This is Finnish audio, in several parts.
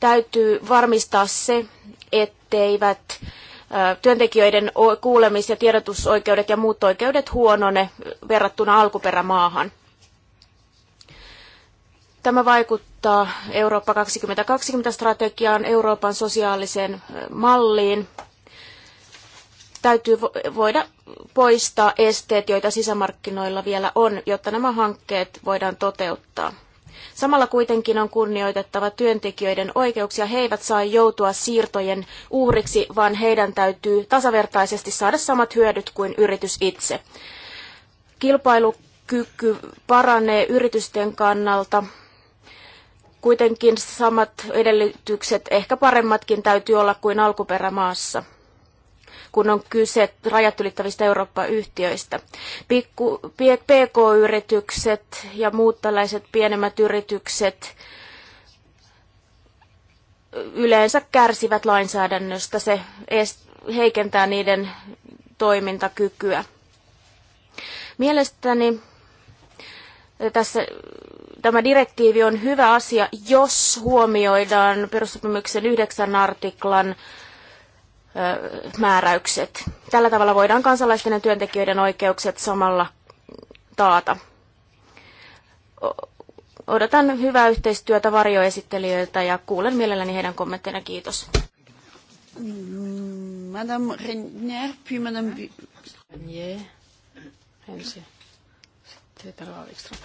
täytyy varmistaa se, etteivät työntekijöiden kuulemis- ja tiedotusoikeudet ja muut oikeudet huonone verrattuna alkuperämaahan. Tämä vaikuttaa Eurooppa 2020-strategiaan, Euroopan sosiaaliseen malliin. Täytyy voida poistaa esteet, joita sisämarkkinoilla vielä on, jotta nämä hankkeet voidaan toteuttaa. Samalla kuitenkin on kunnioitettava työntekijöiden oikeuksia. He eivät saa joutua siirtojen uhriksi, vaan heidän täytyy tasavertaisesti saada samat hyödyt kuin yritys itse. Kilpailukyky paranee yritysten kannalta. Kuitenkin samat edellytykset, ehkä paremmatkin, täytyy olla kuin alkuperämaassa kun on kyse rajat ylittävistä Eurooppa-yhtiöistä. Pikku, PK-yritykset ja muut tällaiset pienemmät yritykset yleensä kärsivät lainsäädännöstä. Se heikentää niiden toimintakykyä. Mielestäni tässä tämä direktiivi on hyvä asia, jos huomioidaan perussopimuksen yhdeksän artiklan määräykset. Tällä tavalla voidaan kansalaisten ja työntekijöiden oikeukset samalla taata. Odotan hyvää yhteistyötä varjoesittelijöiltä ja kuulen mielelläni heidän kommentteina. Kiitos. Madame Regner, puis Madame Regner. Ensin. Sitten Terva Wikström.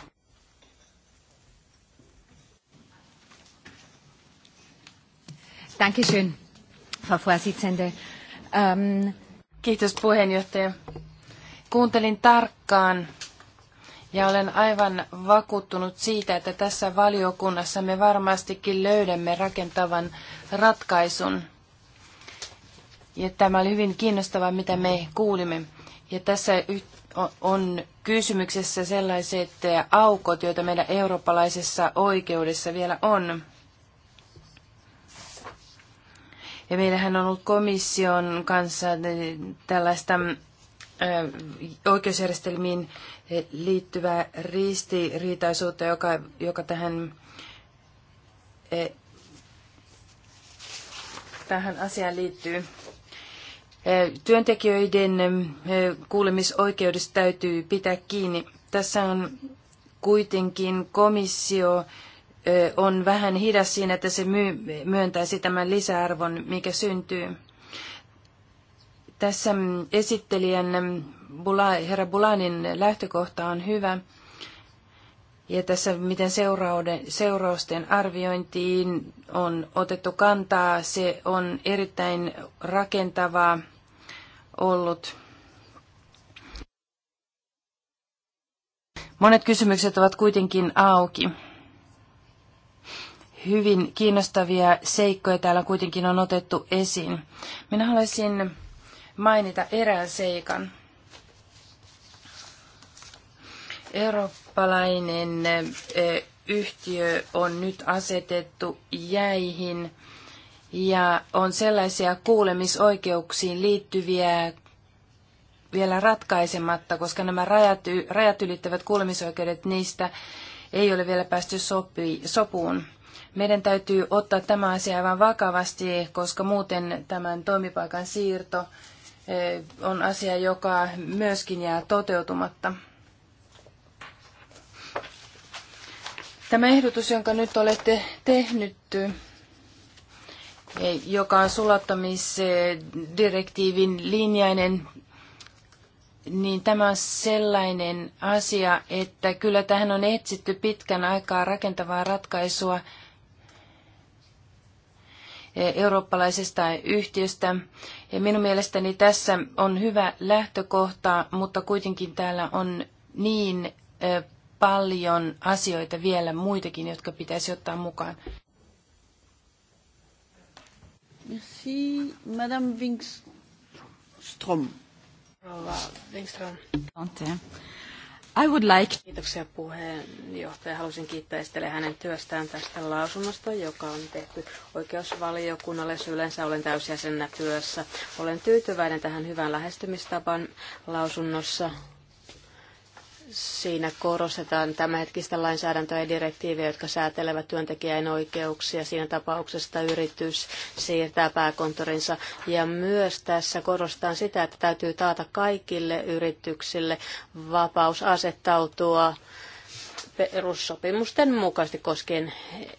Dankeschön. Ähm, Kiitos puheenjohtaja. Kuuntelin tarkkaan ja olen aivan vakuuttunut siitä, että tässä valiokunnassa me varmastikin löydämme rakentavan ratkaisun. Ja tämä oli hyvin kiinnostavaa, mitä me kuulimme. Ja tässä on kysymyksessä sellaiset aukot, joita meidän eurooppalaisessa oikeudessa vielä on. Ja meillähän on ollut komission kanssa tällaista oikeusjärjestelmiin liittyvää ristiriitaisuutta, joka, joka tähän, e, tähän asiaan liittyy. E, työntekijöiden e, kuulemisoikeudesta täytyy pitää kiinni. Tässä on kuitenkin komissio on vähän hidas siinä, että se myy, myöntäisi tämän lisäarvon, mikä syntyy. Tässä mm, esittelijän mm, herra Bulanin lähtökohta on hyvä. Ja tässä, miten seurausten arviointiin on otettu kantaa, se on erittäin rakentavaa ollut. Monet kysymykset ovat kuitenkin auki hyvin kiinnostavia seikkoja täällä kuitenkin on otettu esiin. Minä haluaisin mainita erään seikan. Eurooppalainen yhtiö on nyt asetettu jäihin ja on sellaisia kuulemisoikeuksiin liittyviä vielä ratkaisematta, koska nämä rajat, ylittävät kuulemisoikeudet, niistä ei ole vielä päästy sopii, sopuun. Meidän täytyy ottaa tämä asia aivan vakavasti, koska muuten tämän toimipaikan siirto eh, on asia, joka myöskin jää toteutumatta. Tämä ehdotus, jonka nyt olette tehnyt, eh, joka on sulattamisdirektiivin linjainen, niin tämä on sellainen asia, että kyllä tähän on etsitty pitkän aikaa rakentavaa ratkaisua – eurooppalaisesta yhtiöstä. Ja minun mielestäni tässä on hyvä lähtökohta, mutta kuitenkin täällä on niin paljon asioita vielä muitakin, jotka pitäisi ottaa mukaan. Merci, Madame Wingström. Wingström. I would like... Kiitoksia puheenjohtaja. Haluaisin kiittää Estelle hänen työstään tästä lausunnosta, joka on tehty oikeusvaliokunnalle. Yleensä olen täysjäsenä työssä. Olen tyytyväinen tähän hyvään lähestymistapaan lausunnossa Siinä korostetaan tämänhetkistä lainsäädäntöä ja direktiivejä, jotka säätelevät työntekijän oikeuksia. Siinä tapauksessa yritys siirtää pääkonttorinsa. Ja myös tässä korostetaan sitä, että täytyy taata kaikille yrityksille vapaus asettautua perussopimusten mukaisesti koskien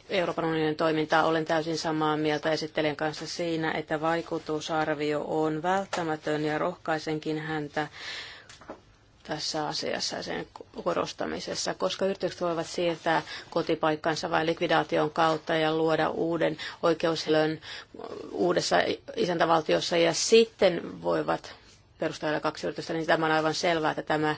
Euroopan unionin toimintaa olen täysin samaa mieltä esittelijän kanssa siinä, että vaikutusarvio on välttämätön ja rohkaisenkin häntä tässä asiassa ja sen korostamisessa, koska yritykset voivat siirtää kotipaikkansa vain likvidaation kautta ja luoda uuden oikeushelön uudessa isäntävaltiossa ja sitten voivat perustaa kaksi yritystä, niin tämä on aivan selvää, että tämä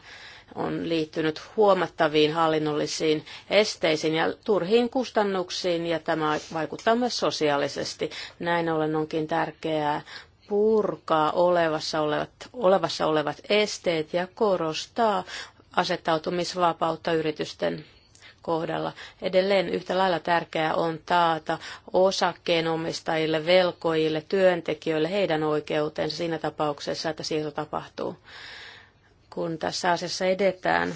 on liittynyt huomattaviin hallinnollisiin esteisiin ja turhiin kustannuksiin, ja tämä vaikuttaa myös sosiaalisesti. Näin ollen onkin tärkeää purkaa olevassa olevat, olevassa olevat esteet ja korostaa asettautumisvapautta yritysten kohdalla. Edelleen yhtä lailla tärkeää on taata osakkeenomistajille, velkoille, työntekijöille heidän oikeutensa siinä tapauksessa, että siirto tapahtuu. Kun tässä asiassa edetään,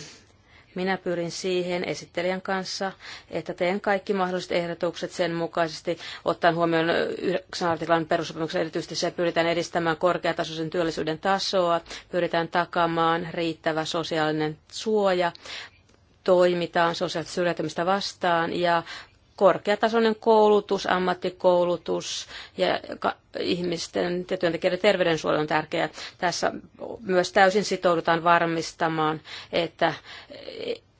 minä pyrin siihen esittelijän kanssa, että teen kaikki mahdolliset ehdotukset sen mukaisesti, ottaen huomioon 9 artiklan perussopimuksen erityisesti se pyritään edistämään korkeatasoisen työllisyyden tasoa, pyritään takaamaan riittävä sosiaalinen suoja, toimitaan sosiaalista syrjäytymistä vastaan ja korkeatasoinen koulutus, ammattikoulutus ja ihmisten ja työntekijöiden terveydensuojelu on tärkeää. Tässä myös täysin sitoudutaan varmistamaan, että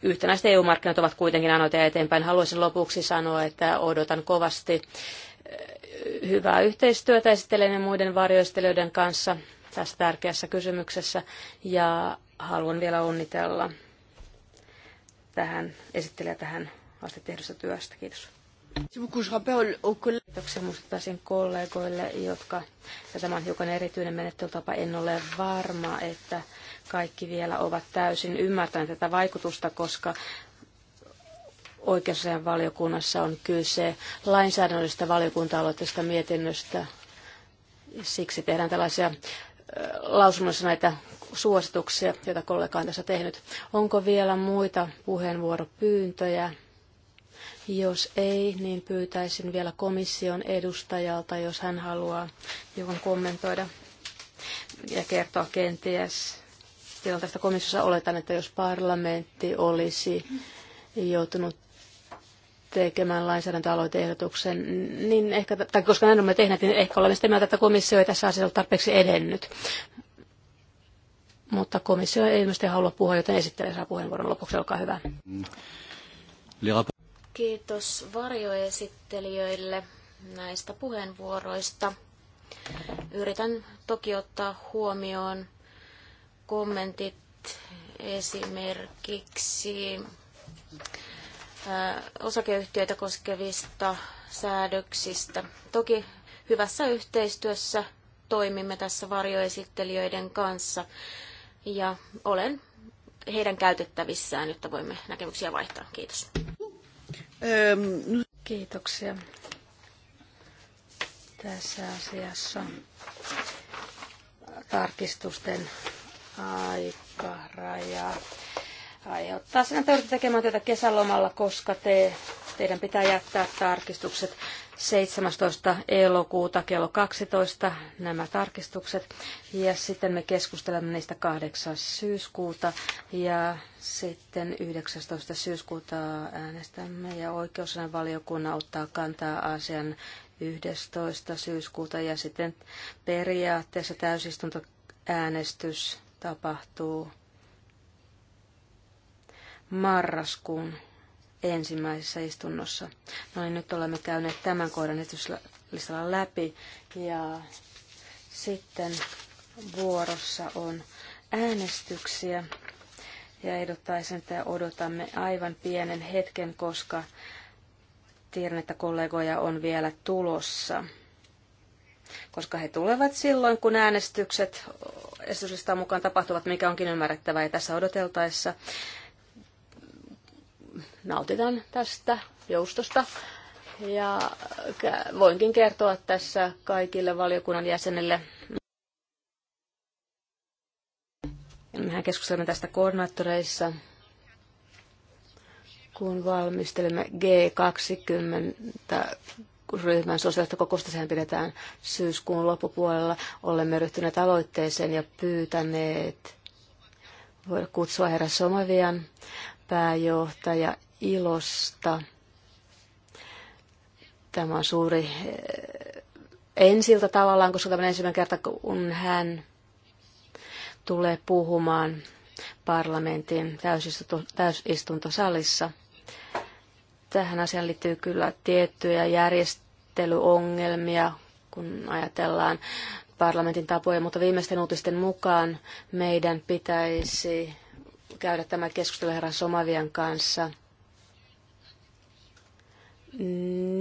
yhtenäiset EU-markkinat ovat kuitenkin anoita eteenpäin. Haluaisin lopuksi sanoa, että odotan kovasti eh, hyvää yhteistyötä esittelen ja muiden varjoistelijoiden kanssa tässä tärkeässä kysymyksessä ja haluan vielä onnitella tähän, esittelijä tähän asti tehdystä työstä. Kiitos. Kiitoksia muistuttaisin kollegoille, jotka, ja tämä on hiukan erityinen menettelytapa, en ole varma, että kaikki vielä ovat täysin ymmärtäneet tätä vaikutusta, koska oikeusajan valiokunnassa on kyse lainsäädännöllisestä valiokunta-aloitteesta mietinnöstä. Siksi tehdään tällaisia lausunnoissa näitä suosituksia, joita kollega on tässä tehnyt. Onko vielä muita puheenvuoropyyntöjä? Jos ei, niin pyytäisin vielä komission edustajalta, jos hän haluaa jokin kommentoida ja kertoa kenties tilanteesta komissiossa. Oletan, että jos parlamentti olisi joutunut tekemään lainsäädäntöaloiteehdotuksen, niin ehkä, tai koska näin olemme tehneet, niin ehkä olemme sitä mieltä, että komissio ei tässä asiassa ole tarpeeksi edennyt. Mutta komissio ei ilmeisesti halua puhua, joten esittelee saa puheenvuoron lopuksi, olkaa hyvä. Mm. Kiitos varjoesittelijöille näistä puheenvuoroista. Yritän toki ottaa huomioon kommentit esimerkiksi osakeyhtiöitä koskevista säädöksistä. Toki hyvässä yhteistyössä toimimme tässä varjoesittelijöiden kanssa ja olen heidän käytettävissään, jotta voimme näkemyksiä vaihtaa. Kiitos. Kiitoksia tässä asiassa. Tarkistusten aikaraja aiheuttaa sen, että tekemään tätä kesälomalla, koska te, teidän pitää jättää tarkistukset 17. elokuuta kello 12 nämä tarkistukset ja sitten me keskustelemme niistä 8. syyskuuta ja sitten 19. syyskuuta äänestämme ja oikeusalan valiokunnan ottaa kantaa asian 11. syyskuuta ja sitten periaatteessa täysistuntoäänestys tapahtuu marraskuun ensimmäisessä istunnossa. No niin, nyt olemme käyneet tämän kohdan esityslistalla läpi ja sitten vuorossa on äänestyksiä ja ehdottaisin, että odotamme aivan pienen hetken, koska tiedän, että kollegoja on vielä tulossa, koska he tulevat silloin, kun äänestykset esityslistan mukaan tapahtuvat, mikä onkin ymmärrettävää ja tässä odoteltaessa nautitaan tästä joustosta. Ja äh, voinkin kertoa tässä kaikille valiokunnan jäsenille. Mehän keskustelemme tästä koordinaattoreissa, kun valmistelemme G20 ryhmän sosiaalista kokousta, sehän pidetään syyskuun loppupuolella. Olemme ryhtyneet aloitteeseen ja pyytäneet voida kutsua herra Somavian pääjohtaja ilosta. Tämä on suuri eh, ensiltä tavallaan, koska tämä on ensimmäinen kerta, kun hän tulee puhumaan parlamentin täysistunto, täysistuntosalissa. Tähän asiaan liittyy kyllä tiettyjä järjestelyongelmia, kun ajatellaan parlamentin tapoja, mutta viimeisten uutisten mukaan meidän pitäisi käydä tämä keskustelu herra Somavian kanssa –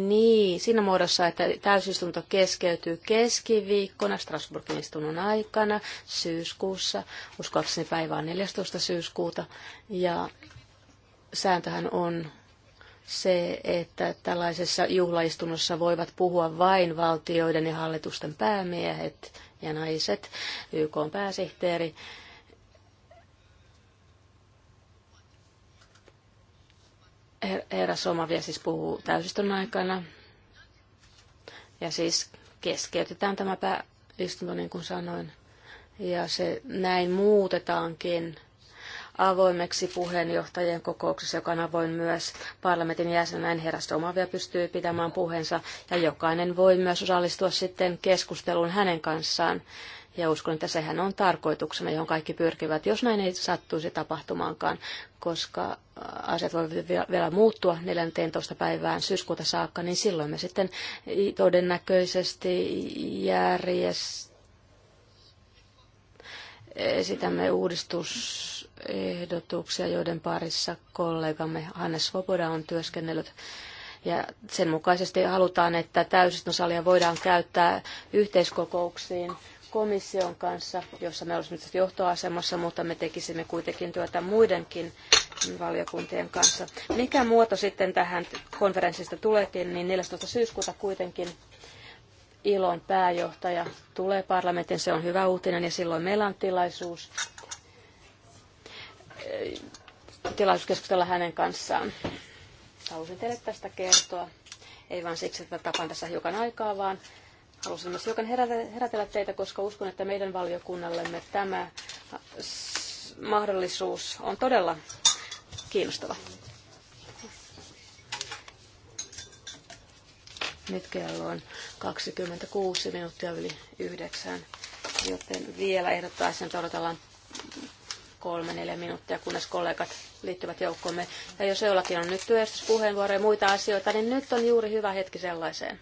niin, siinä muodossa, että täysistunto keskeytyy keskiviikkona Strasbourgin istunnon aikana syyskuussa, uskoakseni päivä on 14. syyskuuta, ja sääntöhän on se, että tällaisessa juhlaistunnossa voivat puhua vain valtioiden ja hallitusten päämiehet ja naiset, YK on pääsihteeri, Herra Somavia siis puhuu täysistunnon aikana. Ja siis keskeytetään tämä pääistunto, niin kuin sanoin. Ja se näin muutetaankin avoimeksi puheenjohtajien kokouksessa, joka on avoin myös parlamentin jäsenen herrasta omavia pystyy pitämään puheensa ja jokainen voi myös osallistua sitten keskusteluun hänen kanssaan. Ja uskon, että sehän on tarkoituksena, johon kaikki pyrkivät, jos näin ei sattuisi tapahtumaankaan, koska äh, asiat voivat vielä muuttua 14. päivään syyskuuta saakka, niin silloin me sitten todennäköisesti järjestämme esitämme uudistusehdotuksia, joiden parissa kollegamme Hannes Svoboda on työskennellyt. Ja sen mukaisesti halutaan, että täysistuntosalia voidaan käyttää yhteiskokouksiin, komission kanssa, jossa me olisimme johtoasemassa, mutta me tekisimme kuitenkin työtä muidenkin valiokuntien kanssa. Mikä muoto sitten tähän konferenssista tuleekin, niin 14. syyskuuta kuitenkin ilon pääjohtaja tulee parlamentin, se on hyvä uutinen ja silloin meillä on tilaisuus, eh, tilaisuus keskustella hänen kanssaan. Halusin teille tästä kertoa, ei vain siksi, että tapaan tässä hiukan aikaa, vaan Halusin myös hiukan herätellä teitä, koska uskon, että meidän valiokunnallemme tämä mahdollisuus on todella kiinnostava. Nyt kello on 26 minuuttia yli yhdeksän, joten vielä ehdottaisin, että odotellaan kolme, neljä minuuttia, kunnes kollegat liittyvät joukkoomme. Ja jos jollakin on nyt työstyspuheenvuoroja ja muita asioita, niin nyt on juuri hyvä hetki sellaiseen.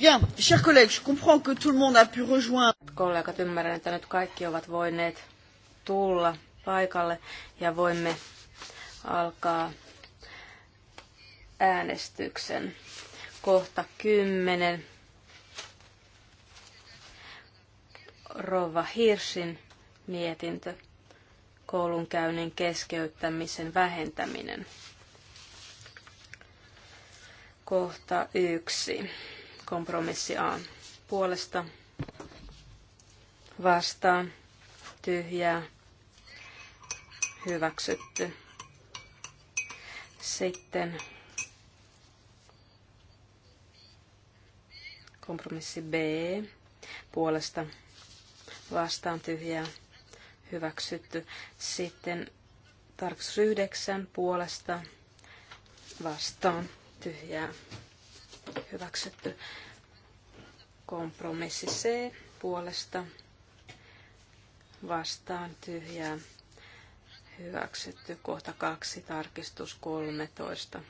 Bien, chers collègues, je comprends que tout le monde a pu rejoindre. Kollegat, ymmärrän, että nyt kaikki ovat voineet tulla paikalle ja voimme alkaa äänestyksen. Kohta kymmenen. Rova Hirsin mietintö. Koulunkäynnin keskeyttämisen vähentäminen. Kohta yksi. Kompromissi A puolesta vastaan tyhjää hyväksytty. Sitten kompromissi B puolesta vastaan tyhjää hyväksytty. Sitten tarkistus 9 puolesta vastaan tyhjää hyväksytty. Kompromissi C puolesta vastaan tyhjää hyväksytty. Kohta 2 tarkistus 13.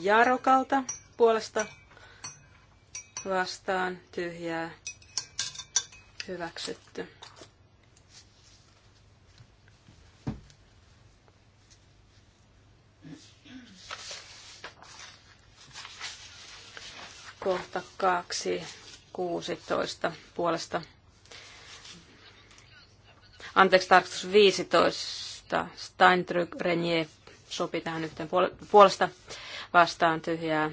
Jarokalta puolesta vastaan tyhjää hyväksytty. kohta 2, 16 puolesta. Anteeksi, tarkistus 15. Steindryk Renier sopi tähän nyt puolesta vastaan tyhjää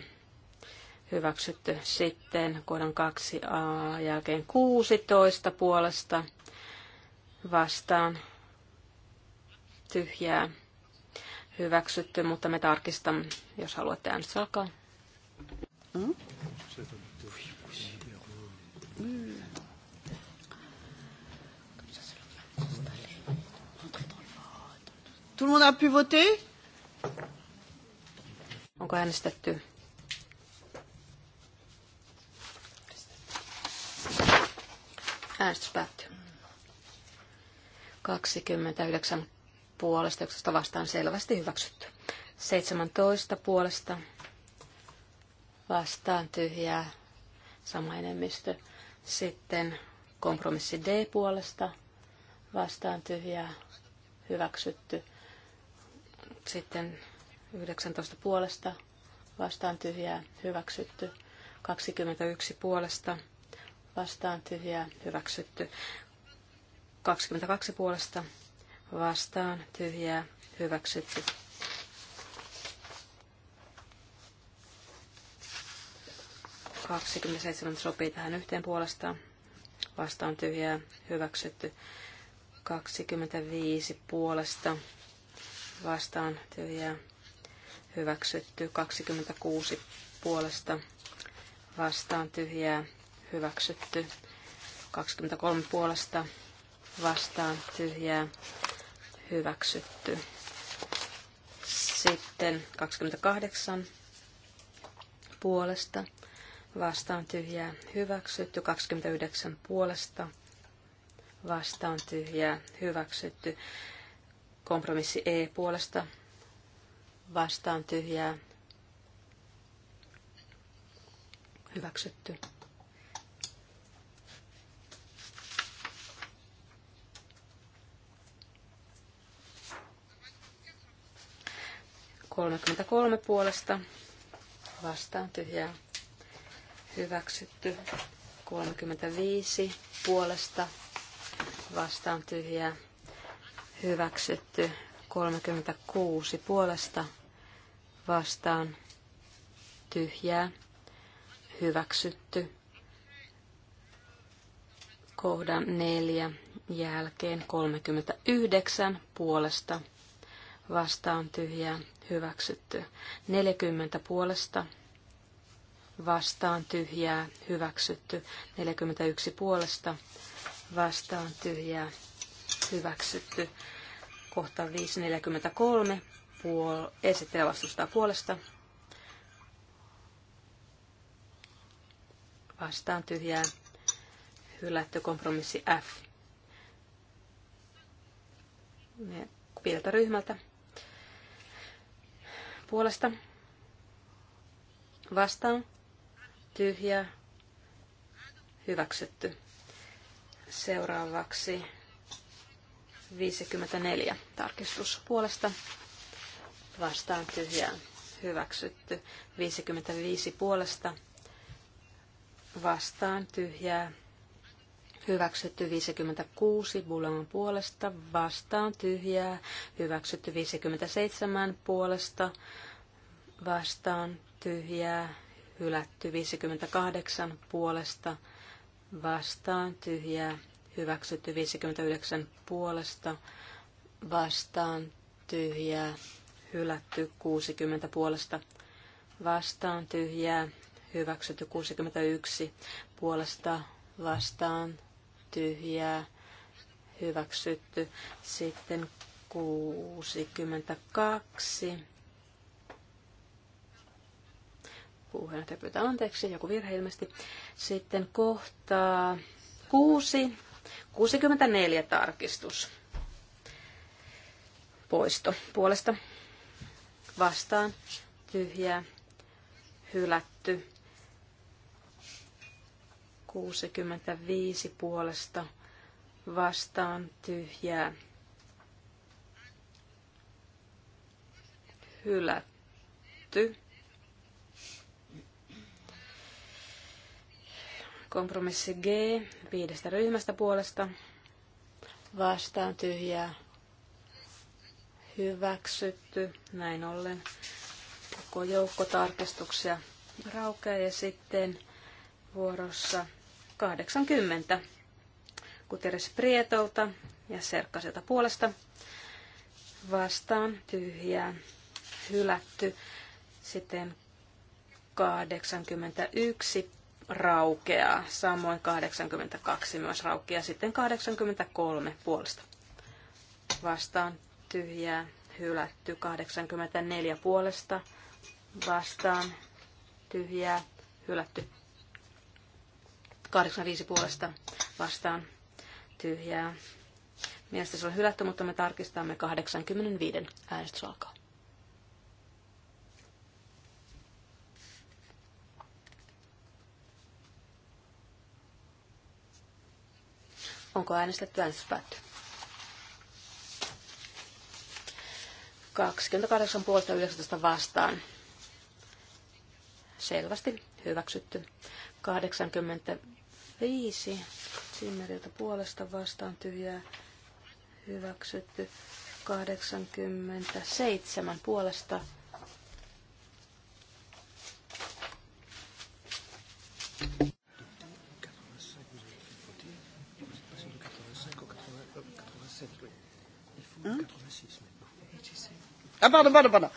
hyväksytty. Sitten kohdan 2 a jälkeen 16 puolesta vastaan tyhjää hyväksytty, mutta me tarkistamme, jos haluatte äänestys alkaa. Mm. Tout le monde a pu voter? Onko äänestetty? Äänestys päättyy. 29 puolesta, 11 vastaan selvästi hyväksytty. 17 puolesta vastaan tyhjää, sama enemmistö. Sitten kompromissi D puolesta vastaan tyhjää, hyväksytty. Sitten 19 puolesta vastaan tyhjää hyväksytty. 21 puolesta vastaan tyhjää hyväksytty. 22 puolesta vastaan tyhjää hyväksytty. Kaksikymmentäseitsemän sopii tähän yhteen puolesta Vastaan tyhjää hyväksytty. 25 puolesta vastaan tyhjää hyväksytty 26 puolesta vastaan tyhjää hyväksytty 23 puolesta vastaan tyhjää hyväksytty. Sitten 28 puolesta vastaan tyhjää hyväksytty 29 puolesta vastaan tyhjää hyväksytty Kompromissi E puolesta vastaan tyhjää hyväksytty. kolme puolesta vastaan tyhjää hyväksytty. viisi puolesta vastaan tyhjää hyväksytty 36 puolesta vastaan tyhjää hyväksytty kohdan 4 jälkeen 39 puolesta vastaan tyhjää hyväksytty 40 puolesta vastaan tyhjää hyväksytty 41 puolesta vastaan tyhjää hyväksytty. Kohta 543 puol- esittelijä vastustaa puolesta. Vastaan tyhjää. Hylätty kompromissi F. Pieltä ryhmältä. Puolesta. Vastaan. Tyhjää. Hyväksytty. Seuraavaksi 54 tarkistus puolesta vastaan tyhjää hyväksytty. 55 puolesta vastaan tyhjää Hyväksytty 56 Bulan puolesta, vastaan tyhjää. Hyväksytty 57 puolesta, vastaan tyhjää. Hylätty 58 puolesta, vastaan tyhjää hyväksytty 59 puolesta vastaan tyhjää, hylätty 60 puolesta vastaan tyhjää, hyväksytty 61 puolesta vastaan tyhjää, hyväksytty sitten 62 puheenjohtaja pyytää anteeksi, joku virhe ilmeisesti. Sitten kohtaa kuusi 64 tarkistus. Poisto puolesta vastaan tyhjää hylätty. 65 puolesta vastaan tyhjää hylätty. Kompromissi G viidestä ryhmästä puolesta vastaan tyhjää hyväksytty. Näin ollen koko joukko tarkistuksia raukeaa ja sitten vuorossa 80 Kuteres Prietolta ja Serkkaselta puolesta vastaan tyhjää hylätty. Sitten 81 raukeaa. Samoin 82 myös raukeaa. Sitten 83 puolesta vastaan tyhjää hylätty. 84 puolesta vastaan tyhjää hylätty. 85 puolesta vastaan tyhjää. Mielestäni se on hylätty, mutta me tarkistamme 85 äänestys alkaa. Onko äänestetty äänestys päättyy? 28 puolesta 19 vastaan. Selvästi hyväksytty. 85 Simmeriltä puolesta vastaan tyhjää hyväksytty. 87 puolesta Ah, pardon, pardon, pardon.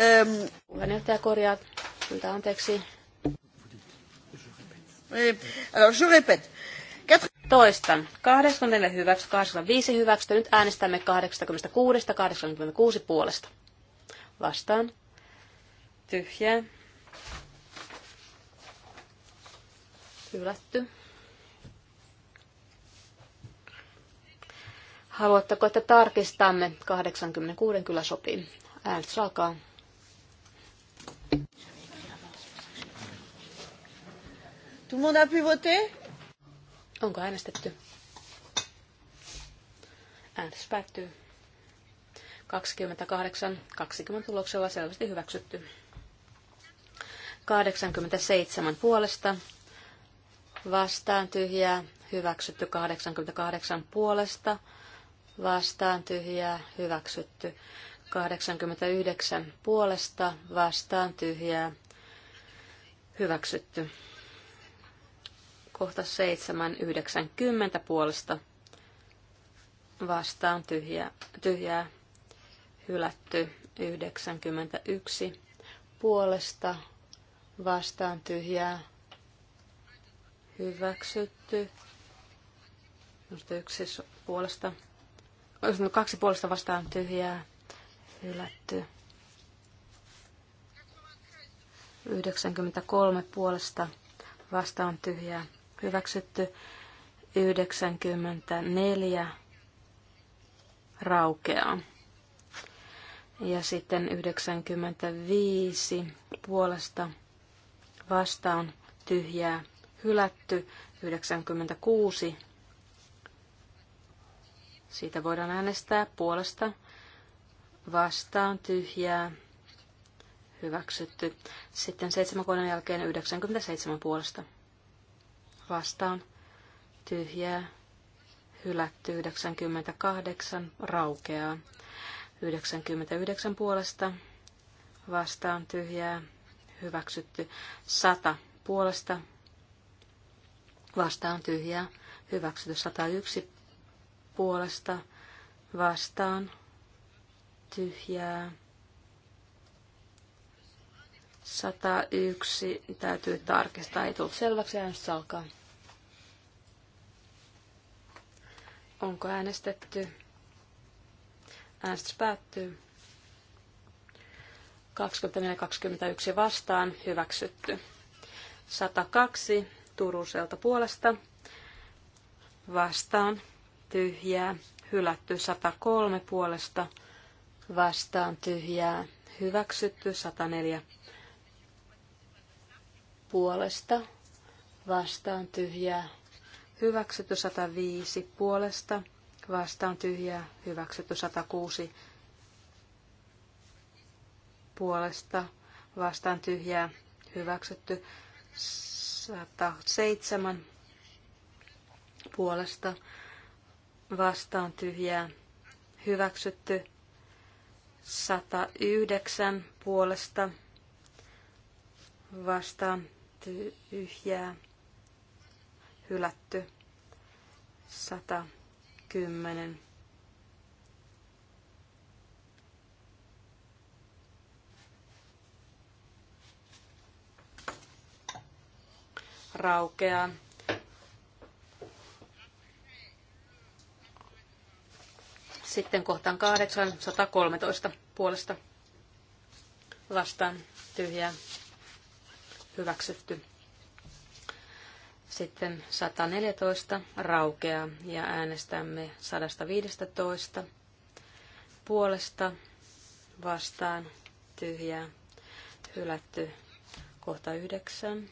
Ähm, Puheenjohtaja korjaa. anteeksi. Alors, je répète. Toistan. 84 hyväksy, 85 hyväksytty. Nyt äänestämme 86, 86 puolesta. Vastaan. Tyhjää. Hylätty. Haluatteko, että tarkistamme? 86 kyllä sopii. Äänestys alkaa. Tout le monde a pu voter? Onko äänestetty? Äänestys 28, 20 tuloksella selvästi hyväksytty. 87 puolesta, vastaan tyhjää, hyväksytty 88 puolesta, vastaan tyhjää, hyväksytty 89 puolesta vastaan tyhjää hyväksytty. Kohta 7 90 puolesta vastaan tyhjää, tyhjää hylätty 91 puolesta vastaan tyhjää hyväksytty. yksi puolesta, no, kaksi puolesta vastaan tyhjää hylätty. 93 puolesta vastaan tyhjää hyväksytty. 94 raukeaa. Ja sitten 95 puolesta vastaan tyhjää hylätty. 96 siitä voidaan äänestää puolesta vastaan tyhjää hyväksytty. Sitten seitsemän vuoden jälkeen 97 puolesta vastaan tyhjää hylätty 98 raukeaa. 99 puolesta vastaan tyhjää hyväksytty 100 puolesta vastaan tyhjää hyväksytty 101 puolesta vastaan tyhjää. 101 niin täytyy tarkistaa, ei tullut selväksi, äänestys alkaa. Onko äänestetty? Äänestys päättyy. 24-21 vastaan hyväksytty. 102 Turuselta puolesta vastaan tyhjää, hylätty 103 puolesta vastaan tyhjää hyväksytty 104 puolesta vastaan tyhjää hyväksytty 105 puolesta vastaan tyhjää hyväksytty 106 puolesta vastaan tyhjää hyväksytty 107 puolesta vastaan tyhjää hyväksytty 109 puolesta vastaan tyhjää hylätty 110 raukeaa Sitten kohtaan 8, 113 puolesta vastaan tyhjää hyväksytty. Sitten 114 raukea ja äänestämme 115 puolesta vastaan tyhjää hylätty kohta 9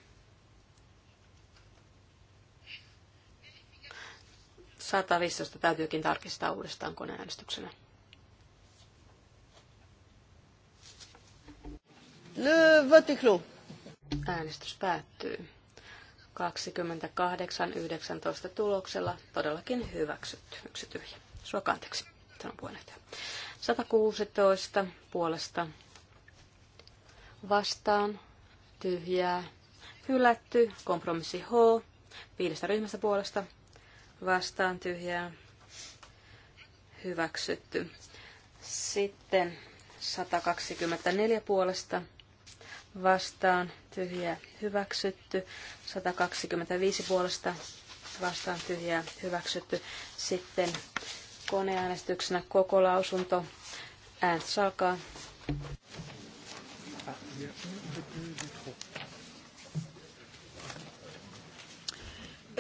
115 täytyykin tarkistaa uudestaan koneäänestyksellä. Le vote Äänestys päättyy. 28.19 tuloksella todellakin hyväksytty. Yksi tyhjä. Suokaa anteeksi, sanon puheenjohtaja. 116 puolesta vastaan tyhjää hylätty. Kompromissi H. Viidestä ryhmästä puolesta vastaan tyhjää hyväksytty. Sitten 124 puolesta vastaan tyhjää hyväksytty. 125 puolesta vastaan tyhjää hyväksytty. Sitten koneäänestyksenä koko lausunto. Äänestys alkaa.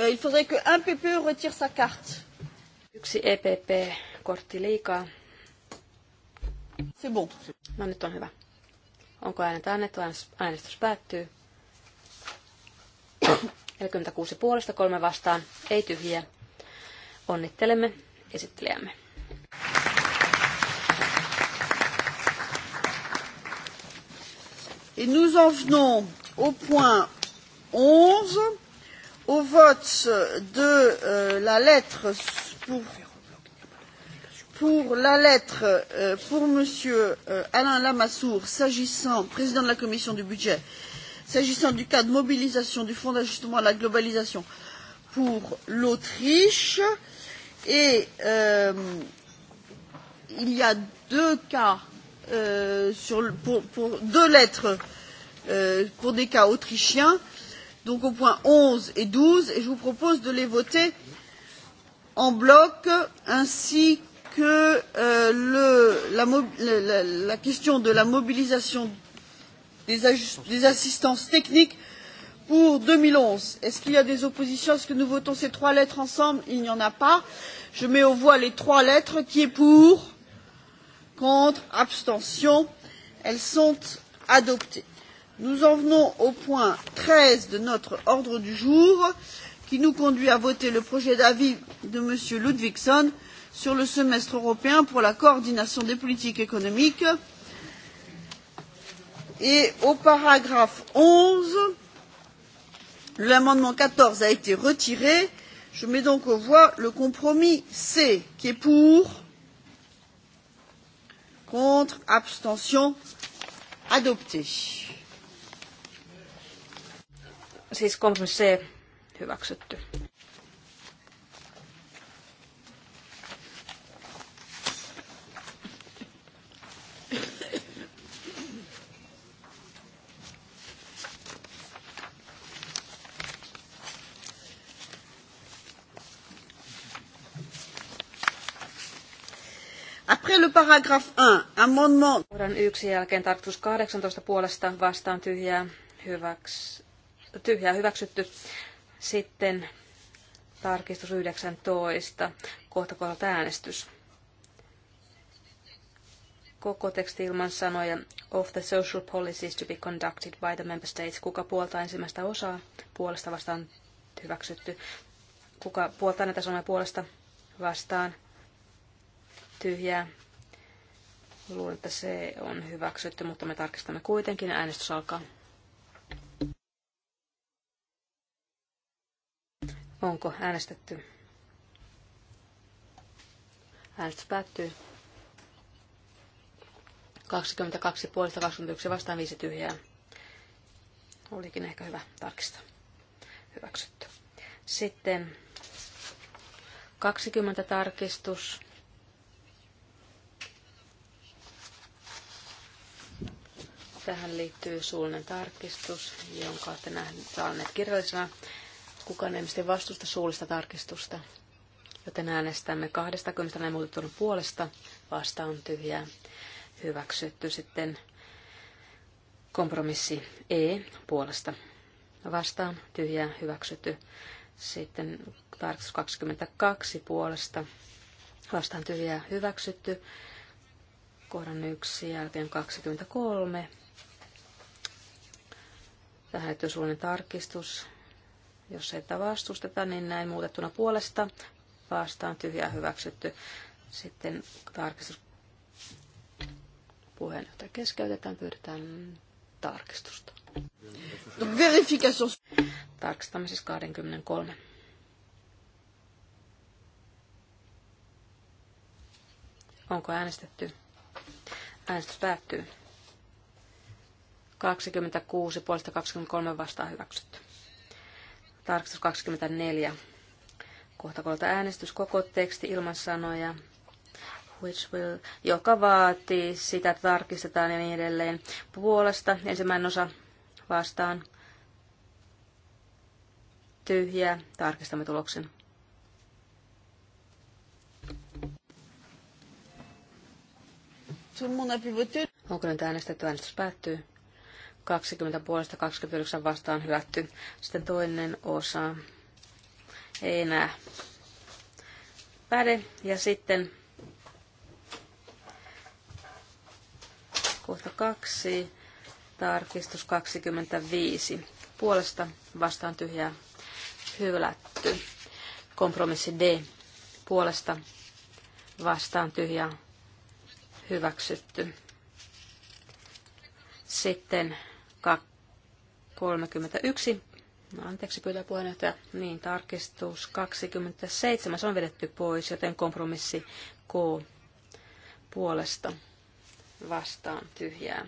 Euh, il faudrait que un PP retire sa carte. Yksi EPP-kortti liikaa. C'est bon. No nyt on hyvä. Onko äänet annettu? Äänestys päättyy. 46 puolesta, kolme vastaan, ei tyhjiä. Onnittelemme esittelijämme. Et nous en venons au point 11 au vote de euh, la lettre pour, pour la lettre euh, pour Monsieur euh, Alain Lamassoure s'agissant président de la commission du budget s'agissant du cas de mobilisation du fonds d'ajustement à la globalisation pour l'Autriche et euh, il y a deux cas euh, sur, pour, pour deux lettres euh, pour des cas autrichiens donc aux points onze et douze et je vous propose de les voter en bloc ainsi que euh, le, la, la, la question de la mobilisation des, des assistances techniques pour deux mille onze est ce qu'il y a des oppositions est ce que nous votons ces trois lettres ensemble? il n'y en a pas. je mets aux voix les trois lettres qui est pour contre abstention elles sont adoptées nous en venons au point treize de notre ordre du jour qui nous conduit à voter le projet d'avis de m. ludvigsson sur le semestre européen pour la coordination des politiques économiques et au paragraphe onze l'amendement quatorze a été retiré. je mets donc aux voix le compromis c qui est pour contre abstention adopté. Siis kompromissi C hyväksytty. paragraf 1, amendement. Kohdan 1 jälkeen tarkoitus 18 puolesta vastaan tyhjää hyväksi tyhjää hyväksytty. Sitten tarkistus 19, kohta kohdalta äänestys. Koko teksti ilman sanoja of the social policies to be conducted by the member states. Kuka puoltaa ensimmäistä osaa? Puolesta vastaan hyväksytty. Kuka puoltaa näitä sanoja puolesta vastaan? Tyhjää. Luulen, että se on hyväksytty, mutta me tarkistamme kuitenkin. Äänestys alkaa. Onko äänestetty? Äänestys päättyy. 22 puolesta 21 vastaan 5 tyhjää. Olikin ehkä hyvä tarkistaa. Hyväksytty. Sitten 20 tarkistus. Tähän liittyy suullinen tarkistus, jonka olette saaneet kirjallisena Kukaan ei vastusta suullista tarkistusta, joten äänestämme 20 näin muutettuna puolesta. Vastaan tyhjää. Hyväksytty sitten kompromissi E puolesta. Vastaan tyhjää. Hyväksytty sitten tarkistus 22 puolesta. Vastaan tyhjää. Hyväksytty kohdan 1 jälkeen 23. Tähän tarkistus jos ei vastusteta, niin näin muutettuna puolesta vastaan tyhjää hyväksytty. Sitten tarkistus puheenjohtaja keskeytetään, pyydetään tarkistusta. Verification. Tarkistamme siis 23. Onko äänestetty? Äänestys päättyy. 26 puolesta 23 vastaan hyväksytty. Tarkistus 24. Kohta kolta äänestys koko teksti ilman sanoja. Which will, joka vaatii sitä että tarkistetaan ja niin edelleen. Puolesta ensimmäinen osa vastaan. tyhjä, Tarkistamme tuloksen. Onko nyt äänestetty? Äänestys päättyy. 20 puolesta 29 vastaan hylätty. Sitten toinen osa ei enää päde. Ja sitten kohta kaksi, tarkistus 25. Puolesta vastaan tyhjää hylätty. Kompromissi D. Puolesta vastaan tyhjää hyväksytty. Sitten 31. Anteeksi, pyytää puheenjohtaja. Niin, tarkistus 27. Se on vedetty pois, joten kompromissi K puolesta vastaan tyhjää.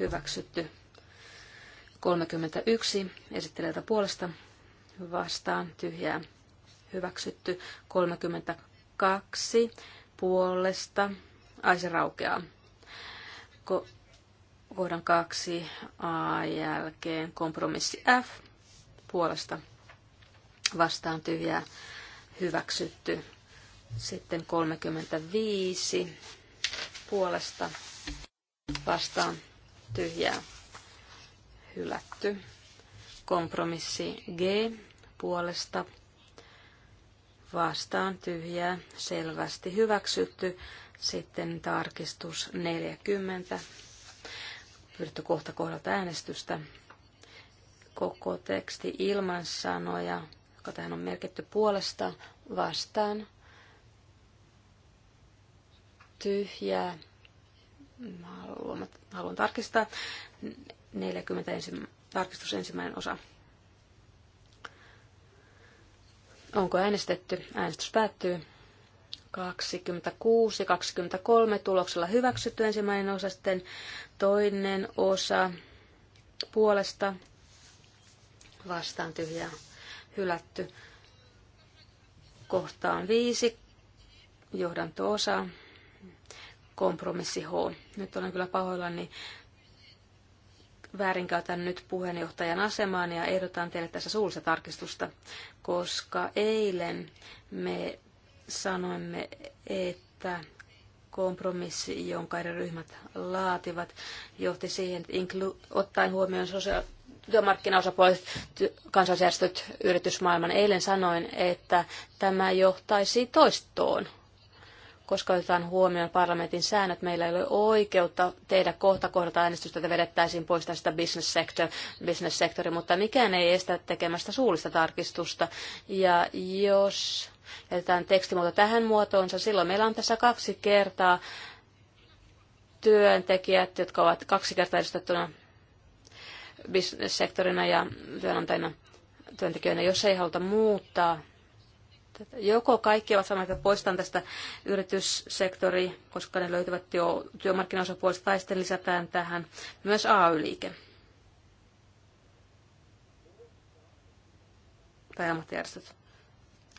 Hyväksytty 31. Esittelijältä puolesta vastaan tyhjää. Hyväksytty 32. Puolesta. Ai se raukeaa. Ko- Kohdan 2 A jälkeen kompromissi F puolesta vastaan tyhjää hyväksytty. Sitten 35 puolesta vastaan tyhjää hylätty. Kompromissi G puolesta vastaan tyhjää selvästi hyväksytty. Sitten tarkistus 40 pyydetty kohta kohdalta äänestystä. Koko teksti ilman sanoja, joka tähän on merkitty puolesta, vastaan, tyhjää. Mä haluan, haluan tarkistaa ensi, tarkistus ensimmäinen osa. Onko äänestetty? Äänestys päättyy. 26 23 tuloksella hyväksytty ensimmäinen osa, sitten toinen osa puolesta vastaan tyhjää hylätty. Kohtaan viisi, johdanto-osa, kompromissi H. Nyt olen kyllä pahoillani, väärinkäytän nyt puheenjohtajan asemaan ja ehdotan teille tässä suullista tarkistusta, koska eilen me sanoimme, että kompromissi, jonka eri ryhmät laativat, johti siihen, että inklu, ottaen huomioon sosiaali- työmarkkinaosapuolet, ty- kansallisjärjestöt, yritysmaailman. Eilen sanoin, että tämä johtaisi toistoon, koska otetaan huomioon parlamentin säännöt. Meillä ei ole oikeutta tehdä kohta kohdalta äänestystä, että vedettäisiin pois tästä business, sector, business sectori, mutta mikään ei estä tekemästä suullista tarkistusta. Ja jos jätetään tekstimuoto tähän muotoonsa, silloin meillä on tässä kaksi kertaa työntekijät, jotka ovat kaksi kertaa edustettuna bisnessektorina ja työnantajina työntekijöinä, jos ei haluta muuttaa. Joko kaikki ovat samaa, että poistan tästä yrityssektori, koska ne löytyvät jo työmarkkinaosapuolista, tai sitten lisätään tähän myös AY-liike. Tai ammattijärjestöt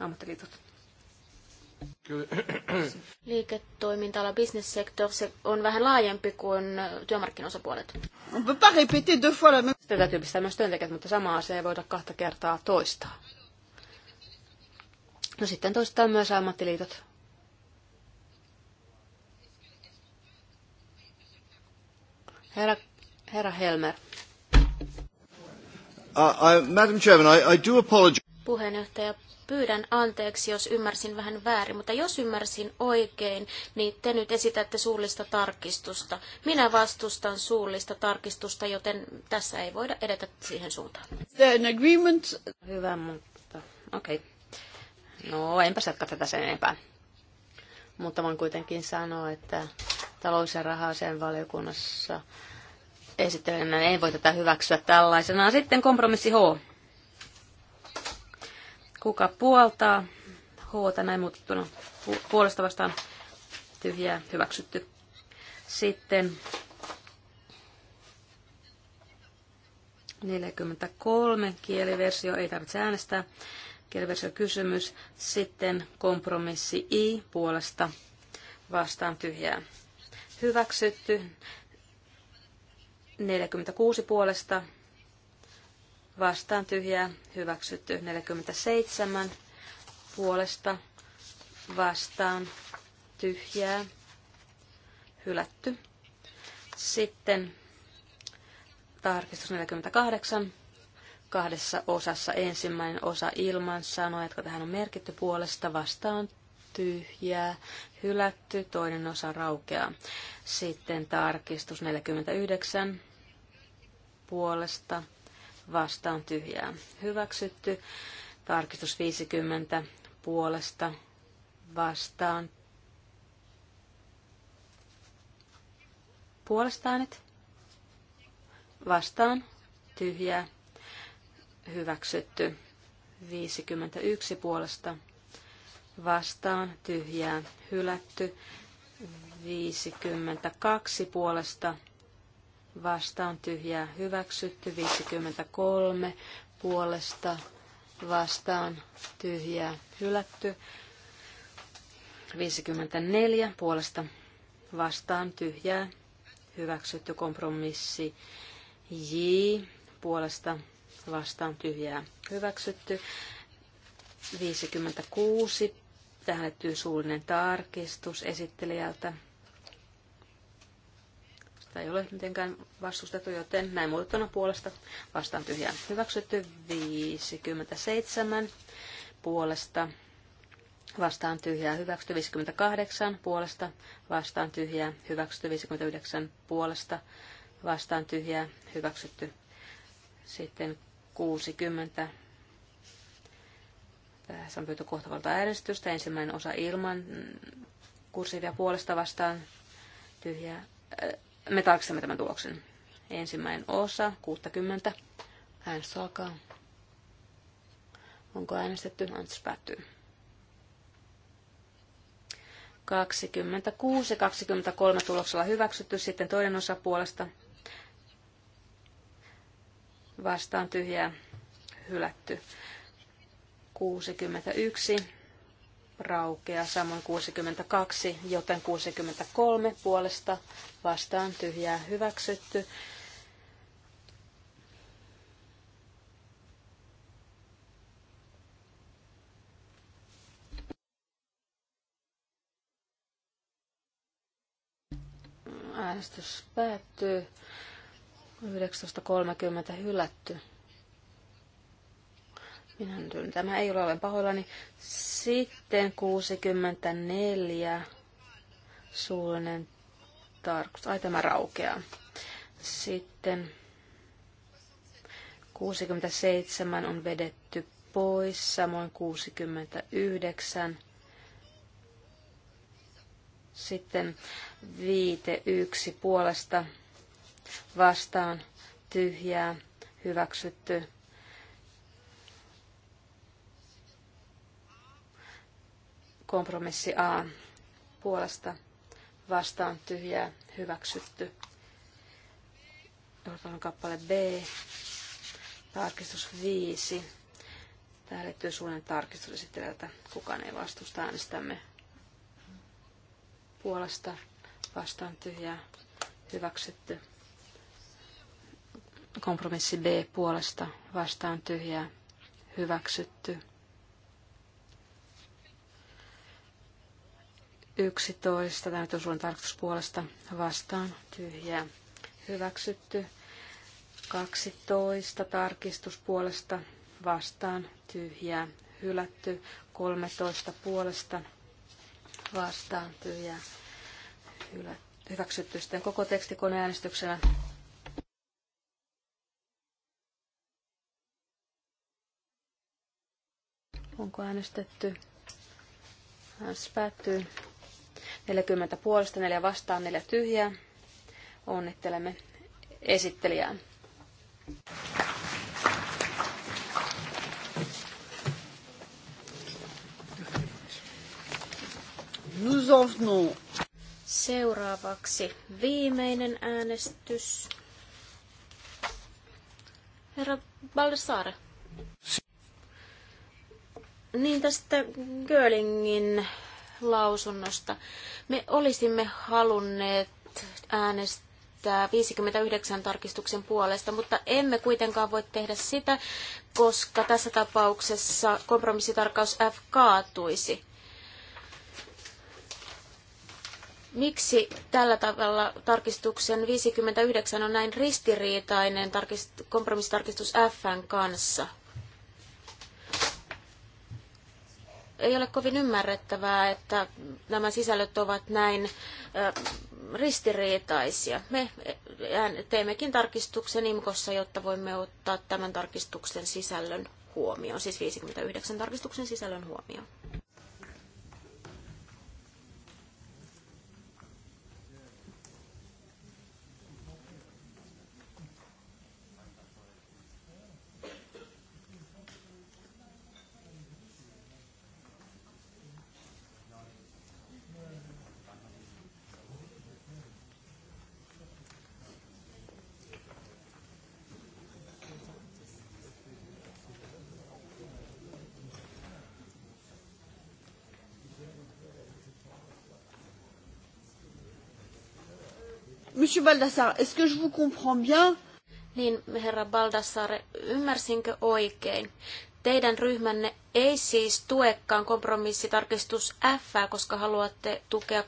ammattiliitot? Liiketoiminta-ala business sector se on vähän laajempi kuin työmarkkinosapuolet. On peut Sitä täytyy pistää myös työntekijät, mutta sama asia ei voida kahta kertaa toistaa. No sitten toistetaan myös ammattiliitot. Herra, herra Helmer. Uh, I, Madam Chairman, I, I do apologize. Puheenjohtaja, Pyydän anteeksi, jos ymmärsin vähän väärin, mutta jos ymmärsin oikein, niin te nyt esitätte suullista tarkistusta. Minä vastustan suullista tarkistusta, joten tässä ei voida edetä siihen suuntaan. An agreement. Hyvä, mutta okei. Okay. No, enpä jatka tätä sen enempää. Mutta voin kuitenkin sanoa, että talous- ja rahaisen valiokunnassa esittelen, en voi tätä hyväksyä tällaisenaan. Sitten kompromissi H Kuka puoltaa? Huota näin muutettuna. Puolesta vastaan tyhjää hyväksytty. Sitten 43 kieliversio, ei tarvitse äänestää. Kieliversio kysymys. Sitten kompromissi I puolesta vastaan tyhjää. Hyväksytty. 46 puolesta vastaan tyhjää hyväksytty 47 puolesta vastaan tyhjää hylätty. Sitten tarkistus 48 kahdessa osassa. Ensimmäinen osa ilman sanoja, jotka tähän on merkitty puolesta vastaan tyhjää, hylätty, toinen osa raukeaa. Sitten tarkistus 49 puolesta vastaan tyhjää hyväksytty. Tarkistus 50 puolesta vastaan. Puolesta äänet vastaan tyhjää hyväksytty. 51 puolesta vastaan tyhjää hylätty. 52 puolesta vastaan tyhjää hyväksytty, 53 puolesta vastaan tyhjää hylätty, 54 puolesta vastaan tyhjää hyväksytty kompromissi J puolesta vastaan tyhjää hyväksytty, 56 tähän liittyy suullinen tarkistus esittelijältä Tätä ei ole mitenkään vastustettu, joten näin muutettuna puolesta vastaan tyhjään. Hyväksytty 57 puolesta vastaan tyhjää, hyväksytty 58 puolesta, vastaan tyhjää, hyväksytty 59 puolesta, vastaan tyhjää, hyväksytty sitten 60. Tässä on pyytty kohtavalta äänestystä. Ensimmäinen osa ilman kursiivia puolesta vastaan tyhjää, äh, me tarkistamme tämän tuloksen. Ensimmäinen osa, 60. Äänestys alkaa. Onko äänestetty? Äänestys päättyy. 26 ja 23 tuloksella hyväksytty. Sitten toinen osa puolesta vastaan tyhjää hylätty. 61 raukea, samoin 62, joten 63 puolesta vastaan tyhjää hyväksytty. Äänestys päättyy. 19.30 hylätty. Minä nyt, tämä ei ole olen pahoillani. Sitten 64 suullinen tarkoitus. Ai tämä raukeaa. Sitten 67 on vedetty pois, samoin 69. Sitten viite yksi puolesta vastaan tyhjää hyväksytty Kompromissi A puolesta vastaan tyhjää hyväksytty. Orpanon kappale B, tarkistus 5. Tähän liittyy suunnan tarkistus esittelijältä. Kukaan ei vastusta äänestämme puolesta vastaan tyhjää hyväksytty. Kompromissi B puolesta vastaan tyhjää hyväksytty. 11. Tämä on tarkastuspuolesta vastaan tyhjää hyväksytty. 12. Tarkistuspuolesta vastaan tyhjää hylätty. 13. Puolesta vastaan tyhjää hylätty. Hyväksytty sitten koko tekstikoneäänestyksenä. Onko äänestetty? Äänestys päättyy. 40 puolesta, 4 vastaan, 4 tyhjää. Onnittelemme esittelijää. Seuraavaksi viimeinen äänestys. Herra Baldassare. Niin tästä Görlingin lausunnosta. Me olisimme halunneet äänestää 59 tarkistuksen puolesta, mutta emme kuitenkaan voi tehdä sitä, koska tässä tapauksessa kompromissitarkaus F kaatuisi. Miksi tällä tavalla tarkistuksen 59 on näin ristiriitainen kompromissitarkistus Fn kanssa? ei ole kovin ymmärrettävää, että nämä sisällöt ovat näin ristiriitaisia. Me teemmekin tarkistuksen IMKossa, jotta voimme ottaa tämän tarkistuksen sisällön huomioon, siis 59 tarkistuksen sisällön huomioon. Monsieur Baldassar, est-ce que je vous comprends bien? Niin, herra Baldassare, ymmärsinkö oikein? Teidän ryhmänne ei siis tuekaan kompromissitarkistus F, koska haluatte tukea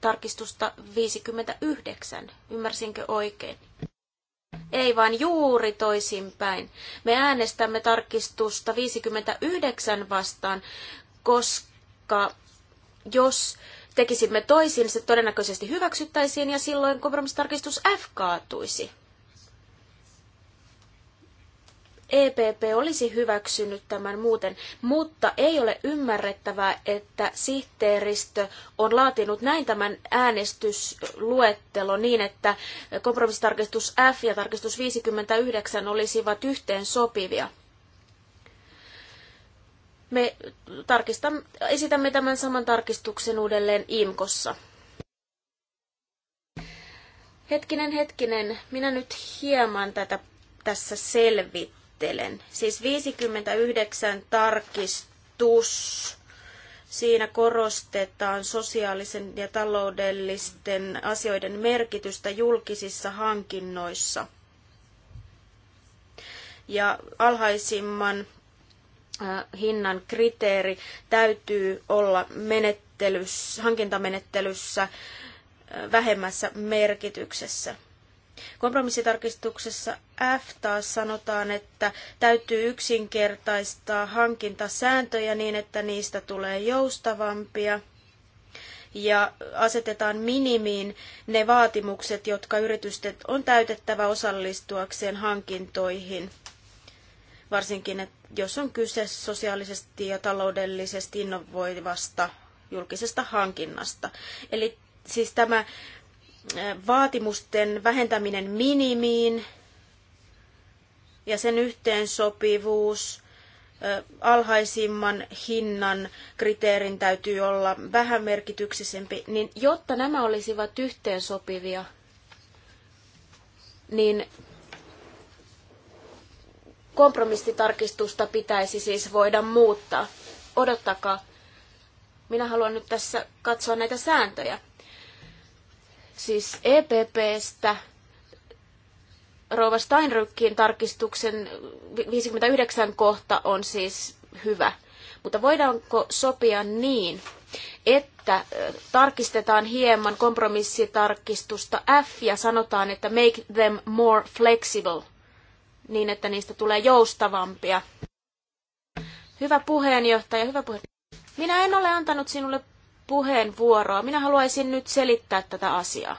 tarkistusta 59. Ymmärsinkö oikein? Ei vaan juuri toisinpäin. Me äänestämme tarkistusta 59 vastaan, koska jos tekisimme toisin, se todennäköisesti hyväksyttäisiin ja silloin kompromissitarkistus F kaatuisi. EPP olisi hyväksynyt tämän muuten, mutta ei ole ymmärrettävää, että sihteeristö on laatinut näin tämän äänestysluettelo niin, että kompromissitarkistus F ja tarkistus 59 olisivat yhteen sopivia. Me esitämme tämän saman tarkistuksen uudelleen IMKossa. Hetkinen, hetkinen. Minä nyt hieman tätä tässä selvittelen. Siis 59 tarkistus. Siinä korostetaan sosiaalisen ja taloudellisten asioiden merkitystä julkisissa hankinnoissa. Ja alhaisimman Äh, hinnan kriteeri täytyy olla menettelyssä, hankintamenettelyssä äh, vähemmässä merkityksessä. Kompromissitarkistuksessa F taas sanotaan, että täytyy yksinkertaistaa hankintasääntöjä niin, että niistä tulee joustavampia ja asetetaan minimiin ne vaatimukset, jotka yritysten on täytettävä osallistuakseen hankintoihin varsinkin että jos on kyse sosiaalisesti ja taloudellisesti innovoivasta julkisesta hankinnasta. Eli siis tämä vaatimusten vähentäminen minimiin ja sen yhteensopivuus, alhaisimman hinnan kriteerin täytyy olla vähän merkityksisempi, niin jotta nämä olisivat yhteensopivia, niin Kompromissitarkistusta pitäisi siis voida muuttaa. Odottakaa. Minä haluan nyt tässä katsoa näitä sääntöjä. Siis EPPstä Rova Steinrückin tarkistuksen 59 kohta on siis hyvä. Mutta voidaanko sopia niin, että tarkistetaan hieman kompromissitarkistusta F ja sanotaan, että make them more flexible – niin, että niistä tulee joustavampia. Hyvä puheenjohtaja, hyvä puheenjohtaja. Minä en ole antanut sinulle puheenvuoroa. Minä haluaisin nyt selittää tätä asiaa.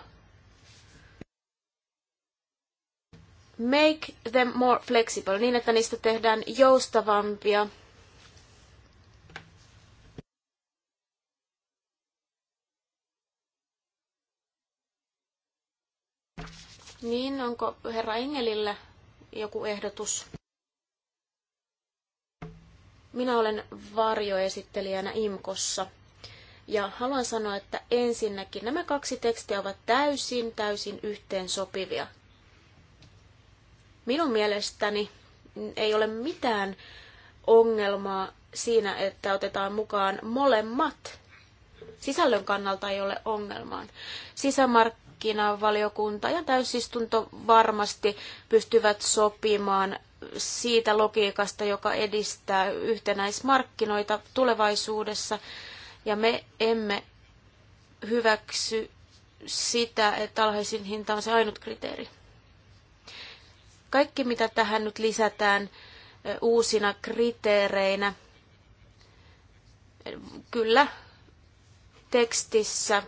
Make them more flexible, niin että niistä tehdään joustavampia. Niin, onko herra Engelillä joku ehdotus? Minä olen varjoesittelijänä IMKossa. Ja haluan sanoa, että ensinnäkin nämä kaksi tekstiä ovat täysin, täysin yhteen sopivia. Minun mielestäni ei ole mitään ongelmaa siinä, että otetaan mukaan molemmat. Sisällön kannalta ei ole ongelmaa. Sisämark- markkinavaliokunta ja täysistunto varmasti pystyvät sopimaan siitä logiikasta, joka edistää yhtenäismarkkinoita tulevaisuudessa. Ja me emme hyväksy sitä, että alhaisin hinta on se ainut kriteeri. Kaikki, mitä tähän nyt lisätään uusina kriteereinä, kyllä tekstissä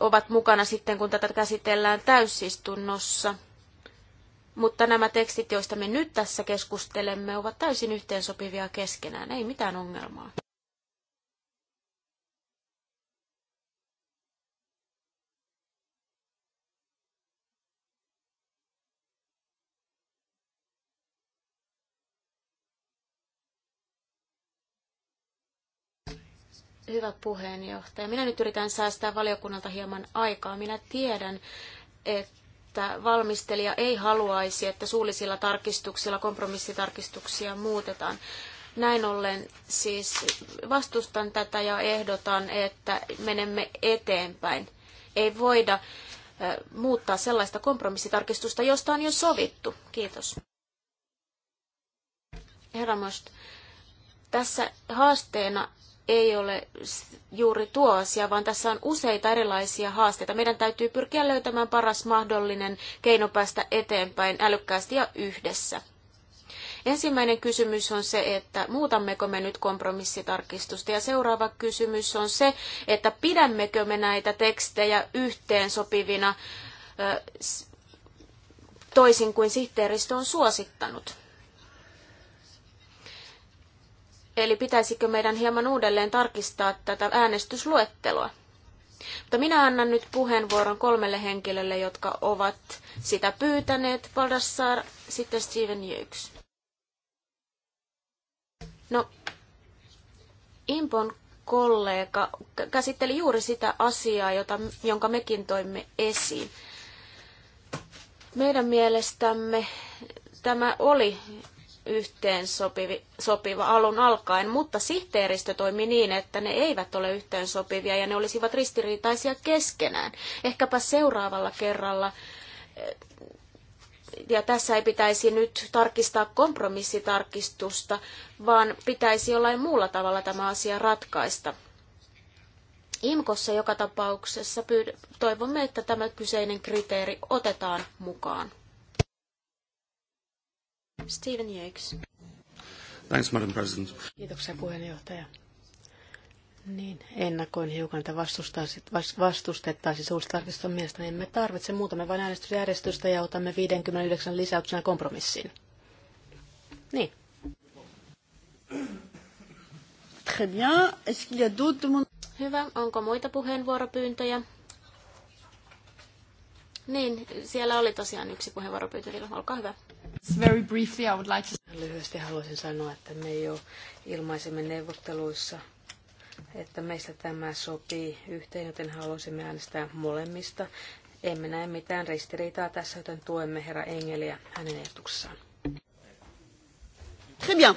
ovat mukana sitten, kun tätä käsitellään täysistunnossa. Mutta nämä tekstit, joista me nyt tässä keskustelemme, ovat täysin yhteensopivia keskenään, ei mitään ongelmaa. Hyvä puheenjohtaja. Minä nyt yritän säästää valiokunnalta hieman aikaa. Minä tiedän, että valmistelija ei haluaisi, että suullisilla tarkistuksilla kompromissitarkistuksia muutetaan. Näin ollen siis vastustan tätä ja ehdotan, että menemme eteenpäin. Ei voida muuttaa sellaista kompromissitarkistusta, josta on jo sovittu. Kiitos. Herra Most, tässä haasteena ei ole juuri tuo asia, vaan tässä on useita erilaisia haasteita. Meidän täytyy pyrkiä löytämään paras mahdollinen keino päästä eteenpäin älykkäästi ja yhdessä. Ensimmäinen kysymys on se, että muutammeko me nyt kompromissitarkistusta. Ja seuraava kysymys on se, että pidämmekö me näitä tekstejä yhteen sopivina toisin kuin sihteeristö on suosittanut. Eli pitäisikö meidän hieman uudelleen tarkistaa tätä äänestysluetteloa? Mutta minä annan nyt puheenvuoron kolmelle henkilölle, jotka ovat sitä pyytäneet. Baldassar, sitten Steven Jöks. No, Impon kollega käsitteli juuri sitä asiaa, jota, jonka mekin toimme esiin. Meidän mielestämme tämä oli yhteen sopivi, sopiva alun alkaen, mutta sihteeristö toimi niin, että ne eivät ole yhteen sopivia ja ne olisivat ristiriitaisia keskenään. Ehkäpä seuraavalla kerralla, eh, ja tässä ei pitäisi nyt tarkistaa kompromissitarkistusta, vaan pitäisi jollain muulla tavalla tämä asia ratkaista. IMKossa joka tapauksessa pyydä, toivomme, että tämä kyseinen kriteeri otetaan mukaan. Stephen Yates. Thanks, Madam President. Kiitoksia puheenjohtaja. Niin, ennakoin hiukan, että vastustettaisiin suullista mielestä. Niin me tarvitsemme muutamme vain äänestysjärjestystä ja otamme 59 lisäyksenä kompromissiin. Niin. Très bien. Est-ce qu'il y a d'autres Hyvä. Onko muita puheenvuoropyyntöjä? Niin, siellä oli tosiaan yksi puheenvuoropyyntö. Olkaa hyvä. Very briefly, I would like to... Lyhyesti haluaisin sanoa, että me jo ilmaisimme neuvotteluissa, että meistä tämä sopii yhteen, joten haluaisimme äänestää molemmista. Emme näe mitään ristiriitaa tässä, joten tuemme herra Engeliä hänen ehdotuksessaan. Très bien.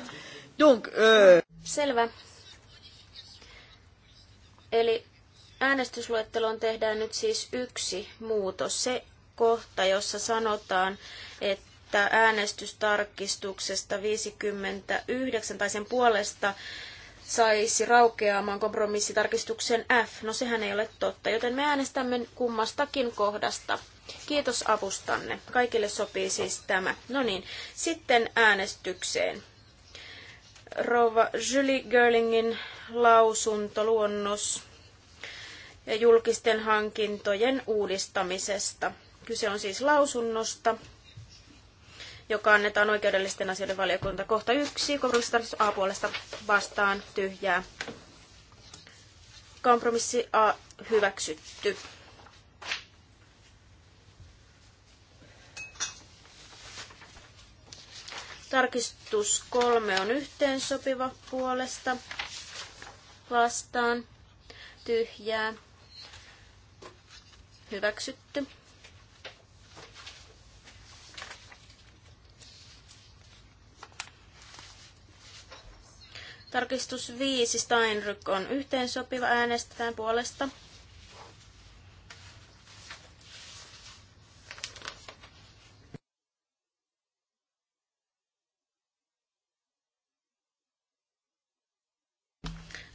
Donc, euh... Selvä. Eli äänestysluetteloon tehdään nyt siis yksi muutos. Se kohta, jossa sanotaan, että että äänestystarkistuksesta 59 tai sen puolesta saisi raukeamaan kompromissitarkistuksen F. No sehän ei ole totta, joten me äänestämme kummastakin kohdasta. Kiitos avustanne. Kaikille sopii siis tämä. No niin, sitten äänestykseen. Rova Julie Görlingin lausuntoluonnos ja julkisten hankintojen uudistamisesta. Kyse on siis lausunnosta, joka annetaan oikeudellisten asioiden valiokunta. Kohta yksi, kompromissitarkistus A puolesta vastaan tyhjää. Kompromissi A hyväksytty. Tarkistus kolme on yhteensopiva puolesta. Vastaan. Tyhjää. Hyväksytty. Tarkistus 5 Steinryk on yhteensopiva. Äänestetään puolesta.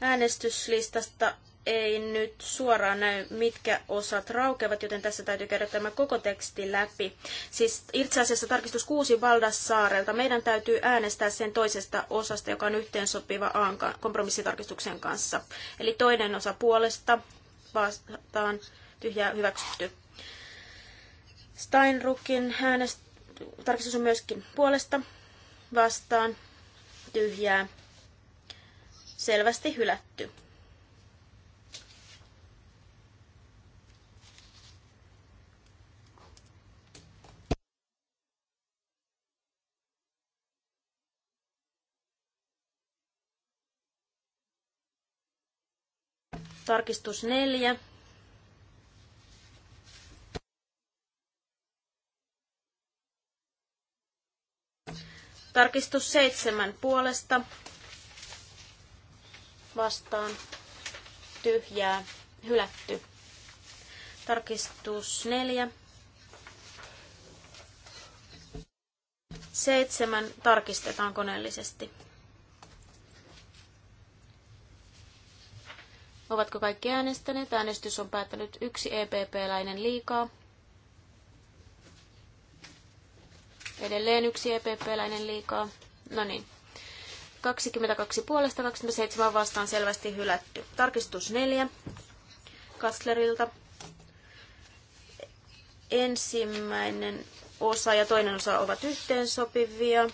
Äänestyslistasta ei nyt suoraan näy, mitkä osat raukevat joten tässä täytyy käydä tämä koko teksti läpi. Siis itse asiassa tarkistus 6 Valdassaarelta. Meidän täytyy äänestää sen toisesta osasta, joka on yhteensopiva Aan kompromissitarkistuksen kanssa. Eli toinen osa puolesta vastaan tyhjää hyväksytty. Steinrukin äänest... tarkistus on myöskin puolesta vastaan tyhjää selvästi hylätty. Tarkistus neljä. Tarkistus seitsemän puolesta. Vastaan. Tyhjää. Hylätty. Tarkistus neljä. Seitsemän tarkistetaan koneellisesti. Ovatko kaikki äänestäneet? Äänestys on päättänyt yksi EPP-läinen liikaa. Edelleen yksi EPP-läinen liikaa. No niin. 22 puolesta, 27 vastaan selvästi hylätty. Tarkistus 4 Kastlerilta. Ensimmäinen osa ja toinen osa ovat yhteensopivia.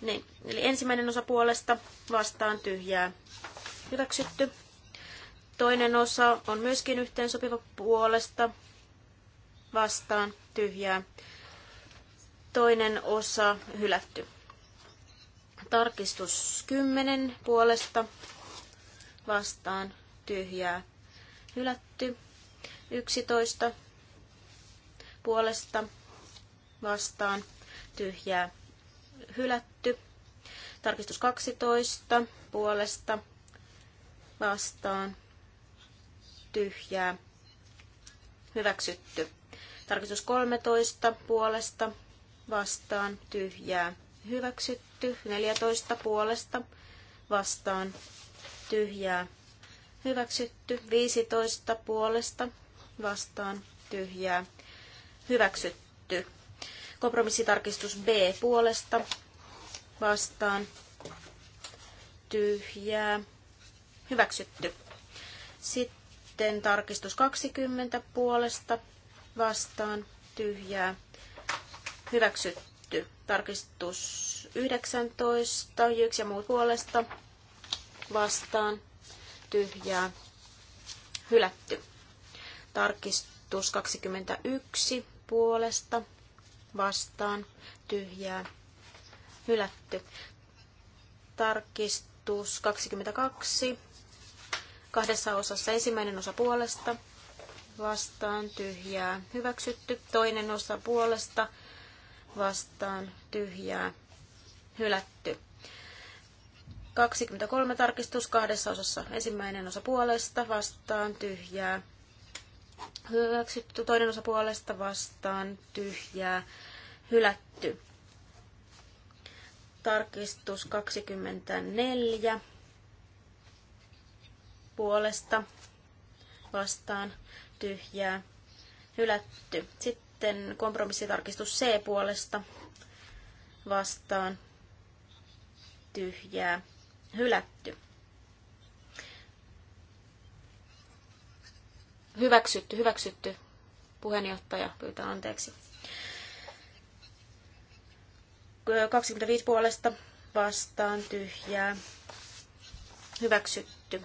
Niin, eli ensimmäinen osa puolesta vastaan tyhjää hyväksytty. Toinen osa on myöskin yhteen sopiva puolesta vastaan tyhjää. Toinen osa hylätty. Tarkistus 10 puolesta vastaan tyhjää hylätty. 11 puolesta vastaan tyhjää hylätty. Tarkistus 12 puolesta vastaan tyhjää hyväksytty. Tarkistus 13 puolesta vastaan tyhjää hyväksytty. 14 puolesta vastaan tyhjää hyväksytty. 15 puolesta vastaan tyhjää hyväksytty. Kompromissitarkistus B puolesta vastaan tyhjää hyväksytty. Sitten tarkistus 20 puolesta vastaan tyhjää hyväksytty. Tarkistus 19, yksi ja muut puolesta vastaan tyhjää hylätty. Tarkistus 21 puolesta vastaan tyhjää hylätty. Tarkistus 22. Kahdessa osassa ensimmäinen osa puolesta vastaan tyhjää hyväksytty. Toinen osa puolesta vastaan tyhjää hylätty. 23 tarkistus kahdessa osassa. Ensimmäinen osa puolesta vastaan tyhjää hyväksytty. Toinen osa puolesta vastaan tyhjää hylätty. Tarkistus 24 puolesta vastaan tyhjää hylätty. Sitten kompromissitarkistus C puolesta vastaan tyhjää hylätty. Hyväksytty, hyväksytty. Puheenjohtaja pyytää anteeksi. 25 puolesta vastaan tyhjää. Hyväksytty.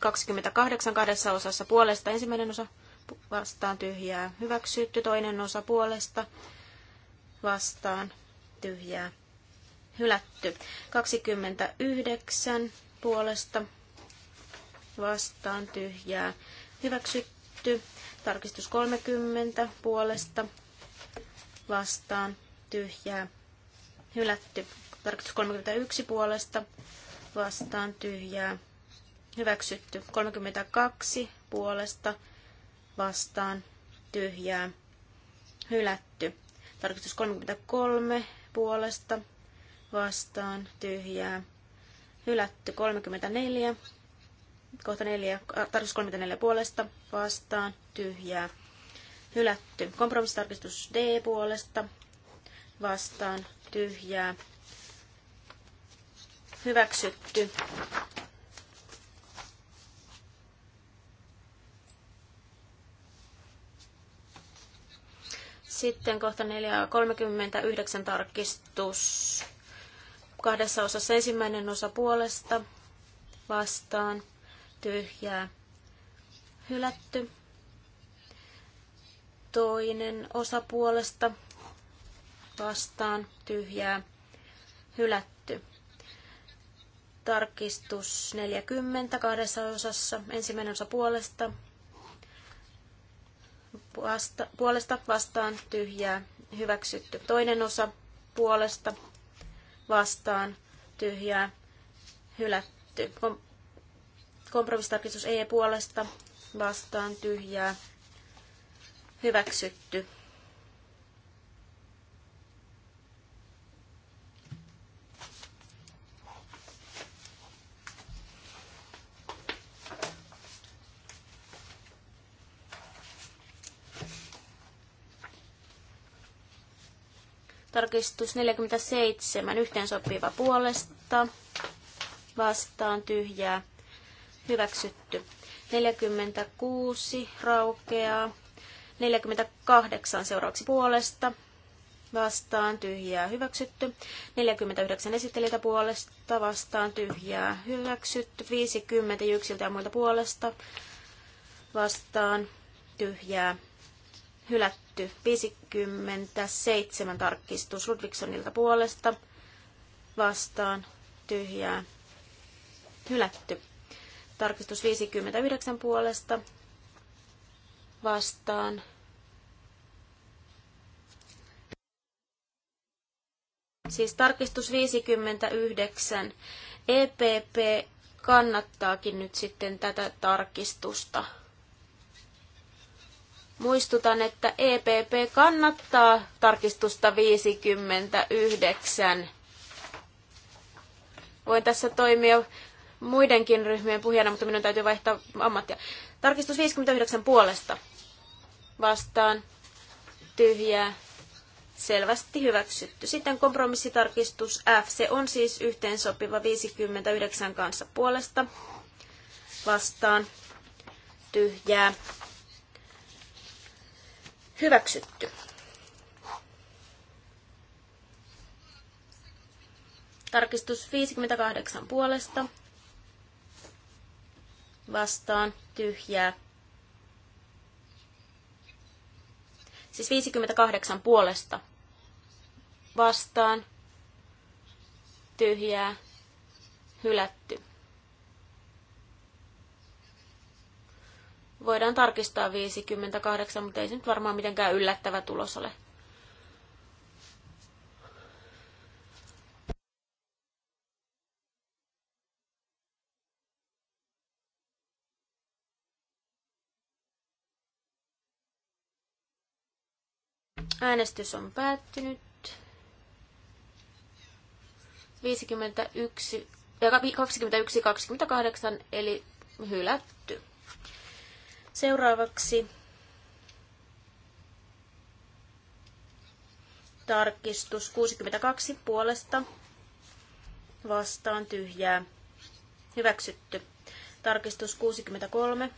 28 kahdessa osassa puolesta ensimmäinen osa vastaan tyhjää. Hyväksytty toinen osa puolesta vastaan tyhjää. Hylätty. 29 puolesta vastaan tyhjää. Hyväksytty. Tarkistus 30 puolesta vastaan tyhjää, hylätty. Tarkoitus 31 puolesta vastaan tyhjää, hyväksytty. 32 puolesta vastaan tyhjää, hylätty. Tarkistus 33 puolesta vastaan tyhjää, hylätty. 34 kohta 4, tarkistus 34 puolesta vastaan tyhjää, hylätty. Kompromissitarkistus D puolesta vastaan tyhjää hyväksytty. Sitten kohta 4.39 tarkistus. Kahdessa osassa ensimmäinen osa puolesta vastaan tyhjää hylätty. Toinen osa puolesta vastaan tyhjää hylätty. Tarkistus 40 kahdessa osassa. Ensimmäinen osa puolesta, vasta, puolesta vastaan tyhjää hyväksytty. Toinen osa puolesta vastaan tyhjää hylätty. Kom- kompromissitarkistus ei puolesta vastaan tyhjää hyväksytty. Tarkistus 47 yhteensopiva puolesta vastaan tyhjää hyväksytty. 46 raukeaa. 48 seuraavaksi puolesta vastaan tyhjää hyväksytty. 49 esittelijältä puolesta vastaan tyhjää hyväksytty. 50 yksiltä ja muilta puolesta vastaan tyhjää hylätty. 57 tarkistus Ludvigsonilta puolesta vastaan tyhjää hylätty. Tarkistus 59 puolesta vastaan Siis tarkistus 59. EPP kannattaakin nyt sitten tätä tarkistusta. Muistutan, että EPP kannattaa tarkistusta 59. Voin tässä toimia muidenkin ryhmien puhujana, mutta minun täytyy vaihtaa ammattia. Tarkistus 59 puolesta. Vastaan. Tyhjää. Selvästi hyväksytty. Sitten kompromissitarkistus F. Se on siis yhteensopiva 59 kanssa puolesta. Vastaan. Tyhjää Hyväksytty. Tarkistus 58 puolesta. Vastaan. Tyhjää. Siis 58 puolesta. Vastaan. Tyhjää. Hylätty. voidaan tarkistaa 58, mutta ei se nyt varmaan mitenkään yllättävä tulos ole. Äänestys on päättynyt. 51 ja 21 28 eli hylätty. Seuraavaksi tarkistus 62 puolesta vastaan tyhjää. Hyväksytty. Tarkistus 63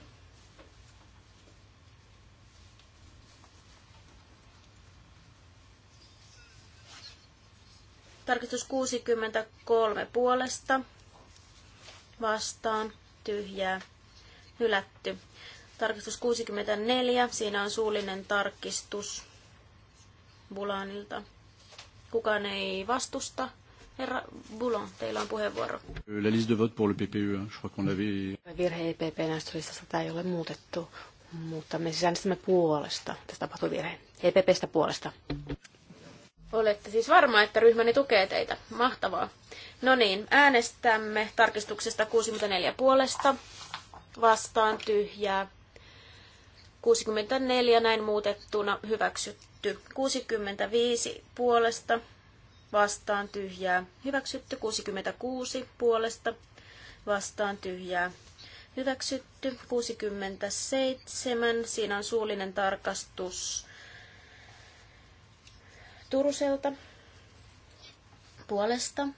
Tarkistus 63 puolesta. Vastaan. Tyhjää. Hylätty. Tarkistus 64, siinä on suullinen tarkistus Bulanilta. Kukaan ei vastusta. Herra Boulon, teillä on puheenvuoro. Euh, la liste de vote pour le PPE, je crois qu'on l'avait... Virhe epp näytölistassa tätä ei ole muutettu, mutta me siis puolesta. Tässä tapahtui virhe. EPPstä puolesta. Olette siis varma, että ryhmäni tukee teitä. Mahtavaa. No niin, äänestämme tarkistuksesta 64 puolesta. Vastaan tyhjää. 64 näin muutettuna hyväksytty. 65 puolesta vastaan tyhjää hyväksytty. 66 puolesta vastaan tyhjää hyväksytty. 67 siinä on suullinen tarkastus Turuselta puolesta.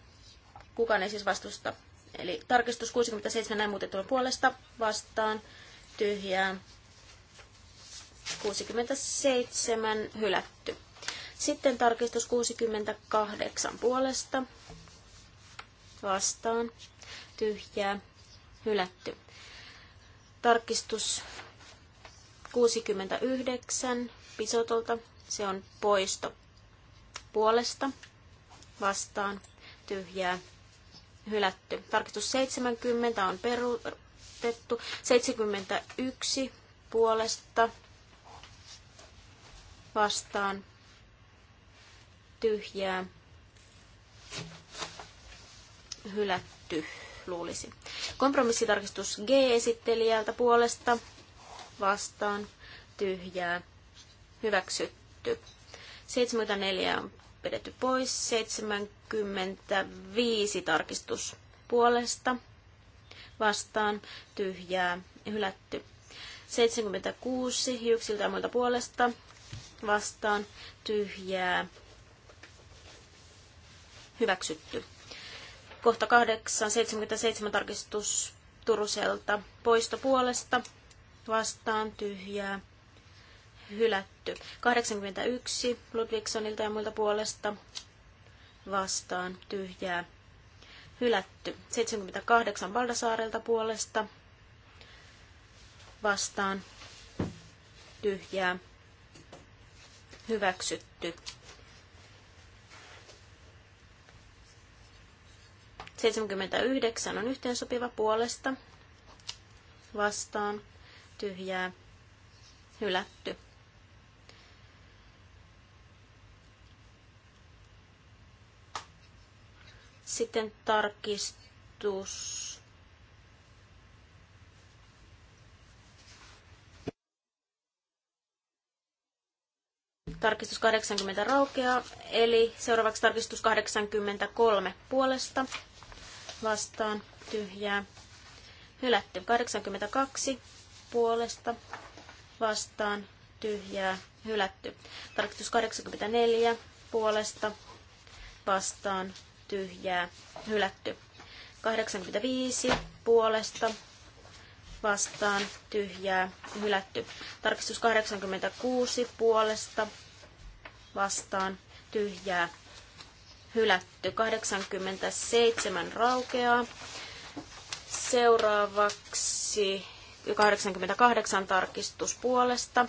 Kukaan ei siis vastusta. Eli tarkistus 67 näin muutettuna puolesta vastaan tyhjää 67 hylätty. Sitten tarkistus 68 puolesta vastaan tyhjää hylätty. Tarkistus 69 pisotolta, se on poisto puolesta vastaan tyhjää hylätty. Tarkistus 70 on peruutettu, 71 puolesta vastaan tyhjää hylätty, luulisi. Kompromissitarkistus G-esittelijältä puolesta vastaan tyhjää hyväksytty. 74 on pidetty pois, 75 tarkistus puolesta vastaan tyhjää hylätty. 76 hiuksilta ja muilta puolesta vastaan tyhjää hyväksytty. Kohta 877 tarkistus Turuselta poistopuolesta vastaan tyhjää hylätty. 81 Ludvigsonilta ja muilta puolesta vastaan tyhjää hylätty. 78 Valdasaarelta puolesta vastaan tyhjää hyväksytty. 79 on yhteensopiva puolesta, vastaan, tyhjää, hylätty. Sitten tarkistus Tarkistus 80 raukeaa, eli seuraavaksi tarkistus 83 puolesta vastaan tyhjää. Hylätty 82 puolesta vastaan tyhjää. Hylätty. Tarkistus 84 puolesta vastaan tyhjää. Hylätty. 85 puolesta vastaan tyhjää. Hylätty. Tarkistus 86 puolesta vastaan tyhjää hylätty. 87 raukeaa. Seuraavaksi 88 tarkistus puolesta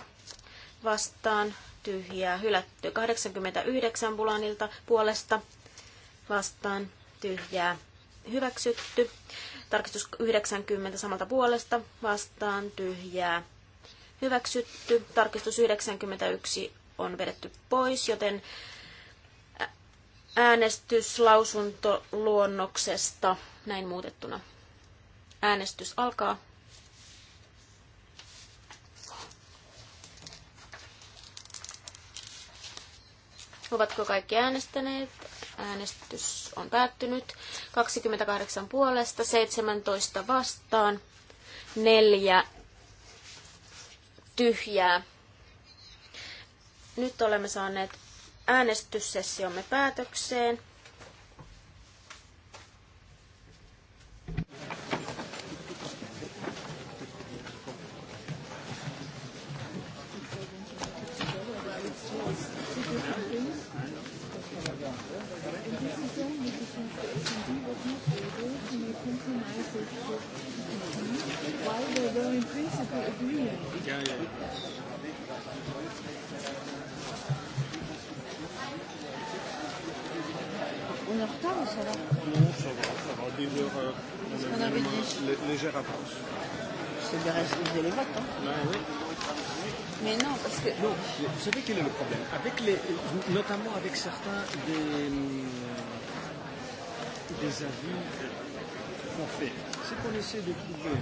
vastaan tyhjää hylätty. 89 bulanilta puolesta vastaan tyhjää hyväksytty. Tarkistus 90 samalta puolesta vastaan tyhjää hyväksytty. Tarkistus 91 on vedetty pois, joten äänestyslausuntoluonnoksesta näin muutettuna. Äänestys alkaa. Ovatko kaikki äänestäneet? Äänestys on päättynyt. 28 puolesta, 17 vastaan, 4 tyhjää. Nyt olemme saaneet äänestyssessiomme päätökseen. Why principle Yeah, yeah. On est en retard ou ça va Non, ça va, ça va. Des heures, euh, on, on a avait une légère avance. C'est bien respecter les votes, hein ben, oui. Mais non, parce que... Non, vous savez quel est le problème avec les, Notamment avec certains des, euh, des avis qu'on fait. C'est qu'on essaie de trouver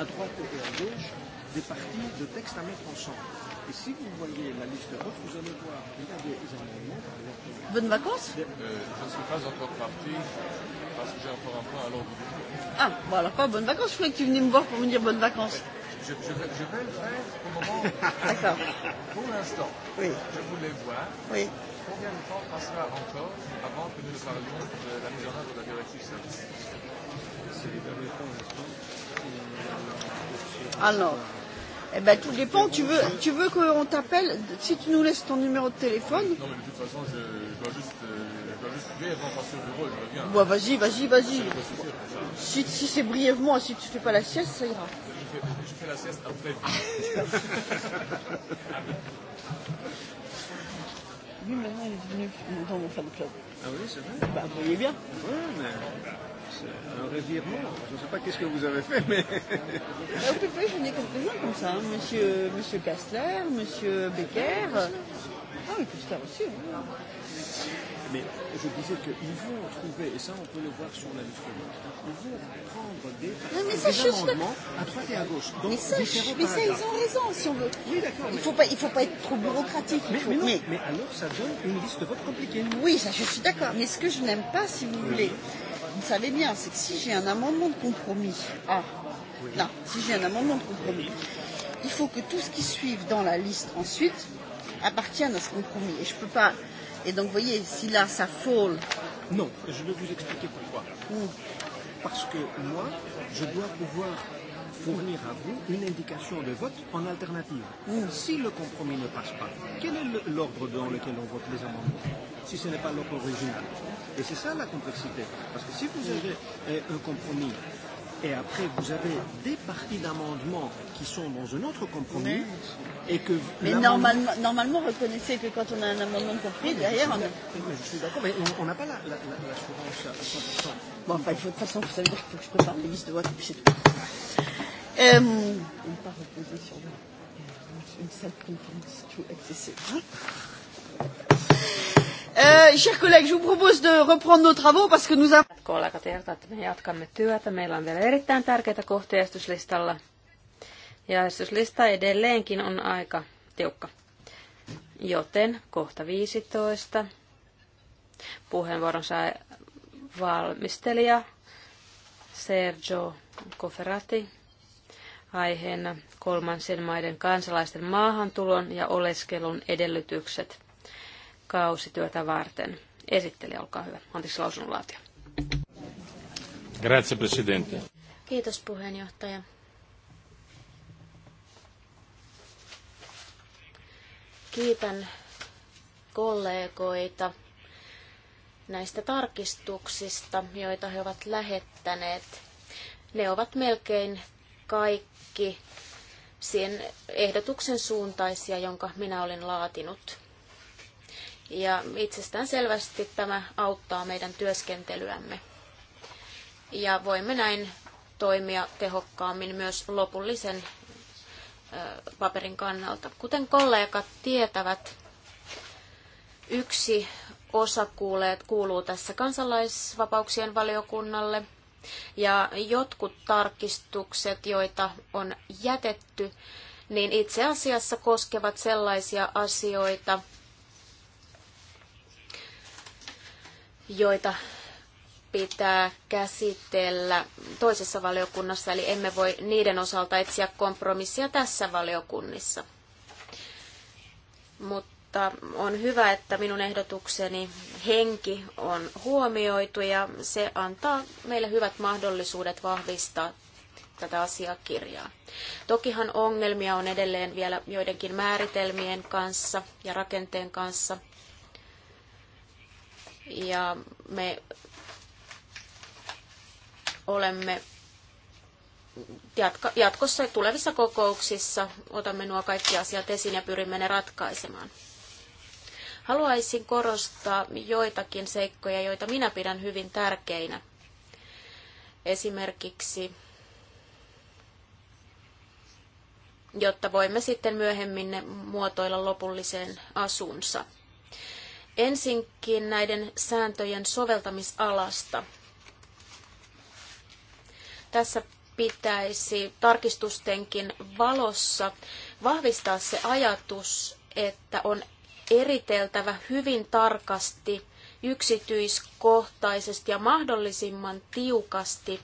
à droite et à gauche des parties de texte à mettre ensemble. Et si vous voyez la liste haute, vous allez voir, il y a des amendements. Bonnes vacances euh, Je ne suis pas encore parti parce que j'ai encore un point à l'ordre du jour. Ah, bon alors quoi, bonnes vacances, je voulais que tu venais me voir pour me dire bonnes vacances. Je, je, vais, je vais le faire au moment. D'accord. Pour l'instant, oui. je voulais voir. Oui. Combien de temps passera encore avant que nous parlions de la mise en œuvre de la directive service C'est les derniers temps, Alors. Eh ben, tout dépend. Tu veux, tu veux qu'on t'appelle Si tu nous laisses ton numéro de téléphone. Non, mais de toute façon, je, je dois juste, euh, je dois juste prier avant de passer au bureau je reviens. Bon, vas-y, vas-y, vas-y. Si, si c'est brièvement, si tu fais pas la sieste, ça ira. Je fais, je fais la sieste après. Lui, maintenant, il est venu dans mon fan club. Ah oui, c'est vrai Bah, vous voyez bien. Ouais, mais un revirement. Je ne sais pas qu'est-ce que vous avez fait, mais... Euh, au PP, j'en ai quelques-uns comme ça. Hein. Monsieur, monsieur Kastler, Monsieur Becker. Ah oui, Kastler aussi. Hein. Mais je disais qu'ils vont trouver, et ça on peut le voir sur l'instrument, ils vont prendre des, non, mais ça, des je amendements pas... à droite et à gauche. Donc mais ça, je... mais ça ils ont raison si on veut. Oui, d'accord. Il ne mais... faut, pas, il faut pas être trop bureaucratique. Mais, mais, non, mais... mais alors ça donne une liste de vote compliquée. Oui, ça je suis d'accord. Mais ce que je n'aime pas, si vous oui. voulez, vous savez bien, c'est que si j'ai un amendement de compromis, ah, là, si j'ai un amendement de compromis, il faut que tout ce qui suive dans la liste ensuite appartienne à ce compromis. Et je peux pas. Et donc, vous voyez, si là, ça fall. Non, je vais vous expliquer pourquoi. Mm. Parce que moi, je dois pouvoir fournir à vous une indication de vote en alternative. Mm. Si le compromis ne passe pas, quel est l'ordre dans lequel on vote les amendements si ce n'est pas l'offre originale. Et c'est ça la complexité. Parce que si vous avez euh, un compromis et après vous avez des parties d'amendements qui sont dans un autre compromis mais, et que mais normalement, normalement reconnaissez que quand on a un amendement de compromis oui, derrière je suis d'accord mais on n'a pas l'assurance la, la, la, à 100% bon enfin il faut, de toute façon vous savez qu'il faut que je prépare les listes de vote et c'est tout euh, on ne pas reposer sur une salle de conférence tout accessible Euh, chers collègues, je vous propose de reprendre nos travaux parce que nous avons... Kollegat on Ja edelleenkin on aika tiukka. Joten kohta 15. Puheenvuoron sai valmistelija Sergio Coferati aiheena kolmansien maiden kansalaisten maahantulon ja oleskelun edellytykset kausityötä varten. Esittelijä, olkaa hyvä. Anteeksi lausunnonlaatio. Grazie, Presidente. Kiitos puheenjohtaja. Kiitän kollegoita näistä tarkistuksista, joita he ovat lähettäneet. Ne ovat melkein kaikki siihen ehdotuksen suuntaisia, jonka minä olen laatinut. Ja itsestään selvästi tämä auttaa meidän työskentelyämme. Ja voimme näin toimia tehokkaammin myös lopullisen paperin kannalta. Kuten kollegat tietävät, yksi osa kuulee, kuuluu tässä kansalaisvapauksien valiokunnalle. Ja jotkut tarkistukset, joita on jätetty, niin itse asiassa koskevat sellaisia asioita, joita pitää käsitellä toisessa valiokunnassa, eli emme voi niiden osalta etsiä kompromissia tässä valiokunnissa. Mutta on hyvä, että minun ehdotukseni henki on huomioitu ja se antaa meille hyvät mahdollisuudet vahvistaa tätä asiakirjaa. Tokihan ongelmia on edelleen vielä joidenkin määritelmien kanssa ja rakenteen kanssa, ja me olemme jatka, jatkossa tulevissa kokouksissa otamme nuo kaikki asiat esiin ja pyrimme ne ratkaisemaan. Haluaisin korostaa joitakin seikkoja, joita minä pidän hyvin tärkeinä. Esimerkiksi, jotta voimme sitten myöhemmin ne muotoilla lopulliseen asunsa. Ensinkin näiden sääntöjen soveltamisalasta. Tässä pitäisi tarkistustenkin valossa vahvistaa se ajatus, että on eriteltävä hyvin tarkasti, yksityiskohtaisesti ja mahdollisimman tiukasti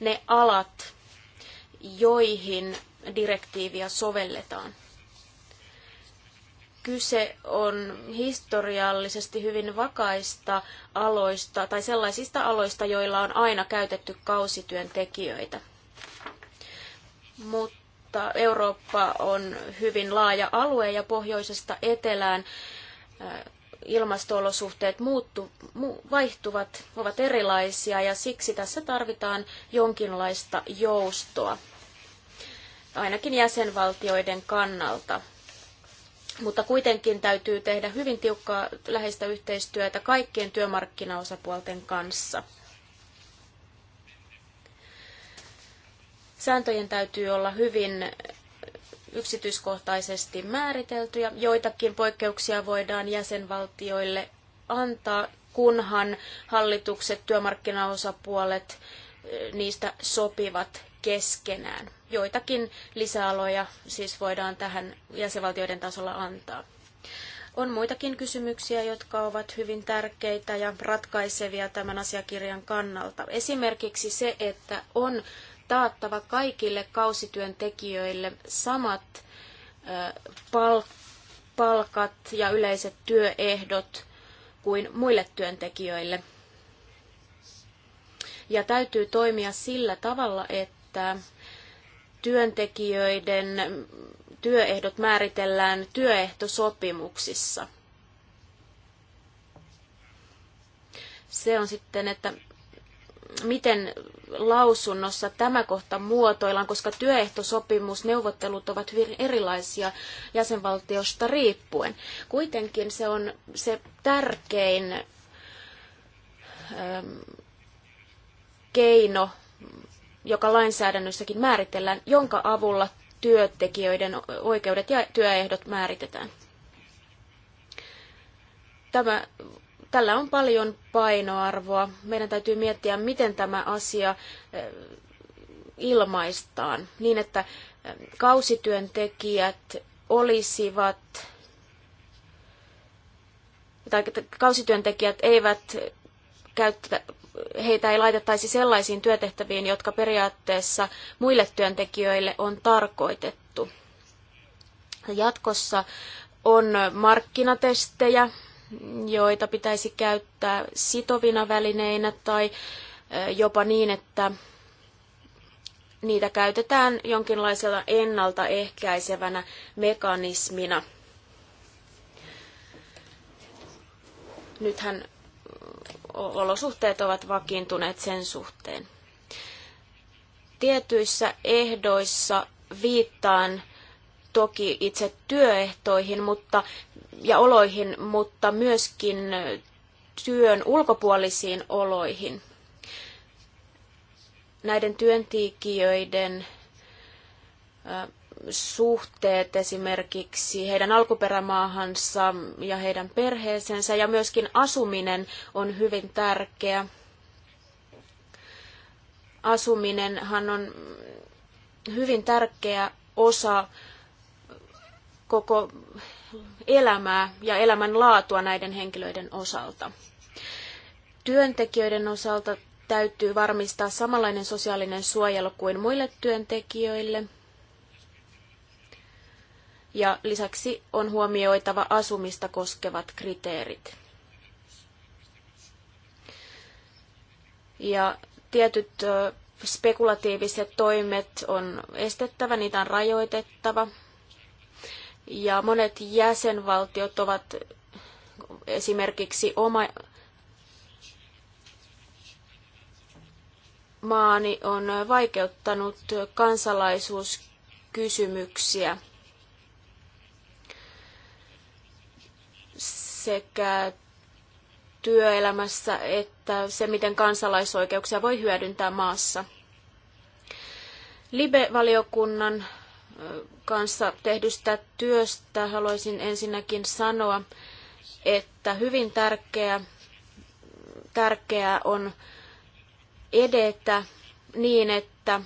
ne alat, joihin direktiiviä sovelletaan kyse on historiallisesti hyvin vakaista aloista tai sellaisista aloista, joilla on aina käytetty kausityöntekijöitä. Mutta Eurooppa on hyvin laaja alue ja pohjoisesta etelään äh, ilmastoolosuhteet muuttu, vaihtuvat, ovat erilaisia ja siksi tässä tarvitaan jonkinlaista joustoa, ainakin jäsenvaltioiden kannalta mutta kuitenkin täytyy tehdä hyvin tiukkaa läheistä yhteistyötä kaikkien työmarkkinaosapuolten kanssa. Sääntöjen täytyy olla hyvin yksityiskohtaisesti määriteltyjä. Joitakin poikkeuksia voidaan jäsenvaltioille antaa, kunhan hallitukset, työmarkkinaosapuolet eh, niistä sopivat keskenään. Joitakin lisäaloja siis voidaan tähän jäsenvaltioiden tasolla antaa. On muitakin kysymyksiä, jotka ovat hyvin tärkeitä ja ratkaisevia tämän asiakirjan kannalta. Esimerkiksi se, että on taattava kaikille kausityöntekijöille samat palkat ja yleiset työehdot kuin muille työntekijöille. Ja täytyy toimia sillä tavalla, että että työntekijöiden työehdot määritellään työehtosopimuksissa. Se on sitten, että miten lausunnossa tämä kohta muotoillaan, koska työehtosopimusneuvottelut ovat hyvin erilaisia jäsenvaltiosta riippuen. Kuitenkin se on se tärkein ähm, keino joka lainsäädännössäkin määritellään, jonka avulla työntekijöiden oikeudet ja työehdot määritetään. Tämä, tällä on paljon painoarvoa. Meidän täytyy miettiä, miten tämä asia eh, ilmaistaan niin, että eh, kausityöntekijät olisivat tai kausityöntekijät eivät käyttä, heitä ei laitettaisi sellaisiin työtehtäviin, jotka periaatteessa muille työntekijöille on tarkoitettu. Jatkossa on markkinatestejä, joita pitäisi käyttää sitovina välineinä tai jopa niin, että niitä käytetään jonkinlaisella ennaltaehkäisevänä mekanismina. Nythän olosuhteet ovat vakiintuneet sen suhteen. Tietyissä ehdoissa viittaan toki itse työehtoihin mutta, ja oloihin, mutta myöskin työn ulkopuolisiin oloihin. Näiden työntekijöiden suhteet esimerkiksi heidän alkuperämaahansa ja heidän perheeseensä ja myöskin asuminen on hyvin tärkeä. Asuminenhan on hyvin tärkeä osa koko elämää ja elämän laatua näiden henkilöiden osalta. Työntekijöiden osalta täytyy varmistaa samanlainen sosiaalinen suojelu kuin muille työntekijöille ja lisäksi on huomioitava asumista koskevat kriteerit. Ja tietyt spekulatiiviset toimet on estettävä, niitä on rajoitettava. Ja monet jäsenvaltiot ovat esimerkiksi oma maani on vaikeuttanut kansalaisuuskysymyksiä sekä työelämässä että se, miten kansalaisoikeuksia voi hyödyntää maassa. Libe-valiokunnan kanssa tehdystä työstä haluaisin ensinnäkin sanoa, että hyvin tärkeä, tärkeää on edetä niin, että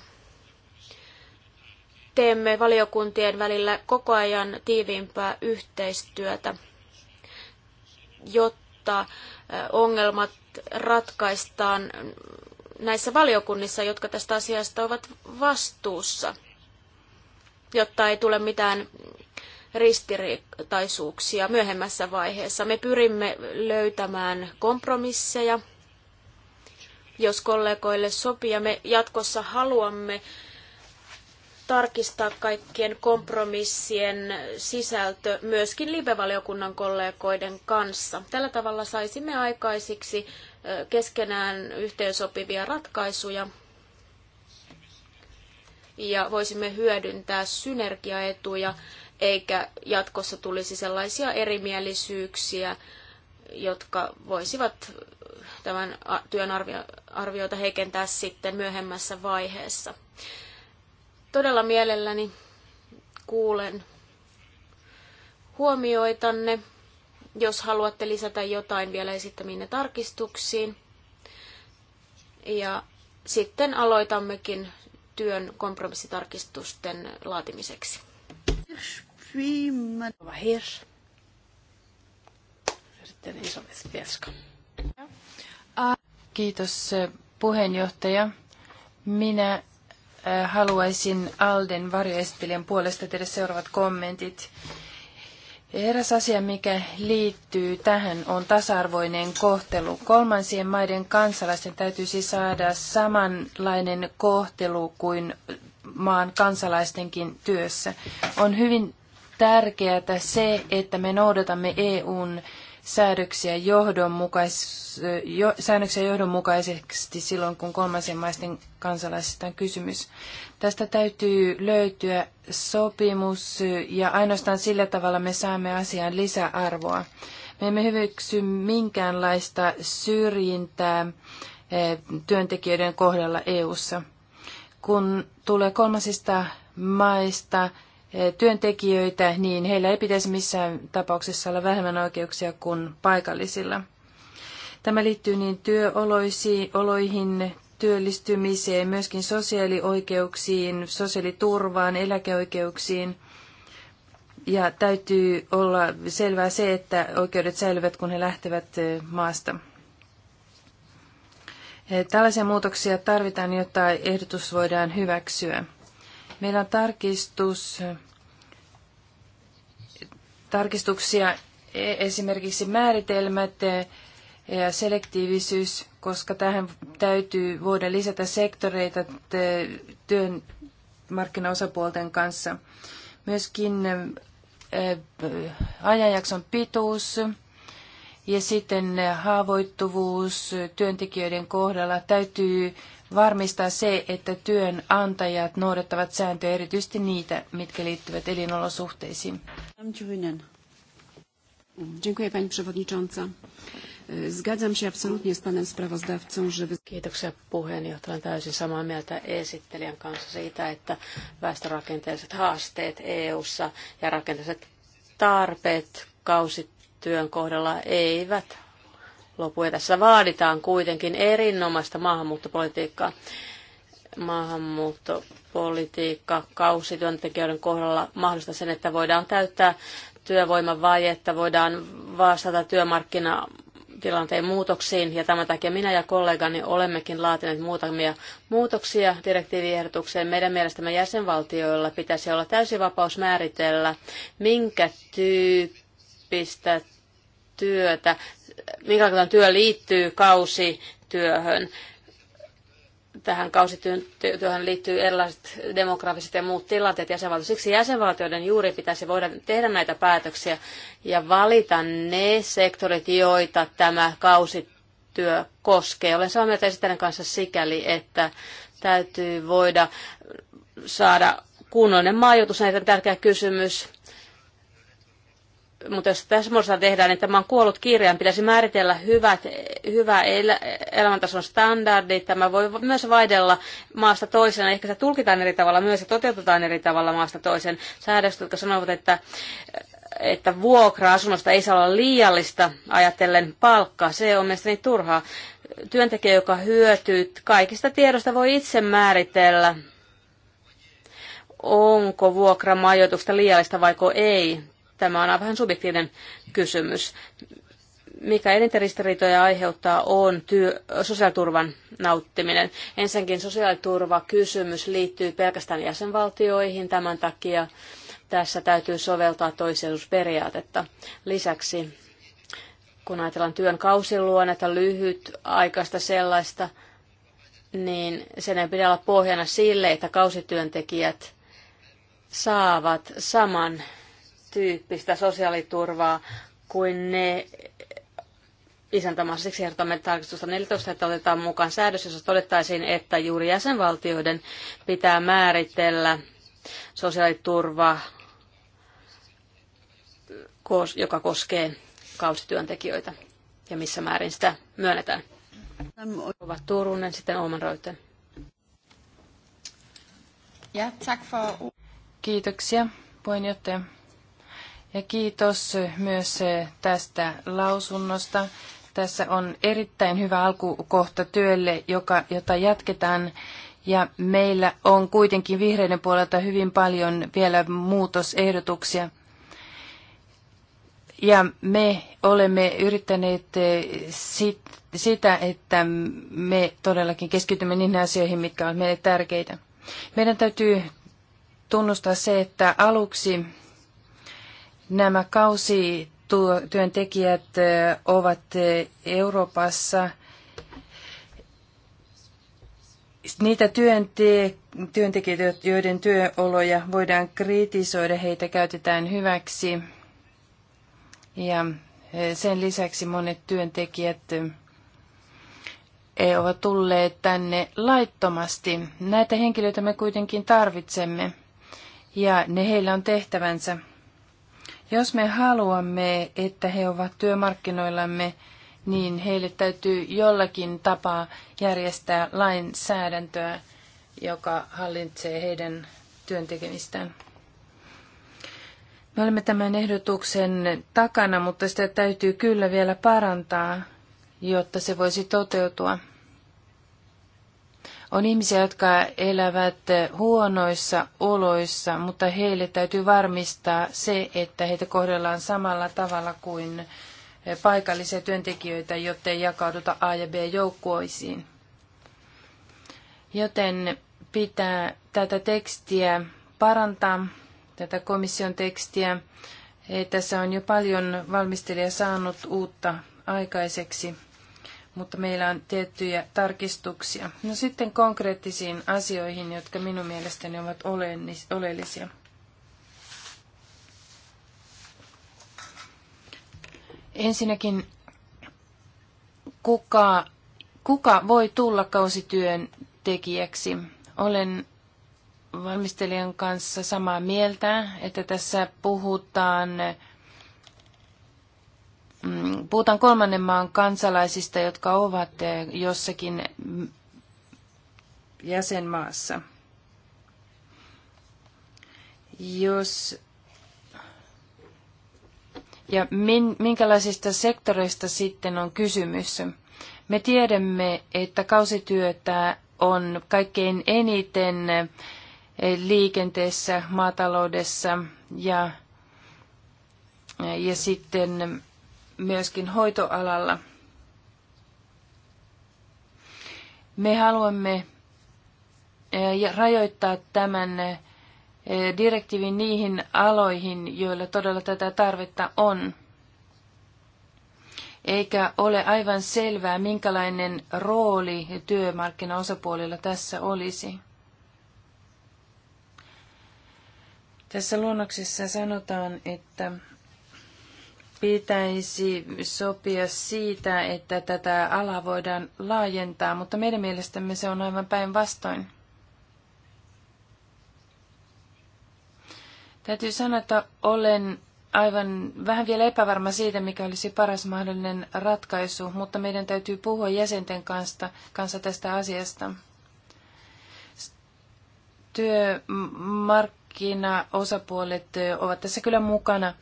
teemme valiokuntien välillä koko ajan tiiviimpää yhteistyötä – jotta ongelmat ratkaistaan näissä valiokunnissa, jotka tästä asiasta ovat vastuussa, jotta ei tule mitään ristiriitaisuuksia myöhemmässä vaiheessa. Me pyrimme löytämään kompromisseja, jos kollegoille sopii, ja me jatkossa haluamme tarkistaa kaikkien kompromissien sisältö myöskin live-valiokunnan kollegoiden kanssa. Tällä tavalla saisimme aikaisiksi keskenään yhteensopivia ratkaisuja ja voisimme hyödyntää synergiaetuja, eikä jatkossa tulisi sellaisia erimielisyyksiä, jotka voisivat tämän työn arvioita heikentää sitten myöhemmässä vaiheessa. Todella mielelläni kuulen huomioitanne, jos haluatte lisätä jotain vielä esittämiin tarkistuksiin. Ja sitten aloitammekin työn kompromissitarkistusten laatimiseksi. Kiitos eh, puheenjohtaja. Minä Äh, haluaisin Alden varjoesittelijän puolesta tehdä seuraavat kommentit. Eräs asia, mikä liittyy tähän, on tasa-arvoinen kohtelu. Kolmansien maiden kansalaisten täytyisi siis saada samanlainen kohtelu kuin maan kansalaistenkin työssä. On hyvin tärkeää se, että me noudatamme EUn säädöksiä, johdonmukais, jo, säädöksiä johdonmukaisesti silloin, kun kolmansien maisten kansalaisista on kysymys. Tästä täytyy löytyä sopimus ja ainoastaan sillä tavalla me saamme asiaan lisäarvoa. Me emme hyväksy minkäänlaista syrjintää eh, työntekijöiden kohdalla EU:ssa. Kun tulee kolmasista maista työntekijöitä, niin heillä ei pitäisi missään tapauksessa olla vähemmän oikeuksia kuin paikallisilla. Tämä liittyy niin työoloihin, työllistymiseen, myöskin sosiaalioikeuksiin, sosiaaliturvaan, eläkeoikeuksiin. Ja täytyy olla selvää se, että oikeudet säilyvät, kun he lähtevät maasta. Tällaisia muutoksia tarvitaan, jotta ehdotus voidaan hyväksyä. Meillä on tarkistus, tarkistuksia e, esimerkiksi määritelmät e, ja selektiivisyys, koska tähän täytyy voida lisätä sektoreita työn markkinaosapuolten kanssa. Myöskin e, ajanjakson pituus ja sitten haavoittuvuus työntekijöiden kohdalla täytyy varmistaa se, että työnantajat noudattavat sääntöjä, erityisesti niitä, mitkä liittyvät elinolosuhteisiin. Dziękuję Pani Przewodnicząca. Zgadzam się absolutnie z Panem sprawozdawcą, że... Kiitoksia puheenjohtaja. Olen täysin samaa mieltä esittelijän kanssa siitä, että väestörakenteiset haasteet EU-ssa ja rakenteiset tarpeet kausityön kohdalla eivät lopu. Ja tässä vaaditaan kuitenkin erinomaista maahanmuuttopolitiikkaa. Maahanmuuttopolitiikka kausityöntekijöiden kohdalla mahdollista sen, että voidaan täyttää työvoiman vajetta, voidaan vastata työmarkkina tilanteen muutoksiin ja tämän takia minä ja kollegani olemmekin laatineet muutamia muutoksia direktiiviehdotukseen. Meidän mielestämme jäsenvaltioilla pitäisi olla täysi vapaus määritellä, minkä tyyppistä työtä minkälainen työ liittyy kausityöhön. Tähän kausityöhön liittyy erilaiset demografiset ja muut tilanteet jäsenvaltioissa. Siksi jäsenvaltioiden juuri pitäisi voida tehdä näitä päätöksiä ja valita ne sektorit, joita tämä kausityö koskee. Olen samaa mieltä esittäjän kanssa sikäli, että täytyy voida saada kunnollinen majoitus, näitä on tärkeä kysymys mutta jos tässä muodossa tehdään, niin tämä on kuollut kirjain, pitäisi määritellä hyvät, hyvä el- elämäntason standardi. Tämä voi myös vaidella maasta toisena. Ehkä se tulkitaan eri tavalla myös ja toteutetaan eri tavalla maasta toisen. säädöstä, jotka sanovat, että että vuokra-asunnosta ei saa olla liiallista ajatellen palkkaa. Se on mielestäni turhaa. Työntekijä, joka hyötyy kaikista tiedosta, voi itse määritellä, onko vuokramajoitusta liiallista vaiko ei Tämä on vähän subjektiivinen kysymys. Mikä eniten ristiriitoja aiheuttaa on työ, sosiaaliturvan nauttiminen. Ensinnäkin sosiaaliturvakysymys liittyy pelkästään jäsenvaltioihin tämän takia. Tässä täytyy soveltaa toisellusperiaatetta. Lisäksi kun ajatellaan työn kausiluonnetta, lyhyt aikaista sellaista, niin sen ei pidä olla pohjana sille, että kausityöntekijät saavat saman tyyppistä sosiaaliturvaa kuin ne isäntämaan siksi ehdotamme tarkistusta 14, että otetaan mukaan säädös, jossa todettaisiin, että juuri jäsenvaltioiden pitää määritellä sosiaaliturva, joka koskee kausityöntekijöitä ja missä määrin sitä myönnetään. Ovat Turunen, sitten Oman Reuter. Ja, tack för... Kiitoksia, puheenjohtaja. Ja kiitos myös eh, tästä lausunnosta. Tässä on erittäin hyvä alkukohta työlle, joka, jota jatketaan. Ja meillä on kuitenkin vihreiden puolelta hyvin paljon vielä muutosehdotuksia. Ja me olemme yrittäneet eh, sit, sitä, että me todellakin keskitymme niihin asioihin, mitkä ovat meille tärkeitä. Meidän täytyy tunnustaa se, että aluksi Nämä kausityöntekijät ovat Euroopassa niitä työnte- työntekijöitä, joiden työoloja voidaan kritisoida, heitä käytetään hyväksi. Ja sen lisäksi monet työntekijät e, ovat tulleet tänne laittomasti. Näitä henkilöitä me kuitenkin tarvitsemme ja ne heillä on tehtävänsä. Jos me haluamme, että he ovat työmarkkinoillamme, niin heille täytyy jollakin tapaa järjestää lainsäädäntöä, joka hallitsee heidän työntekemistään. Me olemme tämän ehdotuksen takana, mutta sitä täytyy kyllä vielä parantaa, jotta se voisi toteutua. On ihmisiä, jotka elävät huonoissa oloissa, mutta heille täytyy varmistaa se, että heitä kohdellaan samalla tavalla kuin paikallisia työntekijöitä, jottei jakauduta A- ja b joukkoisiin. Joten pitää tätä tekstiä parantaa, tätä komission tekstiä. Tässä on jo paljon valmistelija saanut uutta aikaiseksi mutta meillä on tiettyjä tarkistuksia. No sitten konkreettisiin asioihin, jotka minun mielestäni ovat oleellisia. Ensinnäkin, kuka, kuka voi tulla kausityön tekijäksi? Olen valmistelijan kanssa samaa mieltä, että tässä puhutaan Mm, puhutaan kolmannen maan kansalaisista, jotka ovat eh, jossakin jäsenmaassa. Jos ja min, minkälaisista sektoreista sitten on kysymys? Me tiedämme, että kausityötä on kaikkein eniten eh, liikenteessä, maataloudessa ja, eh, ja sitten myöskin hoitoalalla. Me haluamme eh, rajoittaa tämän eh, direktiivin niihin aloihin, joilla todella tätä tarvetta on. Eikä ole aivan selvää, minkälainen rooli työmarkkinaosapuolilla tässä olisi. Tässä luonnoksessa sanotaan, että pitäisi sopia siitä, että tätä alaa voidaan laajentaa, mutta meidän mielestämme se on aivan päinvastoin. Täytyy sanoa, että olen aivan vähän vielä epävarma siitä, mikä olisi paras mahdollinen ratkaisu, mutta meidän täytyy puhua jäsenten kanssa, kanssa tästä asiasta. Työmarkkinaosapuolet ovat tässä kyllä mukana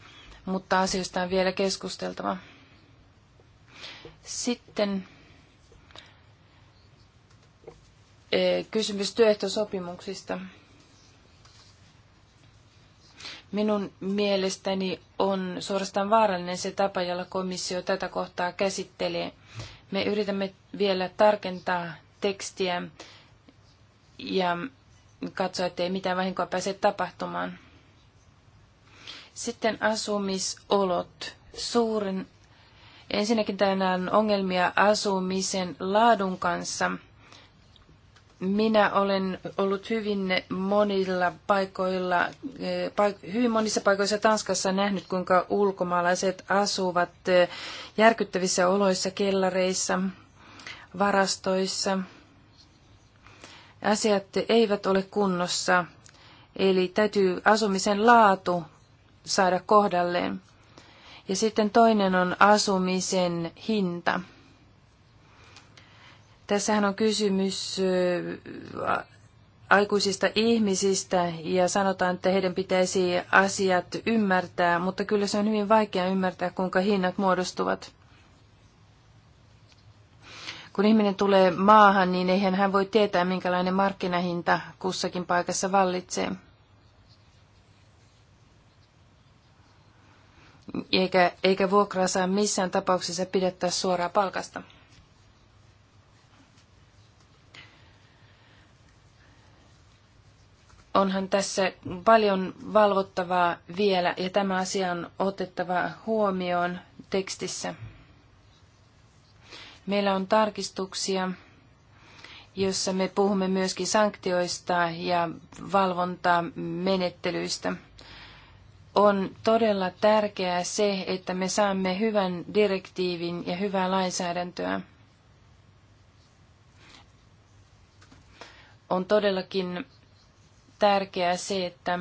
mutta asioista on vielä keskusteltava. Sitten eh, kysymys työehtosopimuksista. Minun mielestäni on suorastaan vaarallinen se tapa, jolla komissio tätä kohtaa käsittelee. Me yritämme vielä tarkentaa tekstiä ja katsoa, ettei mitään vahinkoa pääse tapahtumaan. Sitten asumisolot. Suurin, ensinnäkin tänään ongelmia asumisen laadun kanssa. Minä olen ollut hyvin monilla paikoilla, eh, hyvin monissa paikoissa Tanskassa nähnyt, kuinka ulkomaalaiset asuvat eh, järkyttävissä oloissa, kellareissa, varastoissa. Asiat eivät ole kunnossa, eli täytyy asumisen laatu saada kohdalleen. Ja sitten toinen on asumisen hinta. Tässähän on kysymys aikuisista ihmisistä ja sanotaan, että heidän pitäisi asiat ymmärtää, mutta kyllä se on hyvin vaikea ymmärtää, kuinka hinnat muodostuvat. Kun ihminen tulee maahan, niin eihän hän voi tietää, minkälainen markkinahinta kussakin paikassa vallitsee. eikä, eikä vuokraa saa missään tapauksessa pidettää suoraan palkasta. Onhan tässä paljon valvottavaa vielä ja tämä asia on otettava huomioon tekstissä. Meillä on tarkistuksia, jossa me puhumme myöskin sanktioista ja valvontamenettelyistä. menettelyistä on todella tärkeää se, että me saamme hyvän direktiivin ja hyvää lainsäädäntöä. On todellakin tärkeää se, että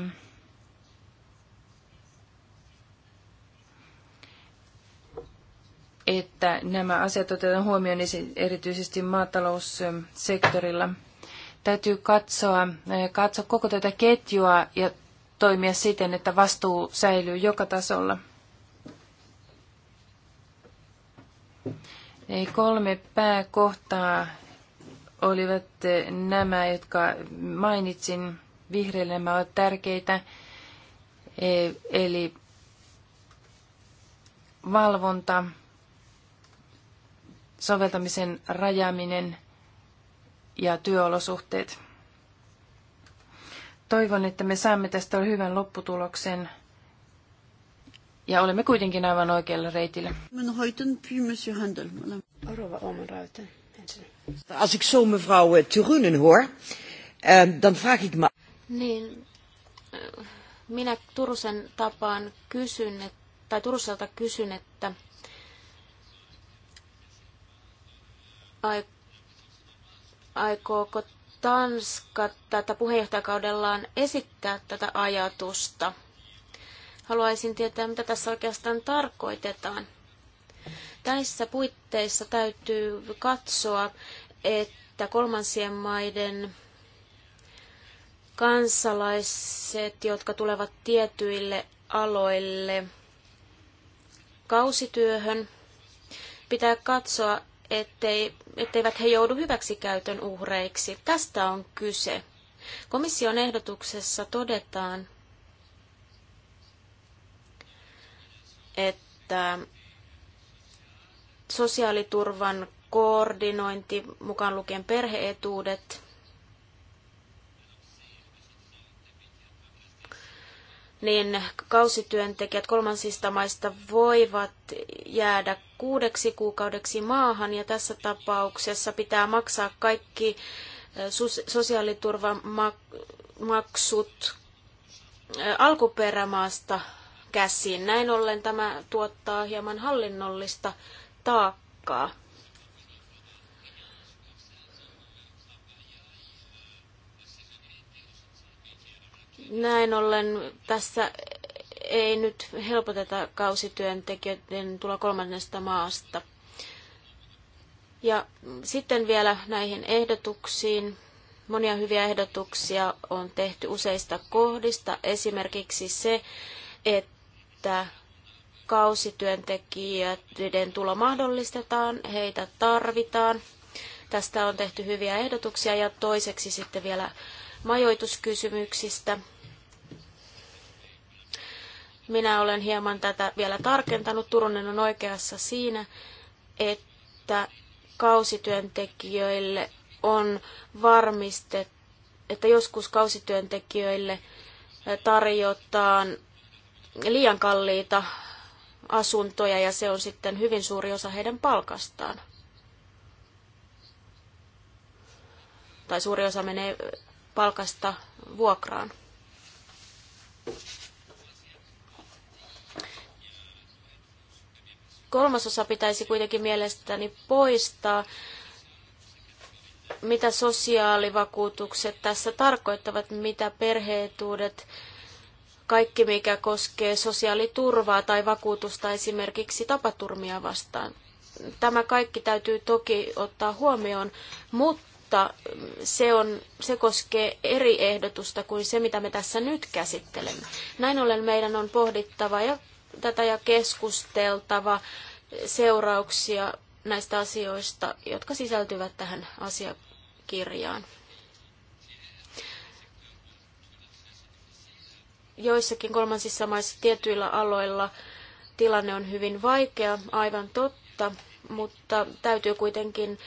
että nämä asiat otetaan huomioon erityisesti maataloussektorilla. Täytyy katsoa, eh, katsoa koko tätä ketjua ja toimia siten, että vastuu säilyy joka tasolla. Ei kolme pääkohtaa olivat nämä, jotka mainitsin. Vihreille nämä ovat tärkeitä. E, eli valvonta, soveltamisen rajaaminen ja työolosuhteet. Toivon, että me saamme tästä hyvän lopputuloksen ja olemme kuitenkin aivan oikealla reitillä. Rova Omenruiten. Als ik zo mevrouw eh, Turunen hoor, eh, dan vraag ik me... Niin, eh, minä Turusen tapaan kysyn, tai Turuselta kysyn, että aikooko Tanska tätä puheenjohtajakaudellaan esittää tätä ajatusta. Haluaisin tietää, mitä tässä oikeastaan tarkoitetaan. Tässä puitteissa täytyy katsoa, että kolmansien maiden kansalaiset, jotka tulevat tietyille aloille kausityöhön, pitää katsoa, ettei, etteivät he joudu hyväksikäytön uhreiksi. Tästä on kyse. Komission ehdotuksessa todetaan, että sosiaaliturvan koordinointi, mukaan lukien perheetuudet, niin kausityöntekijät kolmansista maista voivat jäädä kuudeksi kuukaudeksi maahan ja tässä tapauksessa pitää maksaa kaikki sosiaaliturvamaksut alkuperämaasta käsin. Näin ollen tämä tuottaa hieman hallinnollista taakkaa. Näin ollen tässä ei nyt helpoteta kausityöntekijöiden tulla kolmannesta maasta. Ja sitten vielä näihin ehdotuksiin. Monia hyviä ehdotuksia on tehty useista kohdista. Esimerkiksi se, että kausityöntekijöiden tulo mahdollistetaan, heitä tarvitaan. Tästä on tehty hyviä ehdotuksia ja toiseksi sitten vielä majoituskysymyksistä. Minä olen hieman tätä vielä tarkentanut. Turunen on oikeassa siinä, että kausityöntekijöille on varmistettu, että joskus kausityöntekijöille tarjotaan liian kalliita asuntoja ja se on sitten hyvin suuri osa heidän palkastaan. Tai suuri osa menee palkasta vuokraan. kolmasosa pitäisi kuitenkin mielestäni poistaa. Mitä sosiaalivakuutukset tässä tarkoittavat, mitä perheetuudet, kaikki mikä koskee sosiaaliturvaa tai vakuutusta esimerkiksi tapaturmia vastaan. Tämä kaikki täytyy toki ottaa huomioon, mutta se, on, se koskee eri ehdotusta kuin se, mitä me tässä nyt käsittelemme. Näin ollen meidän on pohdittava ja tätä ja keskusteltava seurauksia näistä asioista, jotka sisältyvät tähän asiakirjaan. Joissakin kolmansissa maissa tietyillä aloilla tilanne on hyvin vaikea, aivan totta, mutta täytyy kuitenkin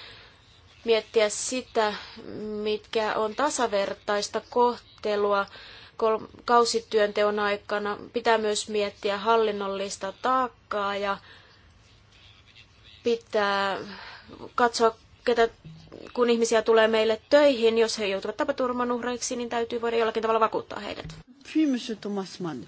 miettiä sitä, mitkä on tasavertaista kohtelua kausityönteon aikana. Pitää myös miettiä hallinnollista taakkaa ja pitää katsoa, ketä, kun ihmisiä tulee meille töihin, jos he joutuvat tapaturman uhreiksi, niin täytyy voida jollakin tavalla vakuuttaa heidät. Puis, Thomas Mann.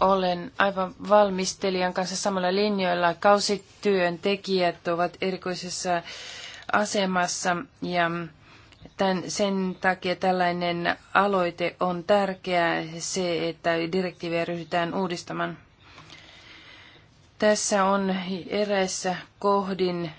Olen aivan valmistelijan kanssa samalla linjoilla. Kausityöntekijät ovat erikoisessa asemassa ja tämän, sen takia tällainen aloite on tärkeää, se, että direktiiviä ryhdytään uudistamaan. Tässä on eräissä kohdin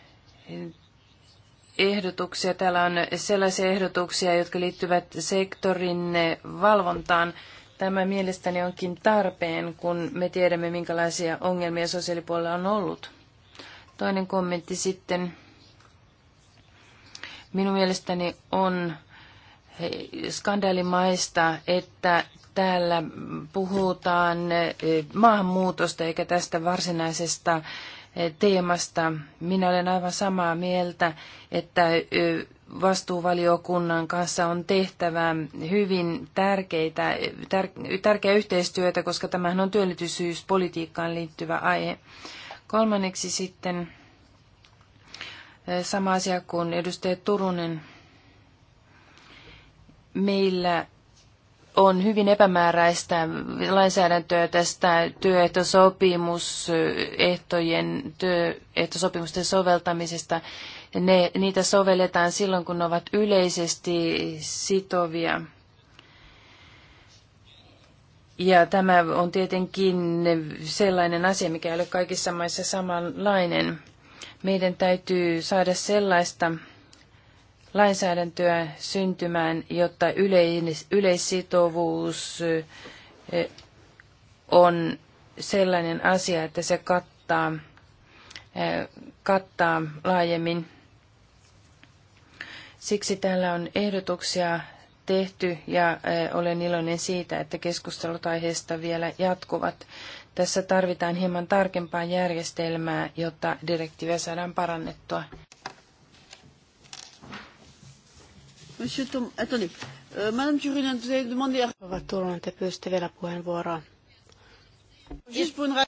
ehdotuksia. Täällä on sellaisia ehdotuksia, jotka liittyvät sektorin valvontaan. Tämä mielestäni onkin tarpeen, kun me tiedämme, minkälaisia ongelmia sosiaalipuolella on ollut. Toinen kommentti sitten Minun mielestäni on skandaalimaista, että täällä puhutaan e, maahanmuutosta eikä tästä varsinaisesta e, teemasta. Minä olen aivan samaa mieltä, että e, vastuuvaliokunnan kanssa on tehtävä hyvin tärkeitä, tär, tärkeä yhteistyötä, koska tämähän on työllisyyspolitiikkaan liittyvä aihe. Kolmanneksi sitten sama asia kuin edustaja Turunen. Meillä on hyvin epämääräistä lainsäädäntöä tästä työehtosopimusehtojen, työehtosopimusten soveltamisesta. Ne, niitä sovelletaan silloin, kun ne ovat yleisesti sitovia. Ja tämä on tietenkin sellainen asia, mikä ei ole kaikissa maissa samanlainen. Meidän täytyy saada sellaista lainsäädäntöä syntymään, jotta yleissitovuus e, on sellainen asia, että se kattaa, e, kattaa laajemmin. Siksi täällä on ehdotuksia tehty ja e, olen iloinen siitä, että keskustelut aiheesta vielä jatkuvat. Tässä tarvitaan hieman tarkempaa järjestelmää, jotta direktiiviä saadaan parannettua. Monsieur Tom, euh, Madame Turunen, te pyysitte vielä puheenvuoroa.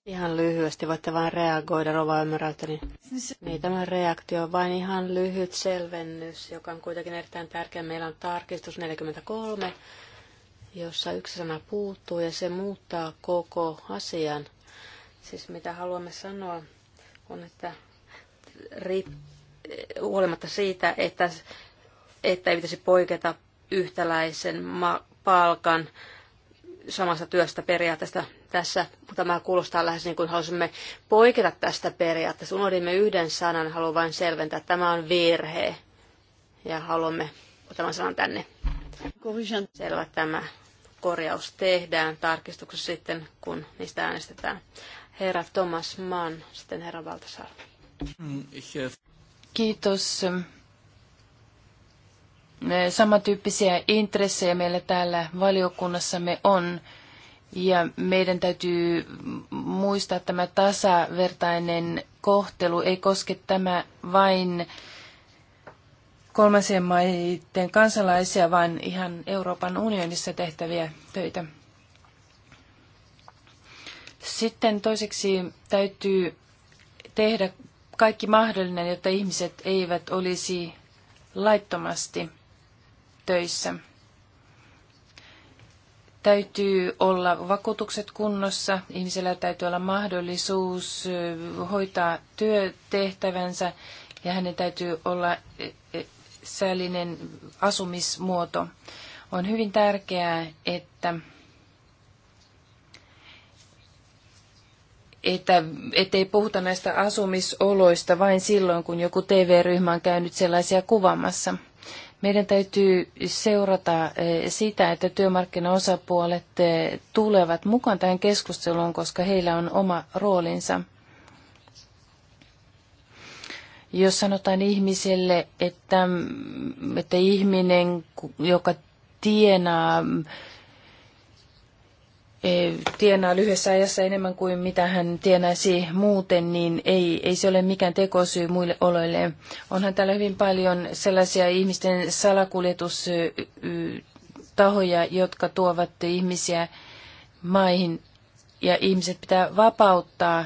Ihan lyhyesti voitte vain reagoida, Rova Ymmärrältä. Niin-, niin tämä reaktio on vain ihan lyhyt selvennys, joka on kuitenkin erittäin tärkeä. Meillä on tarkistus 43 jossa yksi sana puuttuu ja se muuttaa koko asian. Siis mitä haluamme sanoa on, että huolimatta siitä, että, että ei pitäisi poiketa yhtäläisen palkan samasta työstä periaatteesta. Tässä mutta tämä kuulostaa lähes niin kuin halusimme poiketa tästä periaatteesta. Unohdimme yhden sanan, haluan vain selventää, että tämä on virhe. Ja haluamme tämän sanan tänne. Selvä tämä korjaus tehdään tarkistuksessa sitten, kun niistä äänestetään. Herra Thomas Mann, sitten herra Valtasar. Kiitos. Samantyyppisiä intressejä meillä täällä valiokunnassamme on. Ja meidän täytyy muistaa tämä tasavertainen kohtelu. Ei koske tämä vain äh, kolmansien maiden kansalaisia, vaan ihan Euroopan unionissa tehtäviä töitä. Sitten toiseksi täytyy tehdä kaikki mahdollinen, jotta ihmiset eivät olisi laittomasti töissä. Täytyy olla vakuutukset kunnossa, ihmisellä täytyy olla mahdollisuus hoitaa työtehtävänsä ja hänen täytyy olla säällinen asumismuoto. On hyvin tärkeää, että että ettei puhuta näistä asumisoloista vain silloin, kun joku TV-ryhmä on käynyt sellaisia kuvamassa. Meidän täytyy seurata eh, sitä, että työmarkkinaosapuolet eh, tulevat mukaan tähän keskusteluun, koska heillä on oma roolinsa. Jos sanotaan ihmiselle, että, että ihminen, joka tienaa, e, tienaa lyhyessä ajassa enemmän kuin mitä hän tienaisi muuten, niin ei, ei se ole mikään tekosyy muille oloille. Onhan täällä hyvin paljon sellaisia ihmisten salakuljetustahoja, jotka tuovat ihmisiä maihin ja ihmiset pitää vapauttaa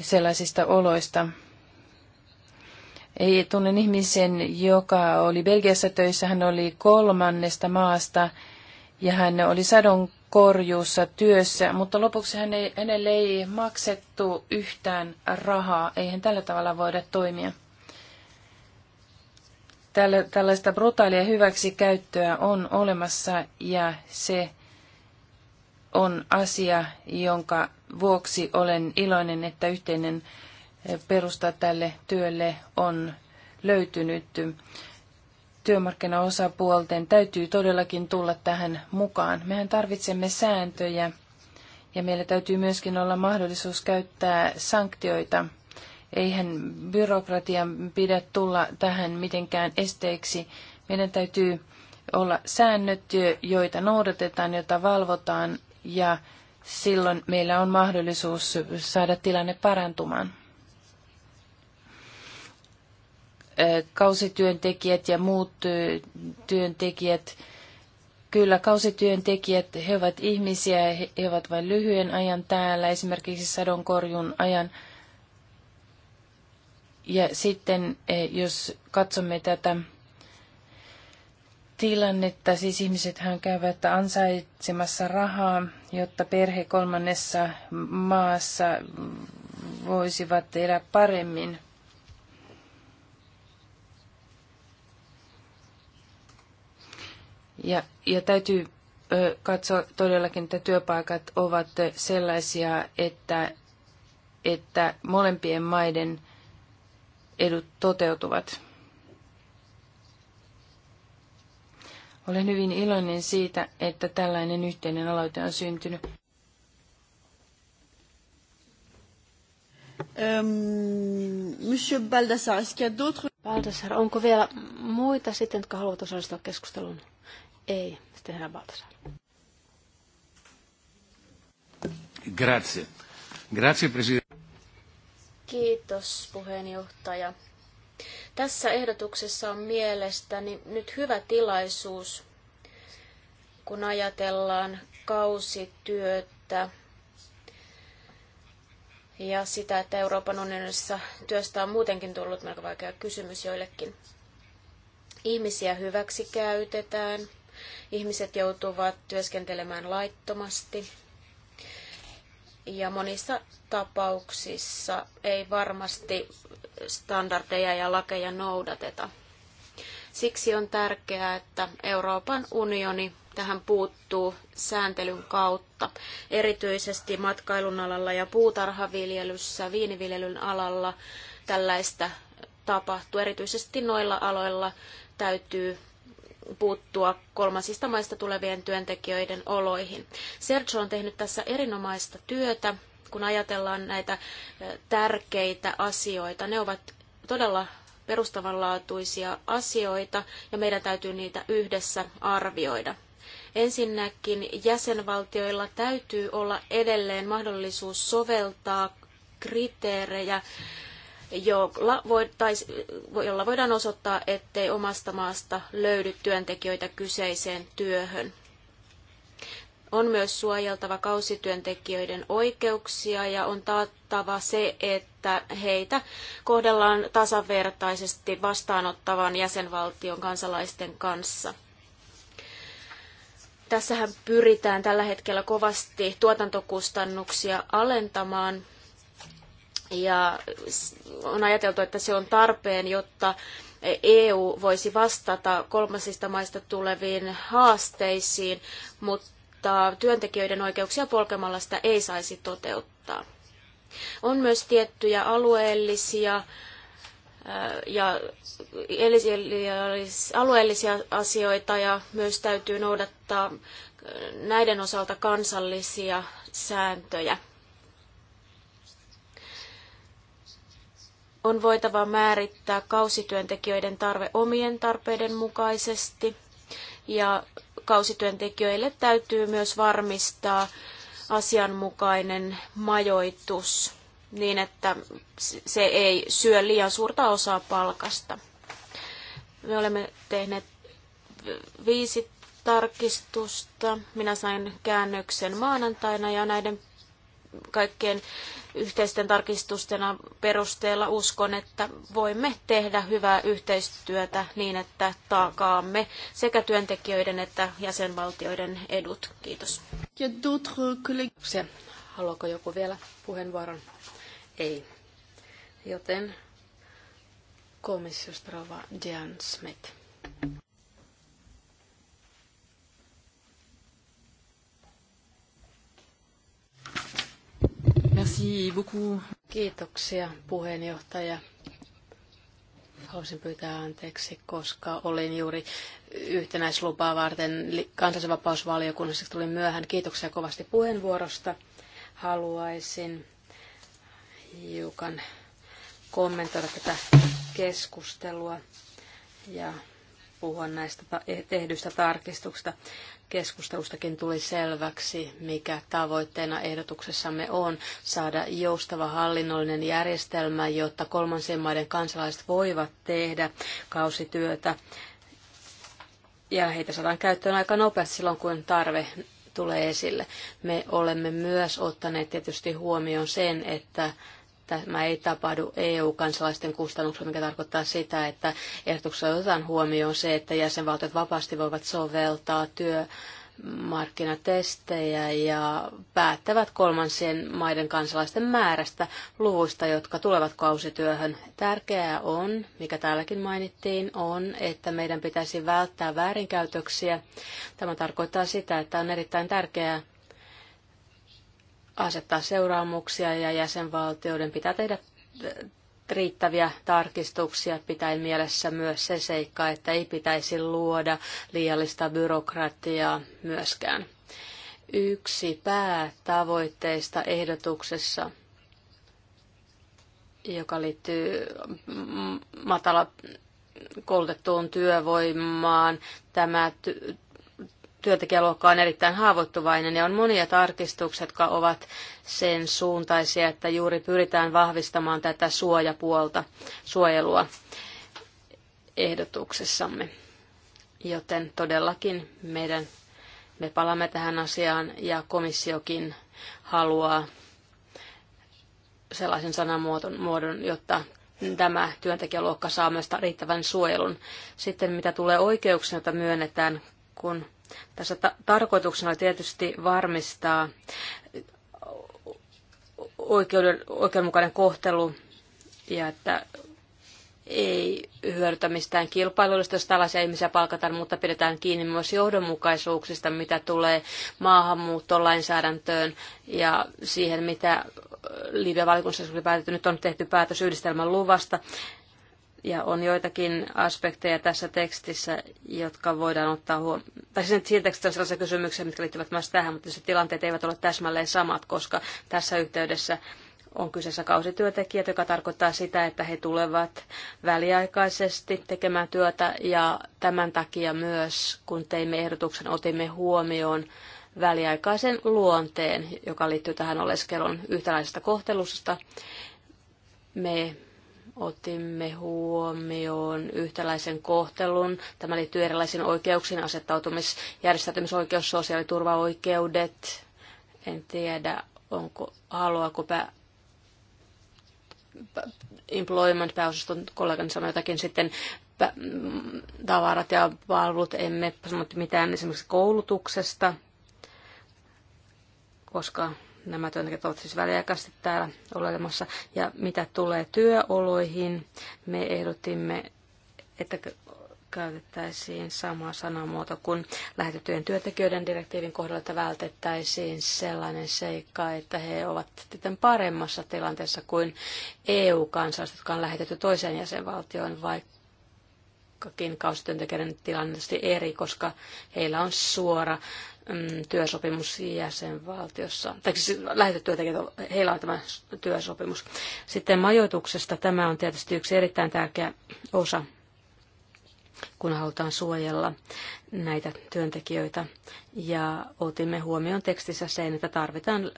sellaisista oloista. Ei Tunnen ihmisen, joka oli Belgiassa töissä, hän oli kolmannesta maasta ja hän oli sadon korjuussa työssä, mutta lopuksi hän ei, hänelle ei maksettu yhtään rahaa. Eihän tällä tavalla voida toimia. Tällä, tällaista brutaalia hyväksikäyttöä on olemassa ja se on asia, jonka vuoksi olen iloinen, että yhteinen perusta tälle työlle on löytynyt. Työmarkkinaosapuolten täytyy todellakin tulla tähän mukaan. Mehän tarvitsemme sääntöjä ja meillä täytyy myöskin olla mahdollisuus käyttää sanktioita. Eihän byrokratian pidä tulla tähän mitenkään esteeksi. Meidän täytyy olla säännöt, joita noudatetaan, joita valvotaan ja silloin meillä on mahdollisuus saada tilanne parantumaan. kausityöntekijät ja muut työntekijät. Kyllä, kausityöntekijät, he ovat ihmisiä, he ovat vain lyhyen ajan täällä, esimerkiksi sadonkorjun ajan. Ja sitten, jos katsomme tätä tilannetta, siis ihmisethän käyvät ansaitsemassa rahaa, jotta perhe kolmannessa maassa voisivat elää paremmin – Ja, ja täytyy ö, katsoa todellakin, että työpaikat ovat sellaisia, että, että molempien maiden edut toteutuvat. Olen hyvin iloinen siitä, että tällainen yhteinen aloite on syntynyt. Ähm, Monsieur Baldassar, onko vielä muita sitten, jotka haluavat osallistua keskusteluun? Ei. Sitten herra Baltasar. Grazie. Grazie, presidente. Kiitos, puheenjohtaja. Tässä ehdotuksessa on mielestäni nyt hyvä tilaisuus, kun ajatellaan kausityötä ja sitä, että Euroopan unionissa työstä on muutenkin tullut melko vaikea kysymys joillekin. Ihmisiä hyväksi käytetään – Ihmiset joutuvat työskentelemään laittomasti. Ja monissa tapauksissa ei varmasti standardeja ja lakeja noudateta. Siksi on tärkeää, että Euroopan unioni tähän puuttuu sääntelyn kautta. Erityisesti matkailun alalla ja puutarhaviljelyssä, viiniviljelyn alalla tällaista tapahtuu. Erityisesti noilla aloilla täytyy puuttua kolmansista maista tulevien työntekijöiden oloihin. Sergio on tehnyt tässä erinomaista työtä, kun ajatellaan näitä tärkeitä asioita. Ne ovat todella perustavanlaatuisia asioita ja meidän täytyy niitä yhdessä arvioida. Ensinnäkin jäsenvaltioilla täytyy olla edelleen mahdollisuus soveltaa kriteerejä jolla, jolla voidaan osoittaa, ettei omasta maasta löydy työntekijöitä kyseiseen työhön. On myös suojeltava kausityöntekijöiden oikeuksia ja on taattava se, että heitä kohdellaan tasavertaisesti vastaanottavan jäsenvaltion kansalaisten kanssa. Tässähän pyritään tällä hetkellä kovasti tuotantokustannuksia alentamaan ja on ajateltu, että se on tarpeen, jotta EU voisi vastata kolmansista maista tuleviin haasteisiin, mutta työntekijöiden oikeuksia polkemalla sitä ei saisi toteuttaa. On myös tiettyjä alueellisia ja alueellisia asioita ja myös täytyy noudattaa näiden osalta kansallisia sääntöjä. on voitava määrittää kausityöntekijöiden tarve omien tarpeiden mukaisesti ja kausityöntekijöille täytyy myös varmistaa asianmukainen majoitus niin, että se ei syö liian suurta osaa palkasta. Me olemme tehneet viisi tarkistusta. Minä sain käännöksen maanantaina ja näiden kaikkien yhteisten tarkistusten perusteella uskon, että voimme tehdä hyvää yhteistyötä niin, että taakaamme sekä työntekijöiden että jäsenvaltioiden edut. Kiitos. Kiitoksia. Haluaako joku vielä puheenvuoron? Ei. Joten komissiostrava Jan Smith. Kiitoksia puheenjohtaja. Haluaisin pyytää anteeksi, koska olin juuri yhtenäislupaa varten vapausvaliokunnassa, Tulin myöhään. Kiitoksia kovasti puheenvuorosta. Haluaisin hiukan kommentoida tätä keskustelua ja puhua näistä eh, tehdyistä tarkistuksista. Keskustelustakin tuli selväksi, mikä tavoitteena ehdotuksessamme on saada joustava hallinnollinen järjestelmä, jotta kolmansien maiden kansalaiset voivat tehdä kausityötä. Ja heitä saadaan käyttöön aika nopeasti silloin, kun tarve tulee esille. Me olemme myös ottaneet tietysti huomioon sen, että Tämä ei tapahdu EU-kansalaisten kustannuksella, mikä tarkoittaa sitä, että ehdotuksessa otetaan huomioon se, että jäsenvaltiot vapaasti voivat soveltaa työ markkinatestejä ja päättävät kolmansien maiden kansalaisten määrästä luvuista, jotka tulevat kausityöhön. Tärkeää on, mikä täälläkin mainittiin, on, että meidän pitäisi välttää väärinkäytöksiä. Tämä tarkoittaa sitä, että on erittäin tärkeää, asettaa seuraamuksia ja jäsenvaltioiden pitää tehdä eh, riittäviä tarkistuksia pitäen mielessä myös se seikka, että ei pitäisi luoda liiallista byrokratiaa myöskään. Yksi päätavoitteista ehdotuksessa, joka liittyy matala koulutettuun työvoimaan, tämä työntekijäluokka on erittäin haavoittuvainen ja on monia tarkistuksia, jotka ovat sen suuntaisia, että juuri pyritään vahvistamaan tätä suojapuolta, suojelua ehdotuksessamme. Joten todellakin meidän, me palamme tähän asiaan ja komissiokin haluaa sellaisen sanamuodon, muodon, jotta tämä työntekijäluokka saa myös riittävän suojelun. Sitten mitä tulee oikeuksiin, joita myönnetään, kun tässä ta- tarkoituksena tietysti varmistaa oikeuden, oikeudenmukainen kohtelu ja että ei hyödytä mistään kilpailuista, jos tällaisia ihmisiä palkataan, mutta pidetään kiinni myös johdonmukaisuuksista, mitä tulee maahanmuuttolainsäädäntöön ja siihen, mitä Liivian valikunnassa päätetty. Nyt on tehty päätös yhdistelmän luvasta ja on joitakin aspekteja tässä tekstissä, jotka voidaan ottaa huomioon. Tai siis siinä tekstissä on sellaisia kysymyksiä, mitkä liittyvät myös tähän, mutta se tilanteet eivät ole täsmälleen samat, koska tässä yhteydessä on kyseessä kausityötekijät, joka tarkoittaa sitä, että he tulevat väliaikaisesti tekemään työtä ja tämän takia myös, kun teimme ehdotuksen, otimme huomioon väliaikaisen luonteen, joka liittyy tähän oleskelun yhtäläisestä kohtelusta. Me otimme huomioon yhtäläisen kohtelun. Tämä liittyy erilaisiin oikeuksiin, asettautumis, järjestäytymisoikeus, sosiaaliturvaoikeudet. En tiedä, onko, haluaako pä, employment pääosaston kollegan sanoa jotakin sitten tavarat ja palvelut, emme sano mitään esimerkiksi koulutuksesta, koska Nämä työntekijät ovat siis väliaikaisesti täällä olemassa. Ja mitä tulee työoloihin, me ehdotimme, että käytettäisiin samaa sanamuoto kuin lähetettyjen työntekijöiden direktiivin kohdalla, että vältettäisiin sellainen seikka, että he ovat sitten paremmassa tilanteessa kuin EU-kansalaiset, jotka on lähetetty toiseen jäsenvaltioon, vaikka vaikkakin kausityöntekijöiden tilanne tietysti eri, koska heillä on suora mm, työsopimus jäsenvaltiossa. Tai siis lähetetyöntekijät, heillä on tämä työsopimus. Sitten majoituksesta tämä on tietysti yksi erittäin tärkeä osa kun halutaan suojella näitä työntekijöitä. Ja otimme huomioon tekstissä sen, että tarvitaan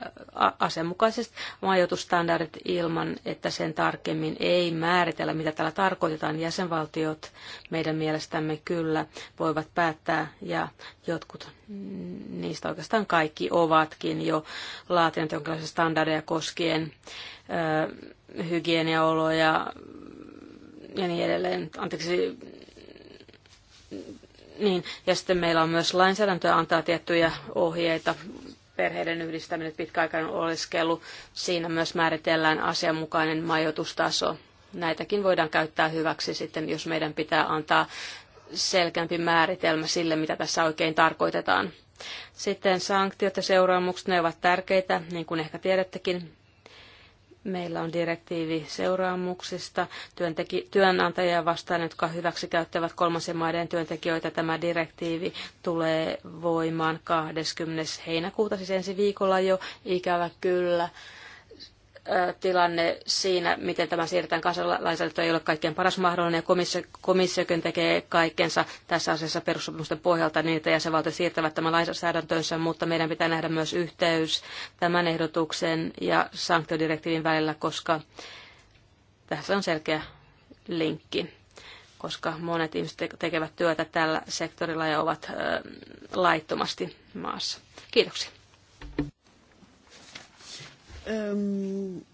asianmukaiset majoitustandardit ilman, että sen tarkemmin ei määritellä, mitä tällä tarkoitetaan. Jäsenvaltiot meidän mielestämme kyllä voivat päättää ja jotkut niistä oikeastaan kaikki ovatkin jo laatineet jonkinlaisia standardeja koskien hygieniaoloja ja niin edelleen. Anteeksi, niin, ja sitten meillä on myös lainsäädäntöä antaa tiettyjä ohjeita perheiden yhdistäminen, pitkäaikainen oleskelu. Siinä myös määritellään asianmukainen majoitustaso. Näitäkin voidaan käyttää hyväksi sitten, jos meidän pitää antaa selkeämpi määritelmä sille, mitä tässä oikein tarkoitetaan. Sitten sanktiot ja seuraamukset, ne ovat tärkeitä, niin kuin ehkä tiedättekin. Meillä on direktiivi seuraamuksista työntekijä, työnantajia vastaan, jotka hyväksikäyttävät kolmansien maiden työntekijöitä. Tämä direktiivi tulee voimaan 20. heinäkuuta, siis ensi viikolla jo, ikävä kyllä tilanne siinä, miten tämä siirretään kansanlainsäädäntöön, ei ole kaikkein paras mahdollinen, ja komissio, komissiokin tekee kaikkensa tässä asiassa perussopimusten pohjalta niin, että jäsenvaltiot siirtävät tämän lainsäädäntöönsä, mutta meidän pitää nähdä myös yhteys tämän ehdotuksen ja sanktiodirektiivin välillä, koska tässä on selkeä linkki koska monet ihmiset tekevät työtä tällä sektorilla ja ovat laittomasti maassa. Kiitoksia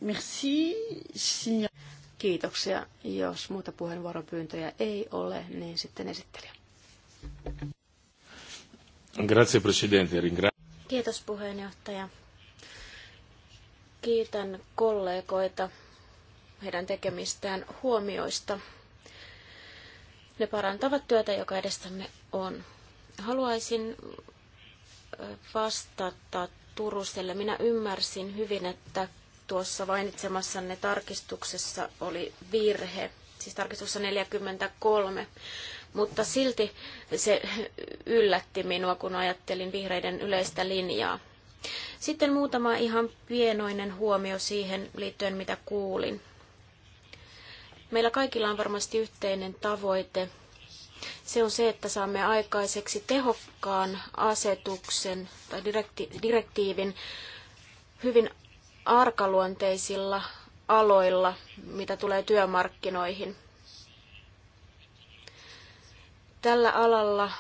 merci. Kiitoksia. Jos muuta puheenvuoropyyntöjä ei ole, niin sitten esittelijä. Grazie, presidente. Ringra- Kiitos puheenjohtaja. Kiitän kollegoita heidän tekemistään huomioista. Ne parantavat työtä, joka edessämme on. Haluaisin vastata Turuselle. Minä ymmärsin hyvin, että tuossa mainitsemassanne tarkistuksessa oli virhe, siis tarkistuksessa 43, mutta silti se yllätti minua, kun ajattelin vihreiden yleistä linjaa. Sitten muutama ihan pienoinen huomio siihen liittyen, mitä kuulin. Meillä kaikilla on varmasti yhteinen tavoite se on se, että saamme aikaiseksi tehokkaan asetuksen tai direkti- direktiivin hyvin arkaluonteisilla aloilla, mitä tulee työmarkkinoihin. Tällä alalla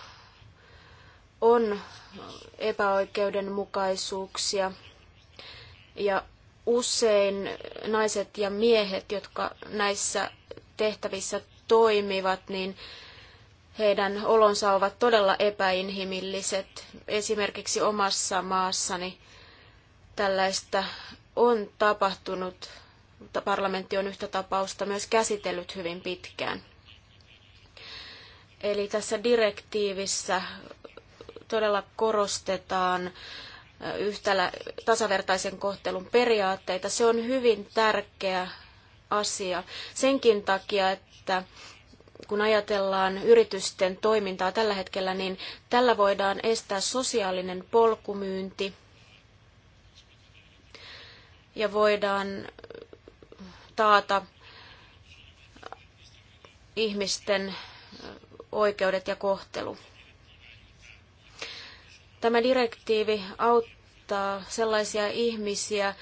on epäoikeudenmukaisuuksia ja usein naiset ja miehet, jotka näissä tehtävissä toimivat, niin heidän olonsa ovat todella epäinhimilliset. Esimerkiksi omassa maassani tällaista on tapahtunut. Parlamentti on yhtä tapausta myös käsitellyt hyvin pitkään. Eli tässä direktiivissä todella korostetaan yhtälä, tasavertaisen kohtelun periaatteita. Se on hyvin tärkeä asia senkin takia, että kun ajatellaan yritysten toimintaa tällä hetkellä, niin tällä voidaan estää sosiaalinen polkumyynti ja voidaan taata ihmisten oikeudet ja kohtelu. Tämä direktiivi auttaa sellaisia ihmisiä,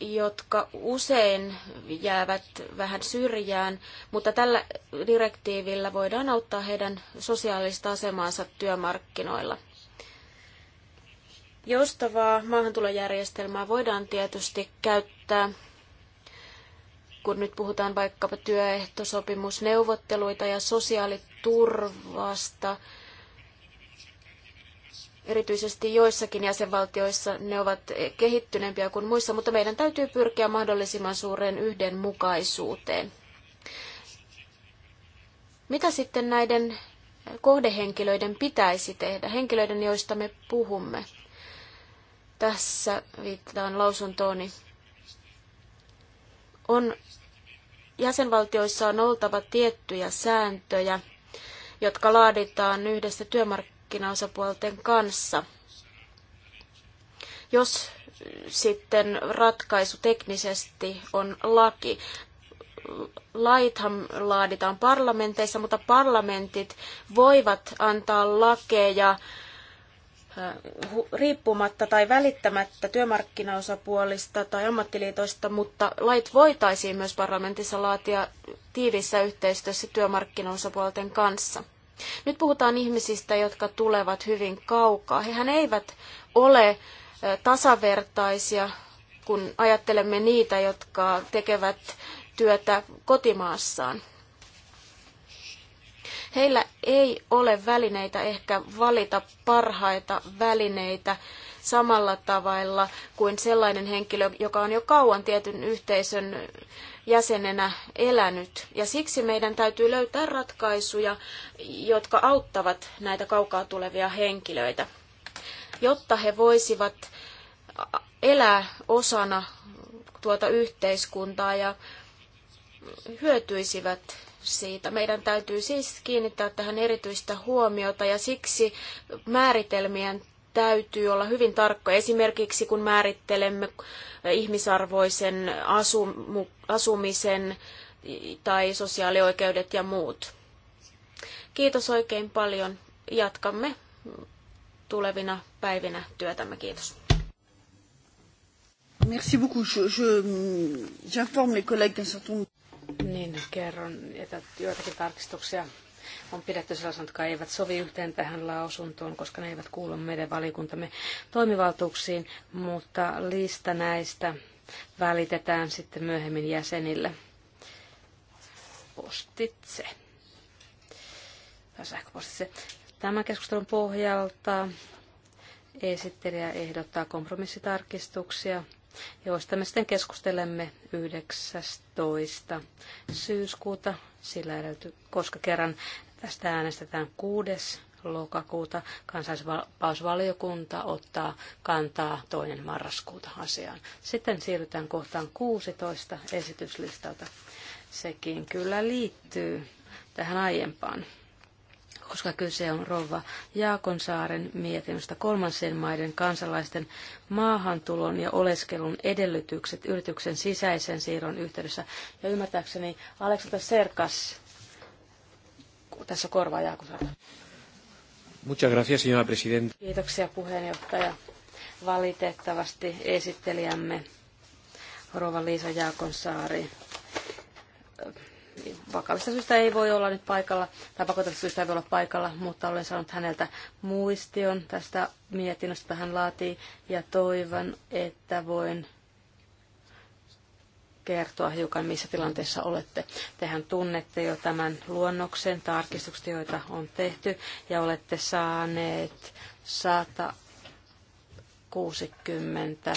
jotka usein jäävät vähän syrjään, mutta tällä direktiivillä voidaan auttaa heidän sosiaalista asemaansa työmarkkinoilla. Joustavaa maahantulojärjestelmää voidaan tietysti käyttää, kun nyt puhutaan vaikkapa työehtosopimusneuvotteluita ja sosiaaliturvasta – Erityisesti joissakin jäsenvaltioissa ne ovat kehittyneempiä kuin muissa, mutta meidän täytyy pyrkiä mahdollisimman suureen yhdenmukaisuuteen. Mitä sitten näiden kohdehenkilöiden pitäisi tehdä, henkilöiden, joista me puhumme? Tässä viittaan lausuntooni. On jäsenvaltioissa on oltava tiettyjä sääntöjä, jotka laaditaan yhdessä työmarkkinoilla työmarkkinaosapuolten kanssa. Jos sitten ratkaisu teknisesti on laki. Laithan laaditaan parlamenteissa, mutta parlamentit voivat antaa lakeja äh, riippumatta tai välittämättä työmarkkinaosapuolista tai ammattiliitoista, mutta lait voitaisiin myös parlamentissa laatia tiivissä yhteistyössä työmarkkinaosapuolten kanssa. Nyt puhutaan ihmisistä, jotka tulevat hyvin kaukaa. Hehän eivät ole tasavertaisia, kun ajattelemme niitä, jotka tekevät työtä kotimaassaan. Heillä ei ole välineitä ehkä valita parhaita välineitä samalla tavalla kuin sellainen henkilö, joka on jo kauan tietyn yhteisön jäsenenä elänyt. Ja siksi meidän täytyy löytää ratkaisuja, jotka auttavat näitä kaukaa tulevia henkilöitä, jotta he voisivat elää osana tuota yhteiskuntaa ja hyötyisivät siitä. Meidän täytyy siis kiinnittää tähän erityistä huomiota ja siksi määritelmien täytyy olla hyvin tarkka. Esimerkiksi kun määrittelemme ihmisarvoisen asumisen tai sosiaalioikeudet ja muut. Kiitos oikein paljon. Jatkamme tulevina päivinä työtämme. Kiitos. Merci beaucoup. j'informe les collègues d'un certain Niin, kerron että joitakin tarkistuksia on pidetty sellaisena, jotka eivät sovi yhteen tähän lausuntoon, koska ne eivät kuulu meidän valiokuntamme toimivaltuuksiin, mutta lista näistä välitetään sitten myöhemmin jäsenille postitse. sähköpostitse. Tämän keskustelun pohjalta esittelijä ehdottaa kompromissitarkistuksia, joista me sitten keskustelemme 19. syyskuuta, sillä edelty, koska kerran Tästä äänestetään 6. lokakuuta. Kansallisvapausvaliokunta ottaa kantaa toinen marraskuuta asiaan. Sitten siirrytään kohtaan 16 esityslistalta. Sekin kyllä liittyy tähän aiempaan koska kyse on Rova Jaakonsaaren mietinnöstä kolmansien maiden kansalaisten maahantulon ja oleskelun edellytykset yrityksen sisäisen siirron yhteydessä. Ja ymmärtääkseni Aleksandr Serkas tässä korvaa Jaakonsaari. Muchas gracias, señora presidenta. Kiitoksia puheenjohtaja. Valitettavasti esittelijämme Rova Liisa Jaakonsaari vakavista syistä ei voi olla nyt paikalla, tai pakottavista syistä ei voi olla paikalla, mutta olen saanut häneltä muistion tästä mietinnöstä, jota hän laatii, ja toivon, että voin kertoa hiukan, missä tilanteessa olette. Tehän tunnette jo tämän luonnoksen tarkistukset, joita on tehty, ja olette saaneet 100 60,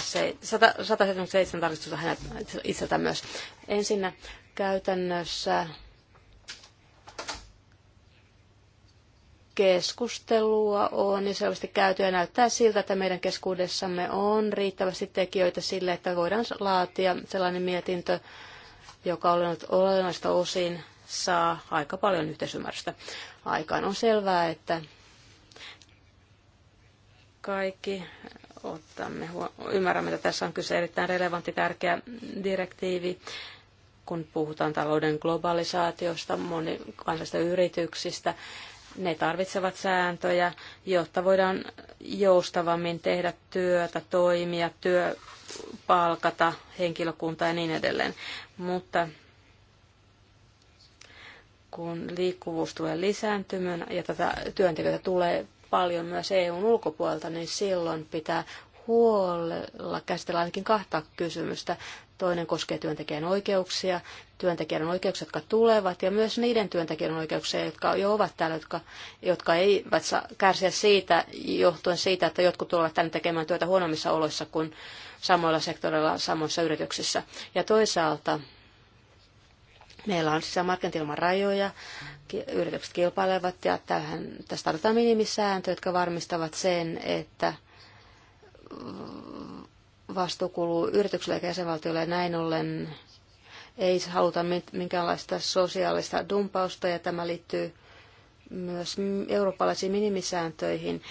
177 tarkistusta häneltä itseltä myös. Ensinnä käytännössä keskustelua on niin selvästi käyty ja näyttää siltä, että meidän keskuudessamme on riittävästi tekijöitä sille, että voidaan laatia sellainen mietintö, joka olennaista osin saa aika paljon yhteisymmärrystä aikaan. On selvää, että kaikki otamme ymmärrämme, että tässä on kyse erittäin relevantti, tärkeä direktiivi, kun puhutaan talouden globalisaatiosta, monikansallisista yrityksistä, ne tarvitsevat sääntöjä, jotta voidaan joustavammin tehdä työtä, toimia, työ, palkata henkilökuntaa ja niin edelleen. Mutta kun liikkuvuus tulee lisääntymään ja tätä työntekijöitä tulee paljon myös EUn ulkopuolelta, niin silloin pitää huolella käsitellään ainakin kahta kysymystä. Toinen koskee työntekijän oikeuksia, työntekijän oikeuksia, jotka tulevat, ja myös niiden työntekijän oikeuksia, jotka jo ovat täällä, jotka, jotka eivät saa kärsiä siitä, johtuen siitä, että jotkut tulevat tänne tekemään työtä huonommissa oloissa kuin samoilla sektoreilla samoissa yrityksissä. Ja toisaalta meillä on sisämarkkinat rajoja, yritykset kilpailevat ja tähän, tästä tarvitaan minimisääntöjä, jotka varmistavat sen, että vastuu kuuluu yritykselle ja jäsenvaltiolle ja näin ollen ei haluta minkäänlaista sosiaalista dumpausta ja tämä liittyy myös eurooppalaisiin minimisääntöihin,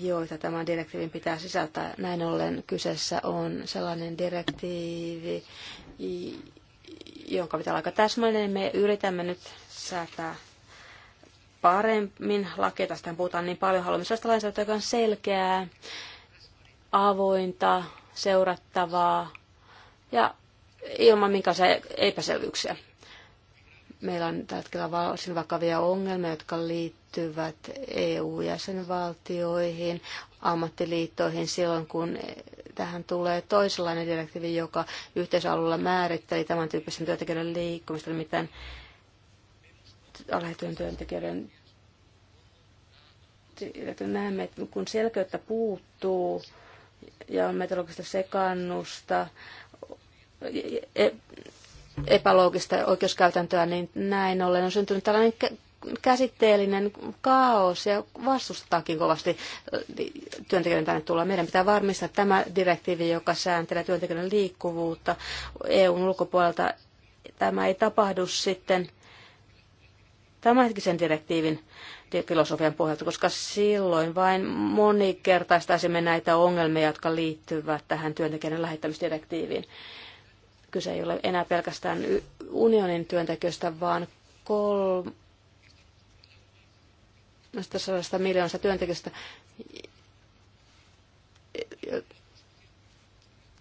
joita tämän direktiivin pitää sisältää. Näin ollen kyseessä on sellainen direktiivi, jonka pitää olla aika täsmällinen. Me yritämme nyt säätää paremmin lakia. Tästä puhutaan niin paljon. Haluamme sellaista lainsäädäntöä, joka on selkeää avointa, seurattavaa ja ilman minkälaisia epäselvyyksiä. Meillä on tällä hetkellä varsin vakavia ongelmia, jotka liittyvät EU-jäsenvaltioihin, ammattiliittoihin silloin, kun tähän tulee toisenlainen direktiivi, joka yhteisalueella määritteli tämän tyyppisen työntekijöiden liikkumista, miten lähetetyn työntekijöiden näemme, että kun selkeyttä puuttuu, ja metologista sekannusta, e-, epäloogista oikeuskäytäntöä, niin näin ollen on syntynyt tällainen käsitteellinen kaos ja vastustetaankin kovasti työntekijöiden tänne tulla. Meidän pitää varmistaa että tämä direktiivi, joka sääntelee työntekijöiden liikkuvuutta EUn ulkopuolelta. Tämä ei tapahdu sitten tämänhetkisen direktiivin filosofian pohjalta, koska silloin vain monikertaistaisimme näitä ongelmia, jotka liittyvät tähän työntekijän lähettämisdirektiiviin. Kyse ei ole enää pelkästään unionin työntekijöistä, vaan kolmesta 100 miljoonasta työntekijöistä.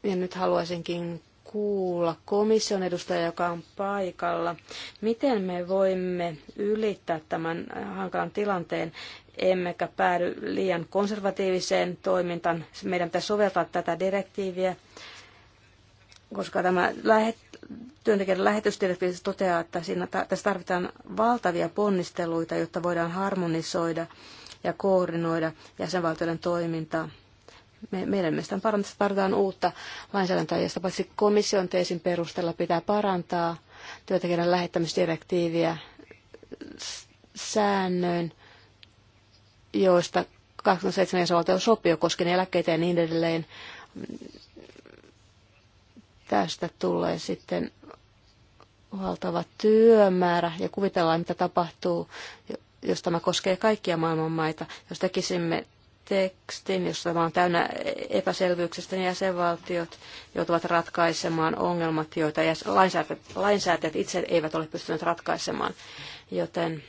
Ja nyt haluaisinkin kuulla komission edustaja, joka on paikalla. Miten me voimme ylittää tämän hankalan tilanteen, emmekä päädy liian konservatiiviseen toimintaan. Meidän pitäisi soveltaa tätä direktiiviä, koska tämä lähet, työntekijöiden lähetysdirektiivi toteaa, että siinä, tässä tarvitaan valtavia ponnisteluita, jotta voidaan harmonisoida ja koordinoida jäsenvaltioiden toimintaa me, meidän mielestään parannetaan uutta lainsäädäntöä, josta paitsi komission teesin perusteella pitää parantaa työntekijän lähettämisdirektiiviä säännöin, joista 27 jäsenvaltio sopii koskien eläkkeitä ja niin edelleen. Tästä tulee sitten valtava työmäärä ja kuvitellaan, mitä tapahtuu, jos tämä koskee kaikkia maailman maita. Jos tekisimme tekstin, jossa tämä on täynnä epäselvyyksistä, niin jäsenvaltiot joutuvat ratkaisemaan ongelmat, joita lainsäätäjät, lainsäätäjät itse eivät ole pystyneet ratkaisemaan. Joten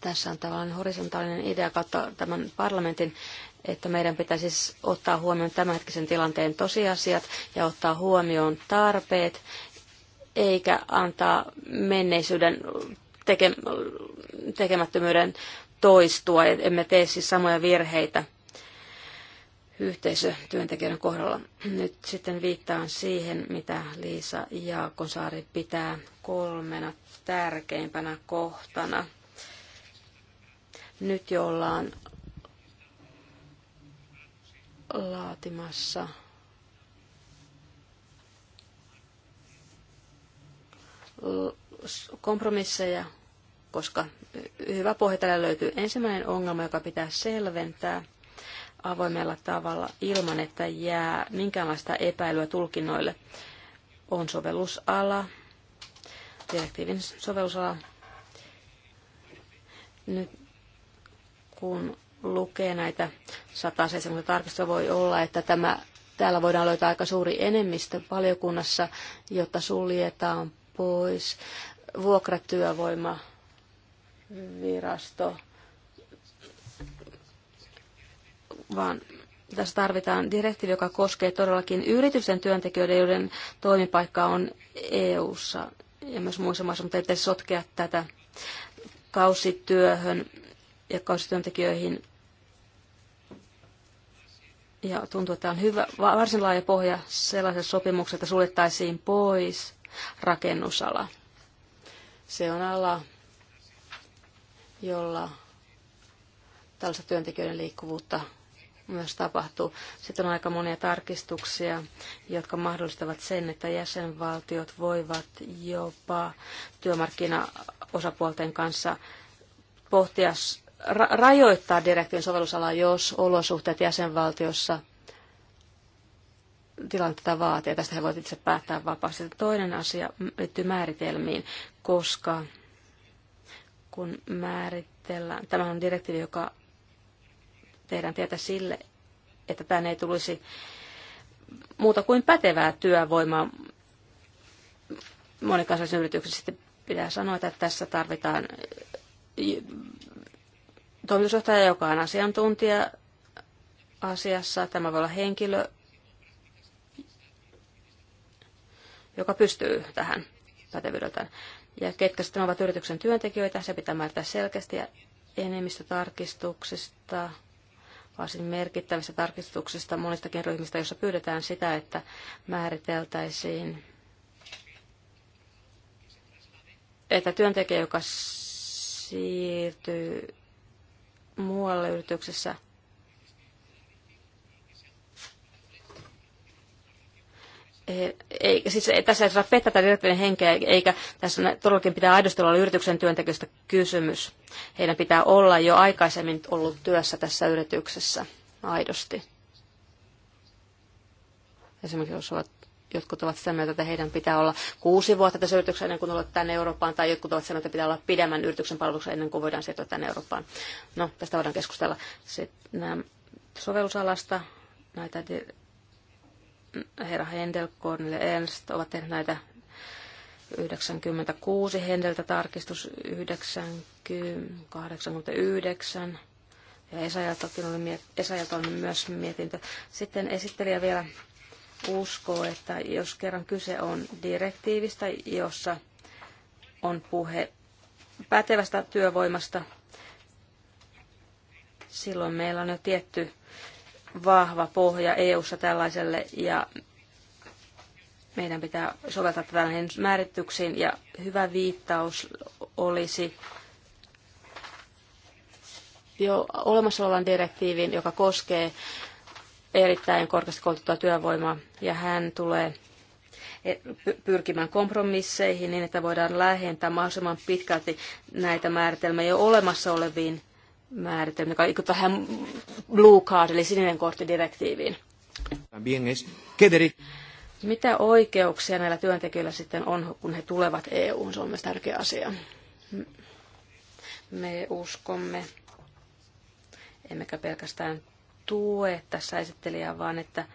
tässä on tavallaan horisontaalinen idea kautta tämän parlamentin, että meidän pitäisi siis ottaa huomioon tämänhetkisen tilanteen tosiasiat ja ottaa huomioon tarpeet, eikä antaa menneisyyden tekemättömyyden toistua, e- emme tee siis samoja virheitä yhteisötyöntekijöiden kohdalla. Nyt sitten viittaan siihen, mitä Liisa Jaakonsaari pitää kolmena tärkeimpänä kohtana. Nyt jo ollaan laatimassa kompromisseja, koska hyvä pohja tälle löytyy. Ensimmäinen ongelma, joka pitää selventää avoimella tavalla ilman, että jää minkäänlaista epäilyä tulkinnoille, on sovellusala, direktiivin sovellusala. Nyt kun lukee näitä 170 tarkistoa, voi olla, että tämä, täällä voidaan löytää aika suuri enemmistö valiokunnassa, jotta suljetaan pois vuokratyövoima virasto, vaan tässä tarvitaan direktiivi, joka koskee todellakin yritysten työntekijöiden, joiden toimipaikka on EU-ssa ja myös muissa maissa, mutta ettei sotkea tätä kausityöhön ja kausityöntekijöihin. Ja tuntuu, että on hyvä, varsin laaja pohja sellaisen sopimuksen, että suljettaisiin pois rakennusala. Se on ala, jolla tällaista työntekijöiden liikkuvuutta myös tapahtuu. Sitten on aika monia tarkistuksia, jotka mahdollistavat sen, että jäsenvaltiot voivat jopa työmarkkinaosapuolten kanssa pohtia ra- rajoittaa direktiivin sovellusalaa, jos olosuhteet jäsenvaltiossa tilannetta vaatii. Tästä he voivat itse päättää vapaasti. Toinen asia liittyy määritelmiin, koska kun määritellään, tämä on direktiivi, joka tehdään tietä sille, että tänne ei tulisi muuta kuin pätevää työvoimaa Monikansallisen yrityksessä. Sitten pitää sanoa, että tässä tarvitaan toimitusjohtaja, joka on asiantuntija asiassa. Tämä voi olla henkilö, joka pystyy tähän pätevyydeltään ja ketkä sitten ovat yrityksen työntekijöitä, se pitää määrittää selkeästi ja enemmistö tarkistuksista, varsin merkittävistä tarkistuksista monistakin ryhmistä, jossa pyydetään sitä, että määriteltäisiin, että työntekijä, joka siirtyy muualle yrityksessä – ei, siis tässä ei saa pettää direktiivin henkeä, eikä tässä todellakin pitää aidosti olla yrityksen työntekijöistä kysymys. Heidän pitää olla jo aikaisemmin ollut työssä tässä yrityksessä aidosti. Esimerkiksi jos ovat, jotkut ovat sitä mieltä, että heidän pitää olla kuusi vuotta tässä yrityksessä ennen kuin tulevat tänne Eurooppaan, tai jotkut ovat sitä mieltä, että pitää olla pidemmän yrityksen palveluksen ennen kuin voidaan siirtyä tänne Eurooppaan. No, tästä voidaan keskustella. Sitten nämä sovellusalasta, näitä herra Händel, Cornel Ernst ovat tehneet näitä 96 händeltä tarkistus 89 ja Esajaltakin oli, Esajalta on myös mietintö. Sitten esittelijä vielä uskoo, että jos kerran kyse on direktiivistä, jossa on puhe pätevästä työvoimasta, silloin meillä on jo tietty vahva pohja EU-ssa tällaiselle ja meidän pitää soveltaa tätä näihin määrityksiin ja hyvä viittaus olisi jo olemassa olevan direktiivin, joka koskee erittäin korkeasti koulutettua työvoimaa ja hän tulee pyrkimään kompromisseihin niin, että voidaan lähentää mahdollisimman pitkälti näitä määritelmiä jo olemassa oleviin määritelmä, joka tähän blue card eli sininen kortti direktiiviin. Mitä oikeuksia näillä työntekijöillä sitten on, kun he tulevat EUun, Se on myös tärkeä asia. Me uskomme, emmekä pelkästään tue tässä esittelijää, vaan että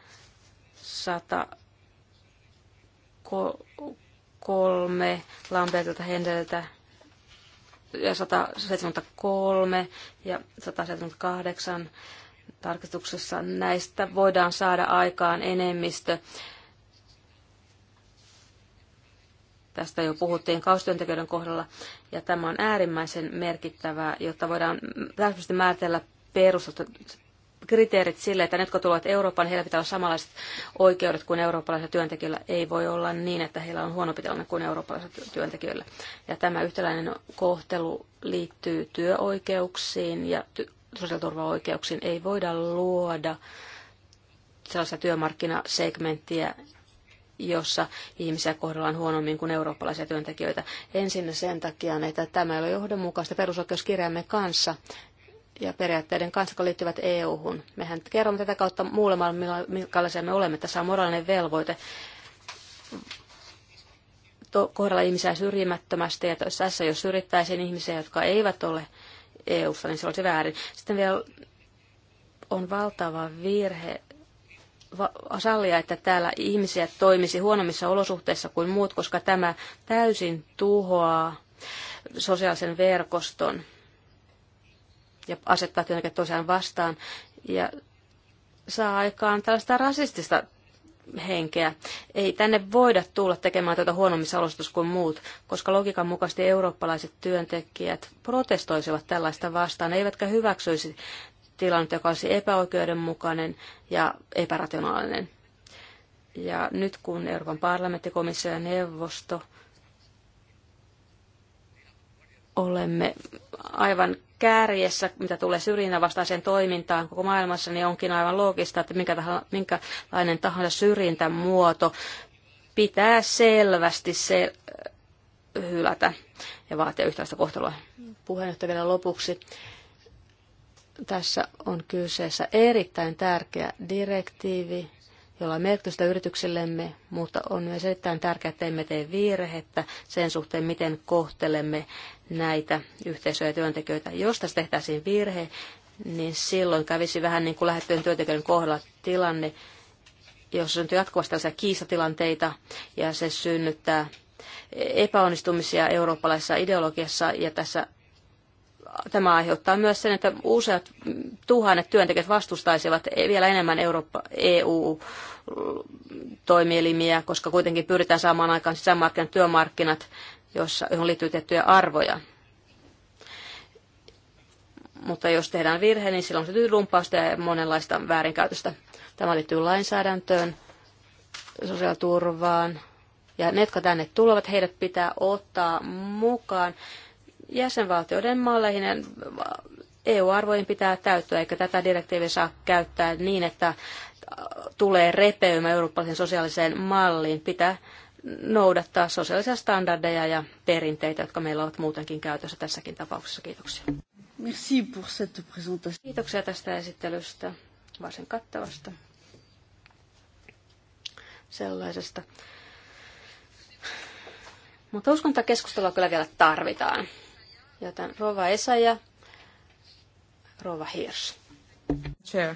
103 Lambertilta Hendeltä ja 173 ja 178 tarkistuksessa näistä voidaan saada aikaan enemmistö. Tästä jo puhuttiin kaustyöntekijöiden kohdalla, ja tämä on äärimmäisen merkittävää, jotta voidaan täysin määritellä perustat kriteerit sille, että ne, jotka tulevat Euroopan, heillä pitää olla samanlaiset oikeudet kuin eurooppalaisilla työntekijöillä. Ei voi olla niin, että heillä on huonompi tilanne kuin eurooppalaisilla työntekijöillä. Ja tämä yhtäläinen kohtelu liittyy työoikeuksiin ja ty- sosiaaliturvaoikeuksiin. Ei voida luoda sellaista työmarkkinasegmenttiä, jossa ihmisiä kohdellaan huonommin kuin eurooppalaisia työntekijöitä. Ensin sen takia, että tämä ei ole johdonmukaista perusoikeuskirjamme kanssa, ja periaatteiden kanssa, jotka liittyvät EU-hun. Mehän kerromme tätä kautta muulle maailmalle, minkälaisia me olemme. Tässä on moraalinen velvoite kohdella ihmisiä syrjimättömästi. Ja tässä jos syrjittäisiin ihmisiä, jotka eivät ole EU-ssa, niin se olisi väärin. Sitten vielä on valtava virhe sallia, että täällä ihmisiä toimisi huonommissa olosuhteissa kuin muut, koska tämä täysin tuhoaa sosiaalisen verkoston ja asettaa työntekijät toisiaan vastaan ja saa aikaan tällaista rasistista henkeä. Ei tänne voida tulla tekemään tätä huonommissa olosuhteissa kuin muut, koska logiikan mukaisesti eurooppalaiset työntekijät protestoisivat tällaista vastaan, eivätkä hyväksyisi tilannetta, joka olisi epäoikeudenmukainen ja epärationaalinen. Ja nyt kun Euroopan parlamentti, komissio ja neuvosto olemme aivan kärjessä, mitä tulee syrjinnänvastaiseen toimintaan koko maailmassa, niin onkin aivan loogista, että minkä tahansa, minkälainen tahansa syrjintämuoto pitää selvästi se hylätä ja vaatia yhtäistä kohtelua. Puheenjohtaja vielä lopuksi. Tässä on kyseessä erittäin tärkeä direktiivi, jolla on merkitystä yrityksillemme, mutta on myös erittäin tärkeää, että emme tee virhettä sen suhteen, miten kohtelemme näitä yhteisöjä ja työntekijöitä. Jos tässä tehtäisiin virhe, niin silloin kävisi vähän niin kuin lähettyjen työntekijöiden kohdalla tilanne, jos syntyy jatkuvasti tällaisia kiistatilanteita ja se synnyttää epäonnistumisia eurooppalaisessa ideologiassa ja tässä tämä aiheuttaa myös sen, että useat tuhannet työntekijät vastustaisivat vielä enemmän Eurooppa, EU-toimielimiä, koska kuitenkin pyritään saamaan aikaan sisämarkkinat, työmarkkinat jossa, johon liittyy tiettyjä arvoja. Mutta jos tehdään virhe, niin silloin syntyy rumpausta ja monenlaista väärinkäytöstä. Tämä liittyy lainsäädäntöön, sosiaaliturvaan. Ja ne, jotka tänne tulevat, heidät pitää ottaa mukaan jäsenvaltioiden malleihin EU-arvojen pitää täyttyä, eikä tätä direktiiviä saa käyttää niin, että tulee repeymä eurooppalaisen sosiaaliseen malliin. Pitää noudattaa sosiaalisia standardeja ja perinteitä, jotka meillä ovat muutenkin käytössä tässäkin tapauksessa. Kiitoksia. Merci pour cette présentation. Kiitoksia tästä esittelystä, varsin kattavasta sellaisesta. Mutta uskontakeskustelua kyllä vielä tarvitaan. Joten Rova Esa ja Rova Hirsch. Chair.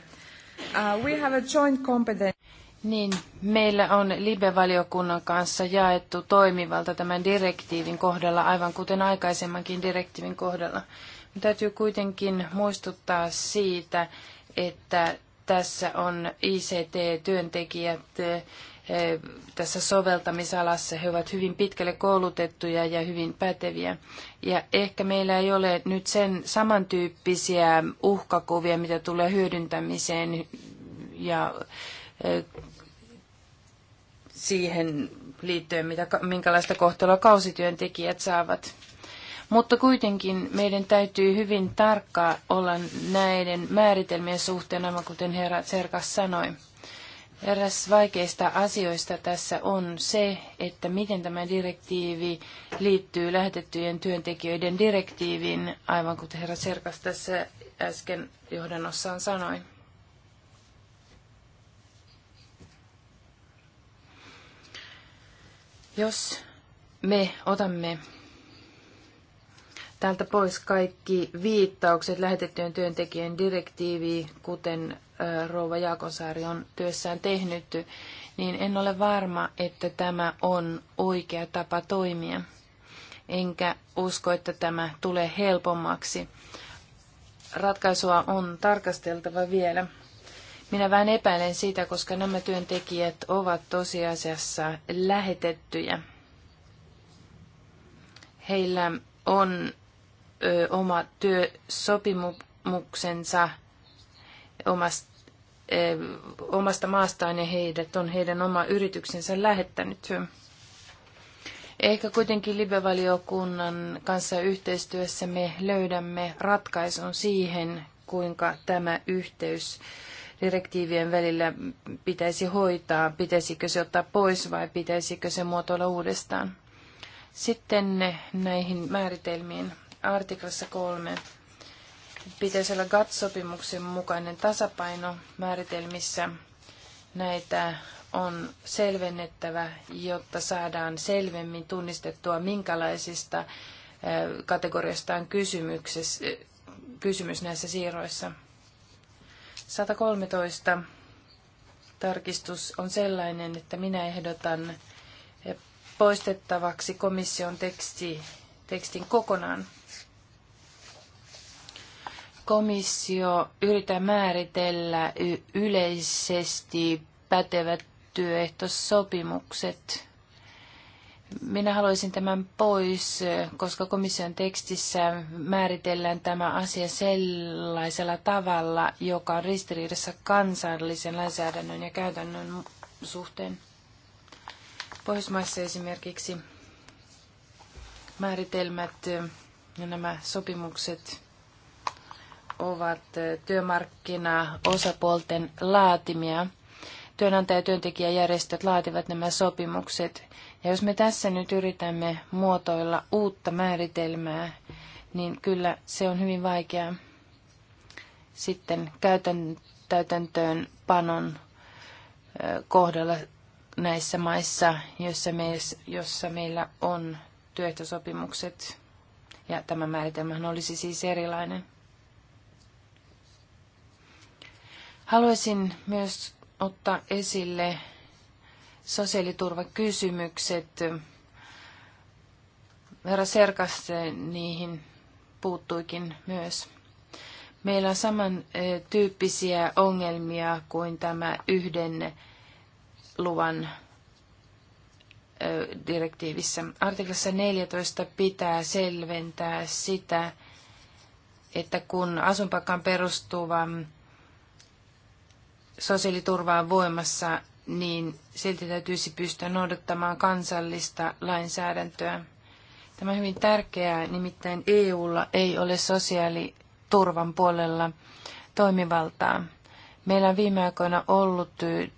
Uh, we have a joint competence. Niin, meillä on LIBE-valiokunnan kanssa jaettu toimivalta tämän direktiivin kohdalla, aivan kuten aikaisemmankin direktiivin kohdalla. Mutta täytyy kuitenkin muistuttaa siitä, että tässä on ICT-työntekijät eh, tässä soveltamisalassa. He ovat hyvin pitkälle koulutettuja ja hyvin päteviä. Ja ehkä meillä ei ole nyt sen samantyyppisiä uhkakuvia, mitä tulee hyödyntämiseen ja siihen liittyen, mitä, minkälaista kohtelua kausityöntekijät saavat. Mutta kuitenkin meidän täytyy hyvin tarkkaa olla näiden määritelmien suhteen, aivan kuten herra Serkas sanoi. Eräs vaikeista asioista tässä on se, että miten tämä direktiivi liittyy lähetettyjen työntekijöiden direktiiviin, aivan kuten herra Serkas tässä äsken johdannossaan sanoi. Jos me otamme täältä pois kaikki viittaukset lähetettyjen työntekijän direktiiviin, kuten Rouva Jaakonsaari on työssään tehnyt, niin en ole varma, että tämä on oikea tapa toimia. Enkä usko, että tämä tulee helpommaksi. Ratkaisua on tarkasteltava vielä. Minä vähän epäilen siitä, koska nämä työntekijät ovat tosiasiassa lähetettyjä. Heillä on ö, oma työsopimuksensa omasta, ö, omasta maastaan ja heidät on heidän oma yrityksensä lähettänyt. Ehkä kuitenkin libevaliokunnan kanssa yhteistyössä me löydämme ratkaisun siihen, kuinka tämä yhteys direktiivien välillä pitäisi hoitaa, pitäisikö se ottaa pois vai pitäisikö se muotoilla uudestaan. Sitten näihin määritelmiin. Artiklassa kolme pitäisi olla GATT-sopimuksen mukainen tasapaino määritelmissä. Näitä on selvennettävä, jotta saadaan selvemmin tunnistettua, minkälaisista äh, kategoriasta on kysymys näissä siirroissa. 113 tarkistus on sellainen, että minä ehdotan eh, poistettavaksi komission teksti, tekstin kokonaan. Komissio yrittää määritellä yleisesti pätevät työehtosopimukset minä haluaisin tämän pois, koska komission tekstissä määritellään tämä asia sellaisella tavalla, joka on ristiriidassa kansallisen lainsäädännön ja käytännön suhteen. Pohjoismaissa esimerkiksi määritelmät ja nämä sopimukset ovat työmarkkinaosapuolten laatimia. Työnantaja- ja työntekijäjärjestöt laativat nämä sopimukset – ja jos me tässä nyt yritämme muotoilla uutta määritelmää, niin kyllä se on hyvin vaikeaa sitten käytäntöön panon kohdalla näissä maissa, joissa, me, jossa meillä on työehtosopimukset. Ja tämä määritelmähän olisi siis erilainen. Haluaisin myös ottaa esille sosiaaliturvakysymykset. Herra Serkas niihin puuttuikin myös. Meillä on samantyyppisiä ongelmia kuin tämä yhden luvan direktiivissä. Artiklassa 14 pitää selventää sitä, että kun asunpaikkaan perustuva sosiaaliturva on voimassa, niin silti täytyisi pystyä noudattamaan kansallista lainsäädäntöä. Tämä on hyvin tärkeää, nimittäin EUlla ei ole sosiaaliturvan puolella toimivaltaa. Meillä on viime aikoina ollut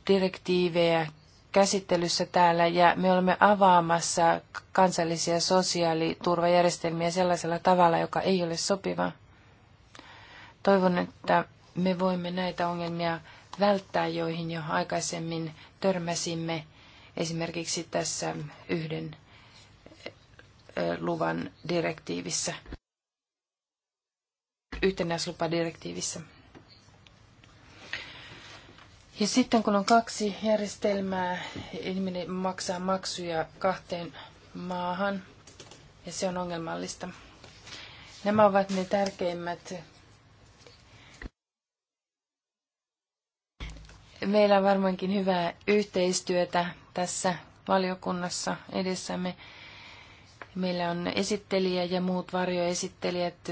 direktiivejä käsittelyssä täällä ja me olemme avaamassa kansallisia sosiaaliturvajärjestelmiä sellaisella tavalla, joka ei ole sopiva. Toivon, että me voimme näitä ongelmia välttää, joihin jo aikaisemmin törmäsimme esimerkiksi tässä yhden luvan direktiivissä, yhtenäislupadirektiivissä. Ja sitten kun on kaksi järjestelmää, ihminen maksaa maksuja kahteen maahan, ja se on ongelmallista. Nämä ovat ne tärkeimmät Meillä on varmaankin hyvää yhteistyötä tässä valiokunnassa edessämme. Meillä on esittelijä ja muut varjoesittelijät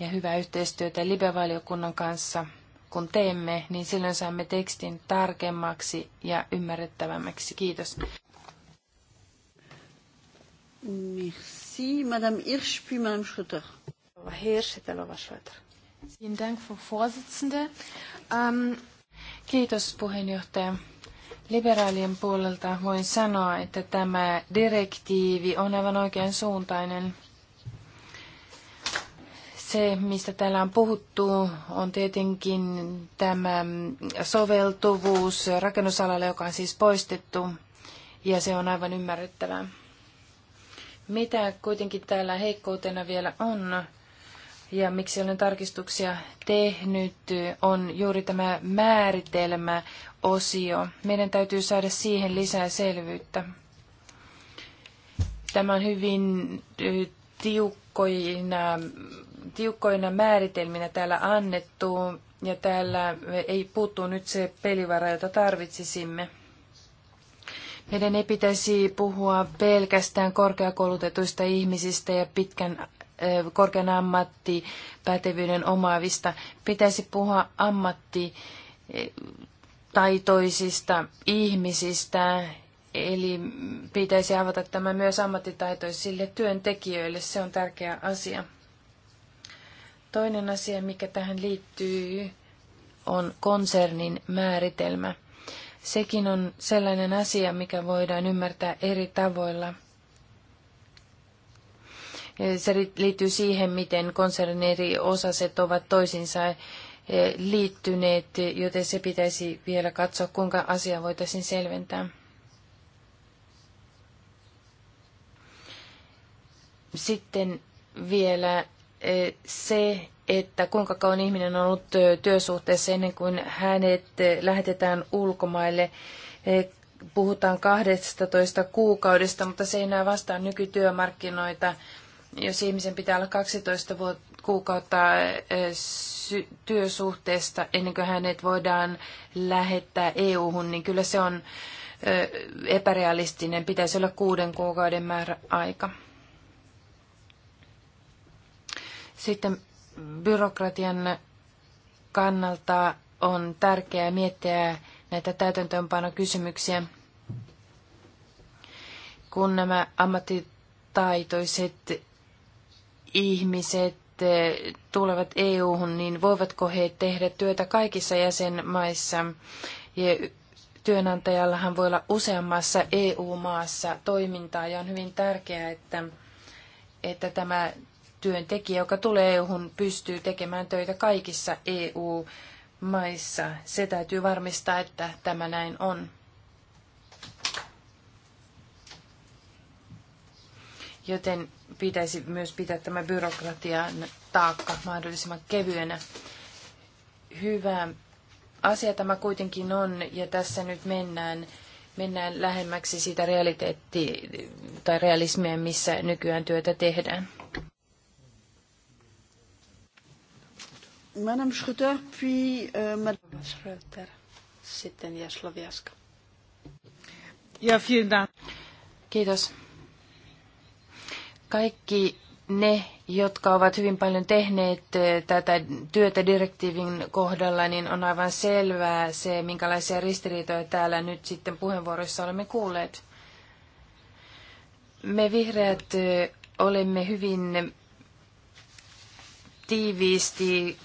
ja hyvää yhteistyötä libe valiokunnan kanssa. Kun teemme, niin silloin saamme tekstin tarkemmaksi ja ymmärrettävämmäksi. Kiitos. Merci, Madame Hirsch, puis Madame Schröter. Hirsch, sitten Schröter. Vielen Dank, Frau Vorsitzende. Ähm, Kiitos puheenjohtaja. Liberaalien puolelta voin sanoa, että tämä direktiivi on aivan oikean suuntainen. Se, mistä täällä on puhuttu, on tietenkin tämä soveltuvuus rakennusalalle, joka on siis poistettu, ja se on aivan ymmärrettävää. Mitä kuitenkin täällä heikkoutena vielä on, ja miksi olen tarkistuksia tehnyt, on juuri tämä määritelmäosio. Meidän täytyy saada siihen lisää selvyyttä. Tämä on hyvin tiukkoina, tiukkoina määritelminä täällä annettu, ja täällä ei puuttu nyt se pelivara, jota tarvitsisimme. Meidän ei pitäisi puhua pelkästään korkeakoulutetuista ihmisistä ja pitkän korkean ammattipätevyyden omaavista. Pitäisi puhua ammattitaitoisista ihmisistä, eli pitäisi avata tämä myös ammattitaitoisille työntekijöille. Se on tärkeä asia. Toinen asia, mikä tähän liittyy, on konsernin määritelmä. Sekin on sellainen asia, mikä voidaan ymmärtää eri tavoilla – se liittyy siihen, miten konsernin eri osaset ovat toisinsa eh, liittyneet, joten se pitäisi vielä katsoa, kuinka asia voitaisiin selventää. Sitten vielä eh, se, että kuinka kauan ihminen on ollut eh, työsuhteessa ennen kuin hänet lähetetään ulkomaille. Puhutaan 12 kuukaudesta, mutta se ei enää vastaa nykytyömarkkinoita jos ihmisen pitää olla 12 vuotta, kuukautta äh, työsuhteesta ennen kuin hänet voidaan lähettää EU-hun, niin kyllä se on äh, epärealistinen. Pitäisi olla kuuden kuukauden määrä aika. Sitten byrokratian kannalta on tärkeää miettiä näitä täytäntöönpanokysymyksiä. Kun nämä ammattitaitoiset ihmiset eh, tulevat EU-hun, niin voivatko he tehdä työtä kaikissa jäsenmaissa? Ja työnantajallahan voi olla useammassa EU-maassa toimintaa ja on hyvin tärkeää, että, että tämä työntekijä, joka tulee EU-hun, pystyy tekemään töitä kaikissa EU-maissa. Se täytyy varmistaa, että tämä näin on. Joten pitäisi myös pitää tämä byrokratian taakka mahdollisimman kevyenä. Hyvä asia tämä kuitenkin on, ja tässä nyt mennään, mennään lähemmäksi sitä realiteetti tai realismia, missä nykyään työtä tehdään. Madame Schröter, puis euh, Madame Schröter, sitten Jaslovjaska. Ja, vielen Dank. Kiitos. Kaikki ne, jotka ovat hyvin paljon tehneet eh, tätä työtä direktiivin kohdalla, niin on aivan selvää se, minkälaisia ristiriitoja täällä nyt sitten puheenvuoroissa olemme kuulleet. Me vihreät eh, olemme hyvin tiiviisti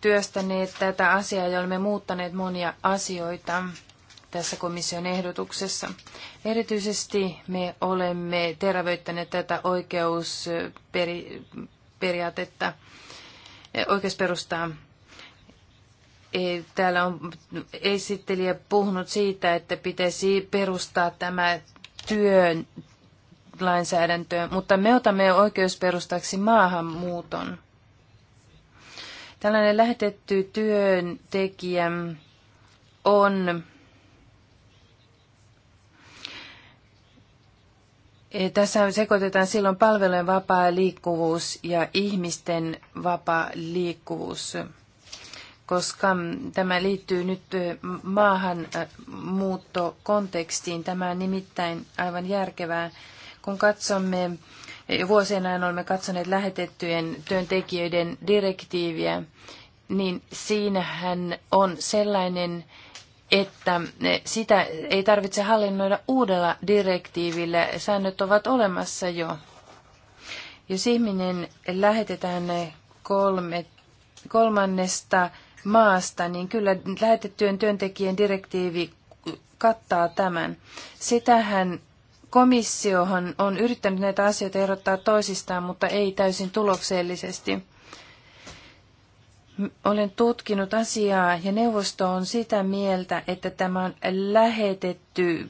työstäneet tätä asiaa ja olemme muuttaneet monia asioita tässä komission ehdotuksessa. Erityisesti me olemme terävöittäneet tätä oikeusperiaatetta, eh, oikeusperustaa. E, täällä on esittelijä puhunut siitä, että pitäisi perustaa tämä työn lainsäädäntöön, mutta me otamme oikeusperustaksi maahanmuuton. Tällainen lähetetty työntekijä on Eh, tässä sekoitetaan silloin palvelujen vapaa liikkuvuus ja ihmisten vapaa liikkuvuus, koska mm, tämä liittyy nyt eh, maahanmuuttokontekstiin. Eh, tämä on nimittäin aivan järkevää, kun katsomme, vuosien ajan olemme katsoneet lähetettyjen työntekijöiden direktiiviä, niin siinähän on sellainen että sitä ei tarvitse hallinnoida uudella direktiivillä. Säännöt ovat olemassa jo. Jos ihminen lähetetään kolme, kolmannesta maasta, niin kyllä lähetettyjen työntekijän direktiivi kattaa tämän. Sitähän komissiohan on yrittänyt näitä asioita erottaa toisistaan, mutta ei täysin tuloksellisesti. Olen tutkinut asiaa ja neuvosto on sitä mieltä, että tämä on lähetetty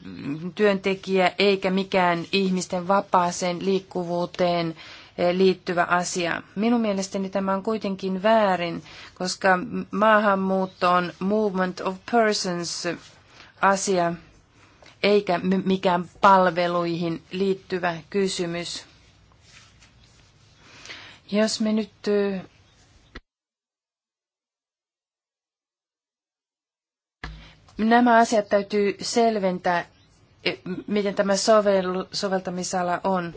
työntekijä eikä mikään ihmisten vapaaseen liikkuvuuteen eh, liittyvä asia. Minun mielestäni tämä on kuitenkin väärin, koska maahanmuutto on movement of persons asia eikä mikään palveluihin liittyvä kysymys. Jos me nyt eh, Nämä asiat täytyy selventää, e, miten tämä sovellu, soveltamisala on.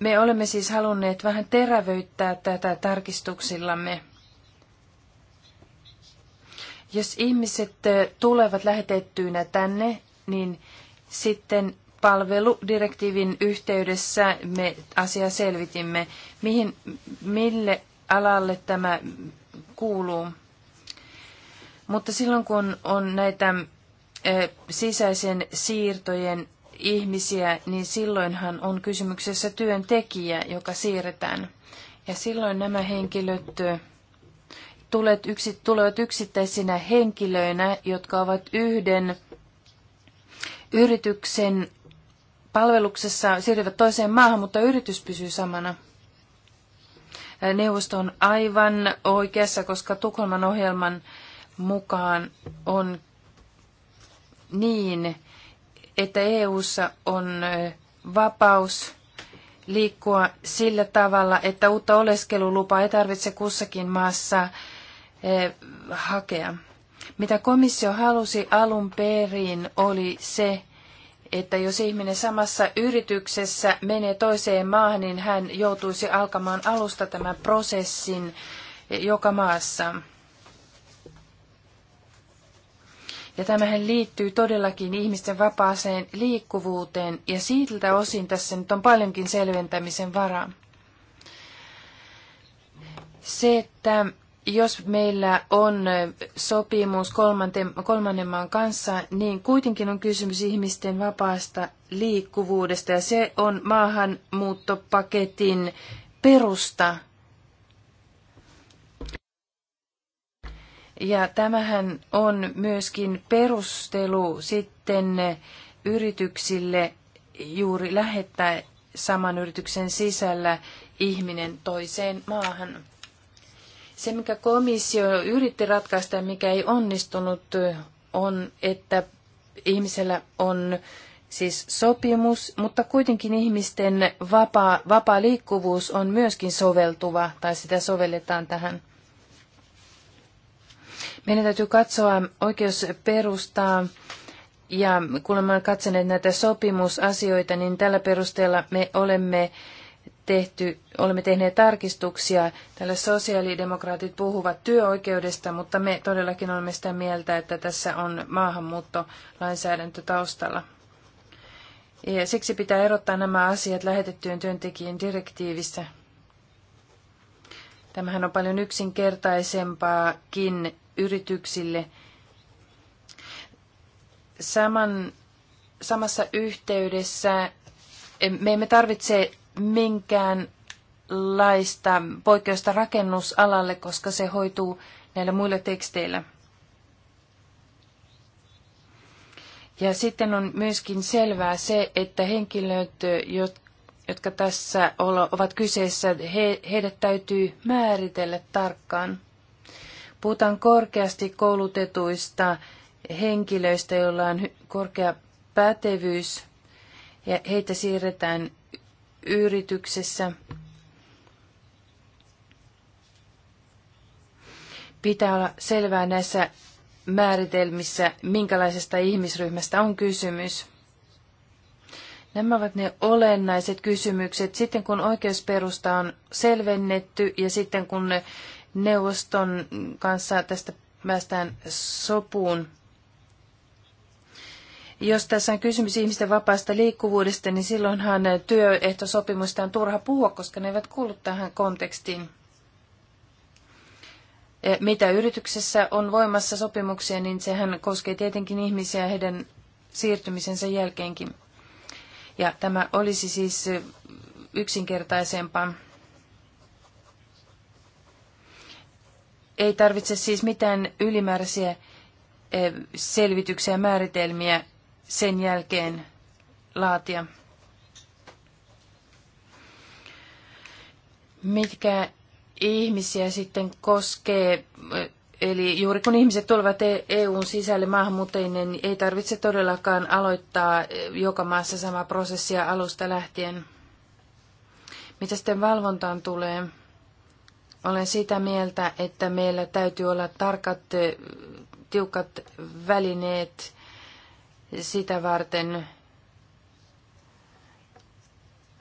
Me olemme siis halunneet vähän terävöittää tätä tarkistuksillamme. Jos ihmiset e, tulevat lähetettyinä tänne, niin sitten palveludirektiivin yhteydessä me asia selvitimme, mihin, mille alalle tämä kuuluu. Mutta silloin kun on näitä sisäisen siirtojen ihmisiä, niin silloinhan on kysymyksessä työntekijä, joka siirretään. Ja silloin nämä henkilöt tulevat, yksi, tulevat yksittäisinä henkilöinä, jotka ovat yhden yrityksen palveluksessa, siirtyvät toiseen maahan, mutta yritys pysyy samana. Neuvosto on aivan oikeassa, koska Tukholman ohjelman äh, mukaan on niin, että EU:ssa on vapaus liikkua sillä tavalla, että uutta oleskelulupaa ei tarvitse kussakin maassa hakea. Mitä komissio halusi alun perin oli se, että jos ihminen samassa yrityksessä menee toiseen maahan, niin hän joutuisi alkamaan alusta tämän prosessin joka maassa. Ja tämähän liittyy todellakin ihmisten vapaaseen liikkuvuuteen, ja siitä osin tässä nyt on paljonkin selventämisen varaa. Se, että jos meillä on sopimus kolmanten, kolmannen maan kanssa, niin kuitenkin on kysymys ihmisten vapaasta liikkuvuudesta, ja se on maahanmuuttopaketin perusta Ja tämähän on myöskin perustelu sitten yrityksille juuri lähettää saman yrityksen sisällä ihminen toiseen maahan. Se, mikä komissio yritti ratkaista ja mikä ei onnistunut, on, että ihmisellä on siis sopimus, mutta kuitenkin ihmisten vapaa, vapaa liikkuvuus on myöskin soveltuva tai sitä sovelletaan tähän. Meidän täytyy katsoa oikeusperustaa ja kun olemme katsoneet näitä sopimusasioita, niin tällä perusteella me olemme tehty, olemme tehneet tarkistuksia. Tällä sosiaalidemokraatit puhuvat työoikeudesta, mutta me todellakin olemme sitä mieltä, että tässä on maahanmuuttolainsäädäntö taustalla. Ja siksi pitää erottaa nämä asiat lähetettyjen työntekijän direktiivissä. Tämähän on paljon yksinkertaisempaakin yrityksille. Saman, samassa yhteydessä me emme tarvitse minkäänlaista poikkeusta rakennusalalle, koska se hoituu näillä muilla teksteillä. Ja sitten on myöskin selvää se, että henkilöt, jotka tässä ovat kyseessä, he, heidät täytyy määritellä tarkkaan. Puhutaan korkeasti koulutetuista henkilöistä, joilla on korkea pätevyys, ja heitä siirretään yrityksessä. Pitää olla selvää näissä määritelmissä, minkälaisesta ihmisryhmästä on kysymys. Nämä ovat ne olennaiset kysymykset. Sitten kun oikeusperusta on selvennetty ja sitten kun neuvoston kanssa tästä päästään sopuun. Jos tässä on kysymys ihmisten vapaasta liikkuvuudesta, niin silloinhan työehtosopimusta on turha puhua, koska ne eivät kuulu tähän kontekstiin. E, mitä yrityksessä on voimassa sopimuksia, niin sehän koskee tietenkin ihmisiä heidän siirtymisensä jälkeenkin. Ja tämä olisi siis yksinkertaisempaa. Ei tarvitse siis mitään ylimääräisiä eh, selvityksiä ja määritelmiä sen jälkeen laatia. Mitkä ihmisiä sitten koskee, eh, eli juuri kun ihmiset tulevat e- EUn sisälle maahanmuuttajille, niin ei tarvitse todellakaan aloittaa eh, joka maassa samaa prosessia alusta lähtien. Mitä sitten valvontaan tulee? Olen sitä mieltä, että meillä täytyy olla tarkat, tiukat välineet sitä varten.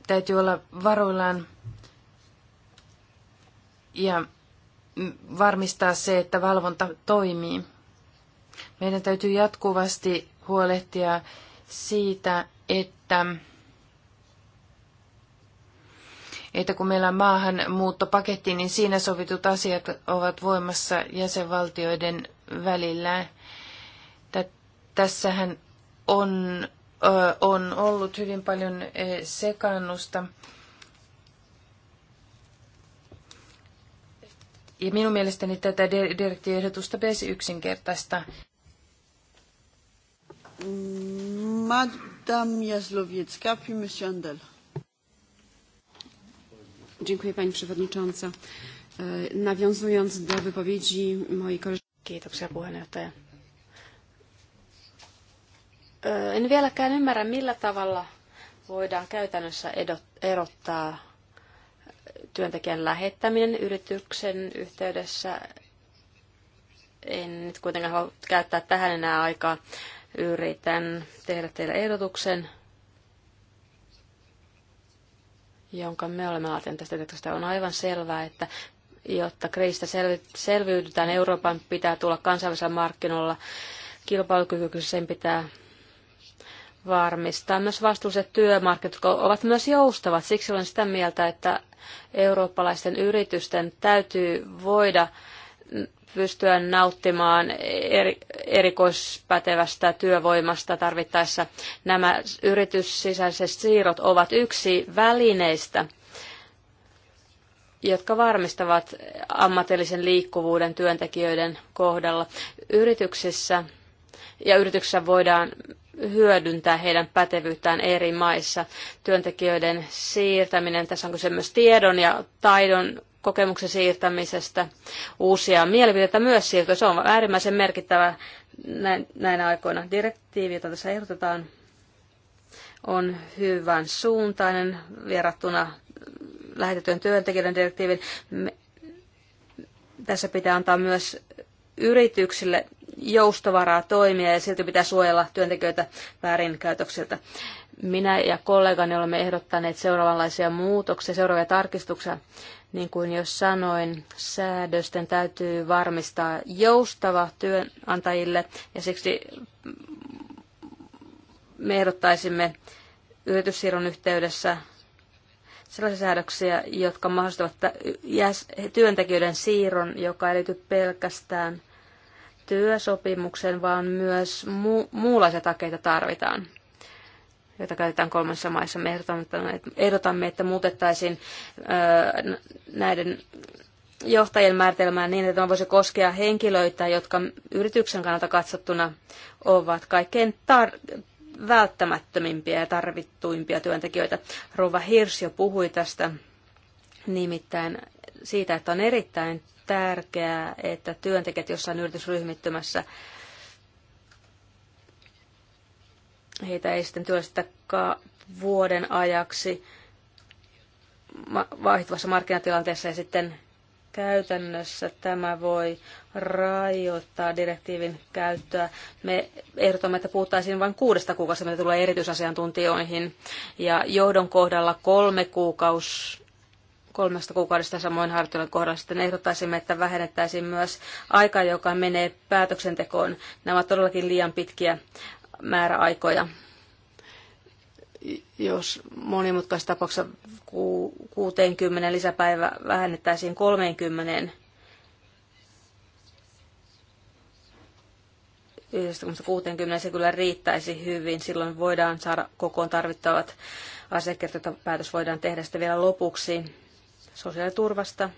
Täytyy olla varuillaan ja varmistaa se, että valvonta toimii. Meidän täytyy jatkuvasti huolehtia siitä, että että kun meillä on maahanmuuttopaketti, niin siinä sovitut asiat ovat voimassa jäsenvaltioiden välillä. Tässähän on, on ollut hyvin paljon sekannusta. Ja minun mielestäni tätä direktiivehdotusta pitäisi yksinkertaista. Madame Jaslovitska, puis Monsieur Andel. Dziękuję Pani Przewodnicząca. E, nawiązując do wypowiedzi mojej koleżanki. Kiitoksia puheenjohtaja. E, en vieläkään ymmärrä, millä tavalla voidaan käytännössä erottaa työntekijän lähettäminen yrityksen yhteydessä. En nyt kuitenkaan halua käyttää tähän enää aikaa. Yritän tehdä teille ehdotuksen jonka me olemme ajatelleet tästä tekstistä, on aivan selvää, että jotta kriisistä selviydytään, Euroopan pitää tulla kansainvälisellä markkinoilla kilpailukykyisessä, sen pitää varmistaa myös vastuulliset työmarkkinat, jotka ovat myös joustavat. Siksi olen sitä mieltä, että eurooppalaisten yritysten täytyy voida pystyä nauttimaan eri, erikoispätevästä työvoimasta tarvittaessa. Nämä yrityssisäiset siirrot ovat yksi välineistä, jotka varmistavat ammatillisen liikkuvuuden työntekijöiden kohdalla. Yrityksissä ja yrityksessä voidaan hyödyntää heidän pätevyyttään eri maissa. Työntekijöiden siirtäminen, tässä on kyse myös tiedon ja taidon kokemuksen siirtämisestä, uusia mielipiteitä myös siirtyy. Se on äärimmäisen merkittävä näinä aikoina. Direktiivi, jota tässä ehdotetaan, on hyvän suuntainen verrattuna lähetettyjen työntekijöiden direktiivin. tässä pitää antaa myös yrityksille joustovaraa toimia ja silti pitää suojella työntekijöitä väärinkäytöksiltä. Minä ja kollegani olemme ehdottaneet seuraavanlaisia muutoksia, seuraavia tarkistuksia. Niin kuin jo sanoin, säädösten täytyy varmistaa joustava työnantajille ja siksi me ehdottaisimme yrityssiirron yhteydessä sellaisia säädöksiä, jotka mahdollistavat työntekijöiden siirron, joka ei liity pelkästään työsopimukseen, vaan myös mu- muunlaisia takeita tarvitaan joita käytetään kolmessa maissa. Me ehdotamme, että muutettaisiin näiden johtajien määritelmää niin, että tämä voisi koskea henkilöitä, jotka yrityksen kannalta katsottuna ovat kaikkein tar- välttämättömimpiä ja tarvittuimpia työntekijöitä. Rova Hirsch jo puhui tästä nimittäin siitä, että on erittäin tärkeää, että työntekijät jossain yritysryhmittymässä Heitä ei sitten työllistetäkaan vuoden ajaksi vaihtuvassa markkinatilanteessa ja sitten käytännössä tämä voi rajoittaa direktiivin käyttöä. Me ehdotamme, että puhuttaisiin vain kuudesta kuukaudesta, mitä tulee erityisasiantuntijoihin. Ja johdon kohdalla kolme kuukaus, kolmesta kuukaudesta samoin harjoittelun kohdalla sitten ehdottaisimme, että vähennettäisiin myös aikaa, joka menee päätöksentekoon. Nämä ovat todellakin liian pitkiä määräaikoja. Jos monimutkaisessa tapauksessa 60 lisäpäivä vähennettäisiin 30, 60 se kyllä riittäisi hyvin. Silloin voidaan saada kokoon tarvittavat asiakirjat, päätös voidaan tehdä sitten vielä lopuksi sosiaaliturvasta.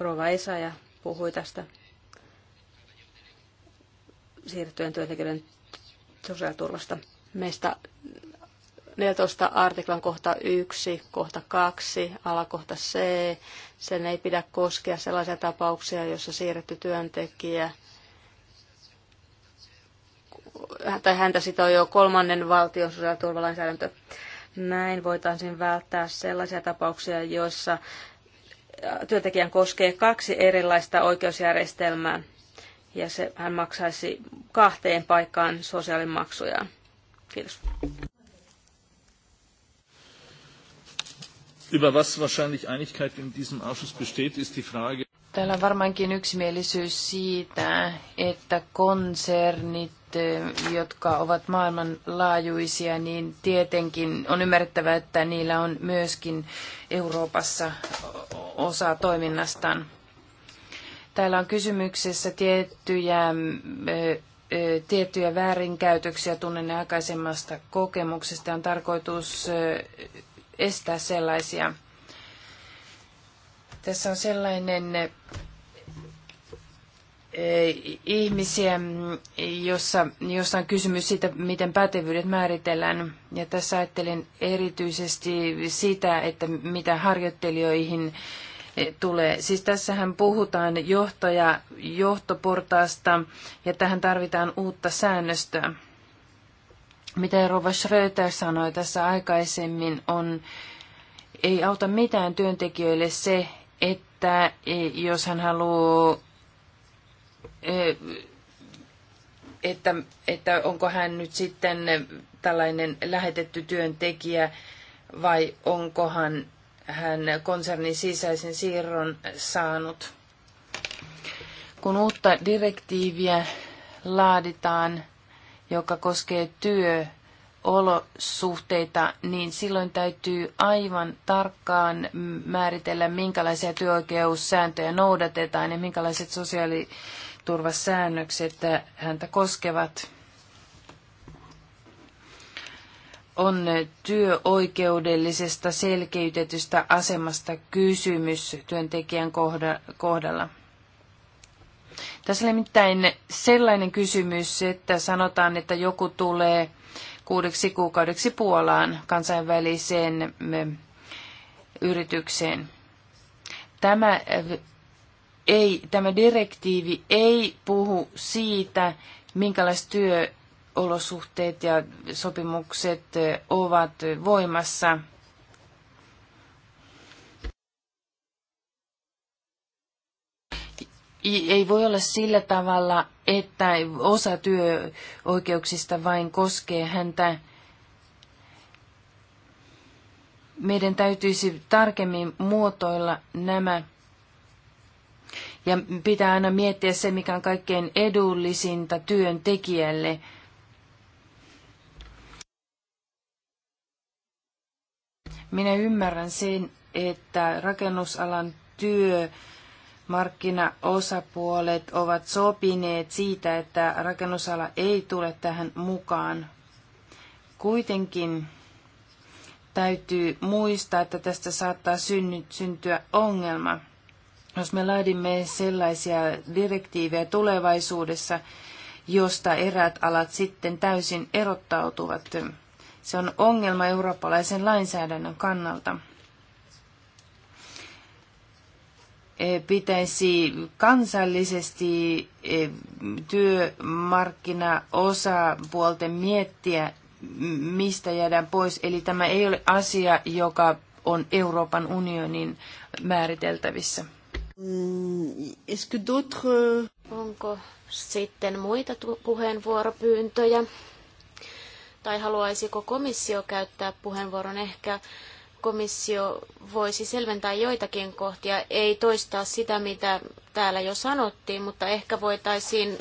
Rova Esa ja puhui tästä siirrettyjen työntekijöiden sosiaaliturvasta. Meistä 14 artiklan kohta 1, kohta 2, alakohta C. Sen ei pidä koskea sellaisia tapauksia, joissa siirretty työntekijä tai häntä sitoo jo kolmannen valtion sosiaaliturvalainsäädäntö. Näin voitaisiin välttää sellaisia tapauksia, joissa työntekijän koskee kaksi erilaista oikeusjärjestelmää ja se, hän maksaisi kahteen paikkaan sosiaalimaksuja. Kiitos. Über was wahrscheinlich Einigkeit in diesem Ausschuss besteht, ist die Frage. Täällä on varmaankin yksimielisyys siitä, että konsernit, jotka ovat maailmanlaajuisia, niin tietenkin on ymmärrettävä, että niillä on myöskin Euroopassa osa toiminnastaan. Täällä on kysymyksessä tiettyjä, tiettyjä väärinkäytöksiä tunnen aikaisemmasta kokemuksesta. On tarkoitus estää sellaisia. Tässä on sellainen ihmisiä, jossa, jossa on kysymys siitä, miten pätevyydet määritellään. Ja tässä ajattelen erityisesti sitä, että mitä harjoittelijoihin tulee. Siis tässähän puhutaan johtaja, johtoportaasta ja tähän tarvitaan uutta säännöstöä. Mitä Rova Schröter sanoi tässä aikaisemmin, on, ei auta mitään työntekijöille se, että e, jos hän haluaa e, että, että onko hän nyt sitten tällainen lähetetty työntekijä vai onko hän hän konsernin sisäisen siirron saanut. Kun uutta direktiiviä laaditaan, joka koskee työolosuhteita, niin silloin täytyy aivan tarkkaan määritellä, minkälaisia työoikeussääntöjä noudatetaan ja minkälaiset sosiaaliturvasäännökset häntä koskevat. on työoikeudellisesta selkeytetystä asemasta kysymys työntekijän kohdalla. Tässä oli mitään sellainen kysymys, että sanotaan, että joku tulee kuudeksi kuukaudeksi Puolaan kansainväliseen mm, yritykseen. Tämä, ei, tämä direktiivi ei puhu siitä, minkälaista työ olosuhteet ja sopimukset ovat voimassa. Ei voi olla sillä tavalla, että osa työoikeuksista vain koskee häntä. Meidän täytyisi tarkemmin muotoilla nämä ja pitää aina miettiä se, mikä on kaikkein edullisinta työntekijälle – Minä ymmärrän sen, että rakennusalan työ markkinaosapuolet ovat sopineet siitä, että rakennusala ei tule tähän mukaan. Kuitenkin täytyy muistaa, että tästä saattaa synny, syntyä ongelma. Jos me laadimme sellaisia direktiivejä tulevaisuudessa, josta eräät alat sitten täysin erottautuvat se on ongelma eurooppalaisen lainsäädännön kannalta. E, pitäisi kansallisesti e, työmarkkinaosapuolten miettiä, mistä jäädään pois. Eli tämä ei ole asia, joka on Euroopan unionin määriteltävissä. Mm, Onko sitten muita puheenvuoropyyntöjä? tai haluaisiko komissio käyttää puheenvuoron? Ehkä komissio voisi selventää joitakin kohtia, ei toistaa sitä, mitä täällä jo sanottiin, mutta ehkä voitaisiin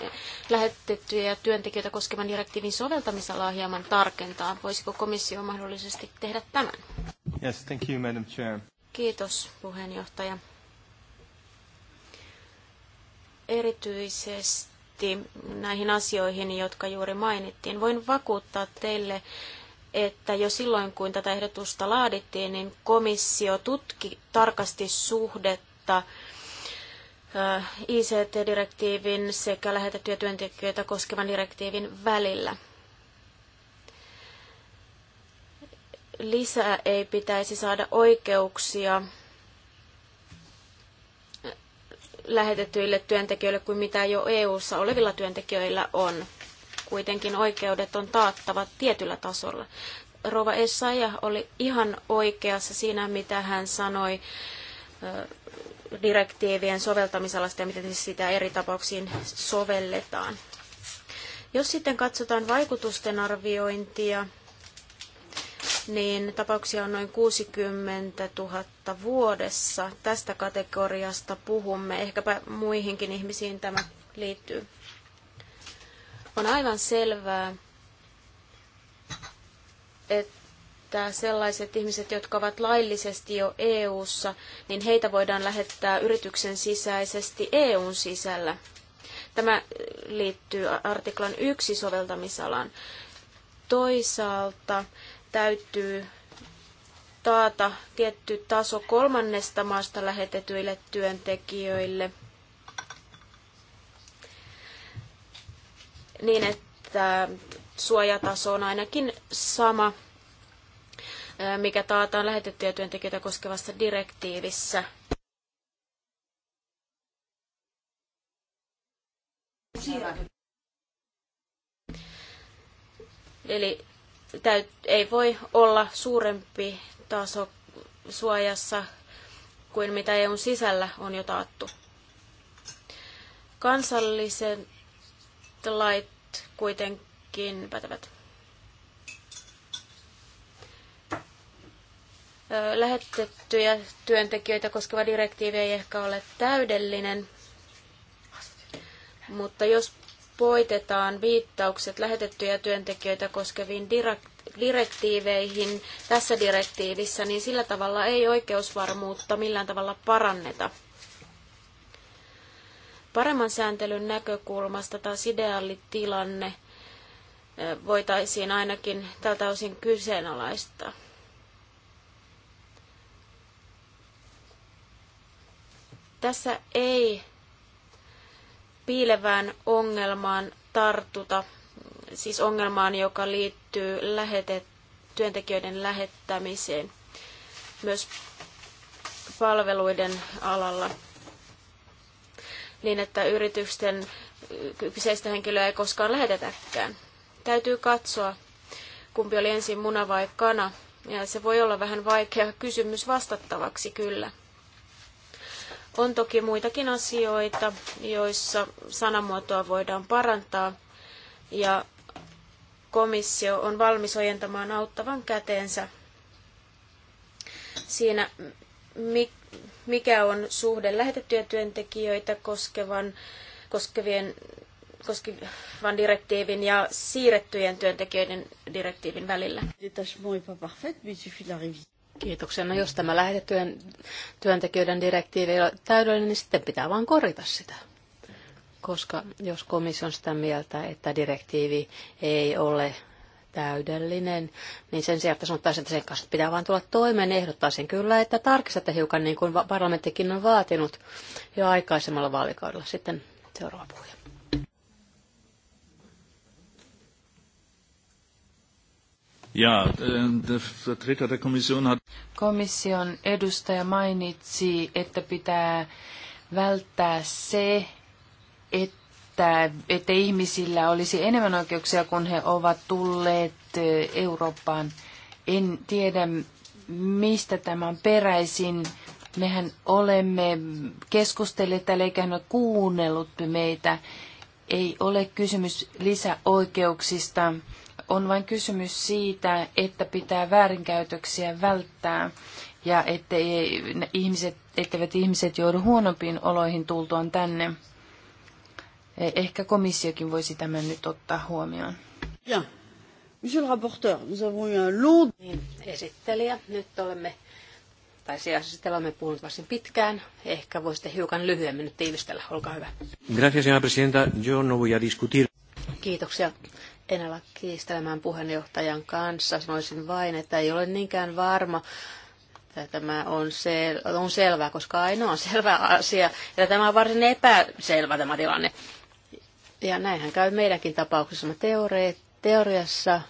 lähetettyjä työntekijöitä koskevan direktiivin soveltamisalaa hieman tarkentaa. Voisiko komissio mahdollisesti tehdä tämän? Yes, thank you, Madam Chair. Kiitos, puheenjohtaja. Erityisesti kommentti näihin asioihin, jotka juuri mainittiin. Voin vakuuttaa teille, että jo silloin, kun tätä ehdotusta laadittiin, niin komissio tutki tarkasti suhdetta ICT-direktiivin sekä lähetettyjä työntekijöitä koskevan direktiivin välillä. Lisää ei pitäisi saada oikeuksia lähetetyille työntekijöille kuin mitä jo EU-ssa olevilla työntekijöillä on. Kuitenkin oikeudet on taattava tietyllä tasolla. Rova Essaja oli ihan oikeassa siinä, mitä hän sanoi direktiivien soveltamisalasta ja miten sitä eri tapauksiin sovelletaan. Jos sitten katsotaan vaikutusten arviointia, niin tapauksia on noin 60 000 vuodessa. Tästä kategoriasta puhumme. Ehkäpä muihinkin ihmisiin tämä liittyy. On aivan selvää, että sellaiset ihmiset, jotka ovat laillisesti jo EU-ssa, niin heitä voidaan lähettää yrityksen sisäisesti EUn sisällä. Tämä liittyy artiklan yksi soveltamisalaan. Toisaalta täytyy taata tietty taso kolmannesta maasta lähetetyille työntekijöille niin, että suojataso on ainakin sama, mikä taataan lähetettyjä työntekijöitä koskevassa direktiivissä. Eli täyt, ei voi olla suurempi taso suojassa kuin mitä EUn sisällä on jo taattu. Kansalliset lait kuitenkin pätevät. Lähetettyjä työntekijöitä koskeva direktiivi ei ehkä ole täydellinen, mutta jos poitetaan viittaukset lähetettyjä työntekijöitä koskeviin direktiiveihin tässä direktiivissä, niin sillä tavalla ei oikeusvarmuutta millään tavalla paranneta. Paremman sääntelyn näkökulmasta taas ideaalitilanne voitaisiin ainakin tältä osin kyseenalaistaa. Tässä ei piilevään ongelmaan tartuta, siis ongelmaan, joka liittyy lähetet, työntekijöiden lähettämiseen myös palveluiden alalla niin, että yritysten kyseistä henkilöä ei koskaan lähetetäkään. Täytyy katsoa, kumpi oli ensin muna vai kana, ja se voi olla vähän vaikea kysymys vastattavaksi kyllä. On toki muitakin asioita, joissa sanamuotoa voidaan parantaa ja komissio on valmis ojentamaan auttavan käteensä siinä, mikä on suhde lähetettyjä työntekijöitä koskevan, koskevien, koskevan direktiivin ja siirrettyjen työntekijöiden direktiivin välillä. Kiitoksia. No jos tämä lähetettyjen työntekijöiden direktiivi ei ole täydellinen, niin sitten pitää vain korjata sitä. Koska jos komissio on sitä mieltä, että direktiivi ei ole täydellinen, niin sen sijaan, että sanottaisiin, että sen kanssa pitää vain tulla toimeen, niin ehdottaisin kyllä, että tarkistatte hiukan niin kuin parlamenttikin on vaatinut jo aikaisemmalla vaalikaudella. Sitten seuraava puhuja. Ja, äh, the Kommission hat... Komission edustaja mainitsi, että pitää välttää se, että, että ihmisillä olisi enemmän oikeuksia, kun he ovat tulleet äh, Eurooppaan. En tiedä, mistä tämä on peräisin. Mehän olemme keskustelleet täällä, eikä hän ole kuunnellut meitä. Ei ole kysymys lisäoikeuksista on vain kysymys siitä, että pitää väärinkäytöksiä välttää ja ettei ihmiset, etteivät ihmiset joudu huonompiin oloihin tultuaan tänne. Ehkä komissiokin voisi tämän nyt ottaa huomioon. Ja. Monsieur le rapporteur, nous avons eu un long... Niin, esittelijä, nyt olemme, tai sijaisesti siis olemme puhunut varsin pitkään. Ehkä voisitte hiukan lyhyemmin nyt tiivistellä, olkaa hyvä. Gracias, señora presidenta. Yo no voy a discutir. Kiitoksia en ala kiistelemään puheenjohtajan kanssa. Sanoisin vain, että ei ole niinkään varma, että tämä on, sel- on selvää, koska ainoa on selvä asia. Ja tämä on varsin epäselvä tämä tilanne. Ja näinhän käy meidänkin tapauksessa. Teori- teoriassa.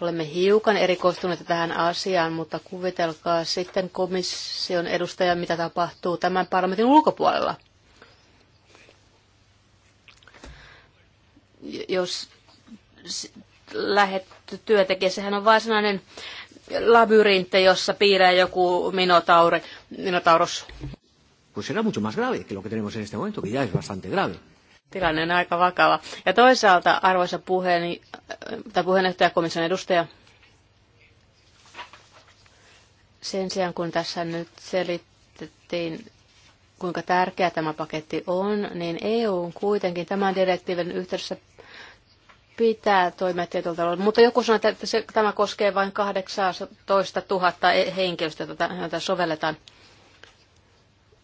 Olemme hiukan erikoistuneet tähän asiaan, mutta kuvitelkaa sitten komission edustaja, mitä tapahtuu tämän parlamentin ulkopuolella. Jos lähetty sehän on vain sellainen jossa piirää joku minotauri, minotaurus. Pues será mucho más grave que lo que tenemos en este momento, que ya es bastante grave. Tilanne on aika vakava. Ja toisaalta, arvoisa puheeni, äh, tai puheenjohtaja komission edustaja, sen sijaan kun tässä nyt selitettiin kuinka tärkeä tämä paketti on, niin EU on kuitenkin tämän direktiivin yhteydessä pitää toimia tietyllä tavalla. Mutta joku sanoi, että se, tämä koskee vain 18 000 henkilöstä, jota sovelletaan.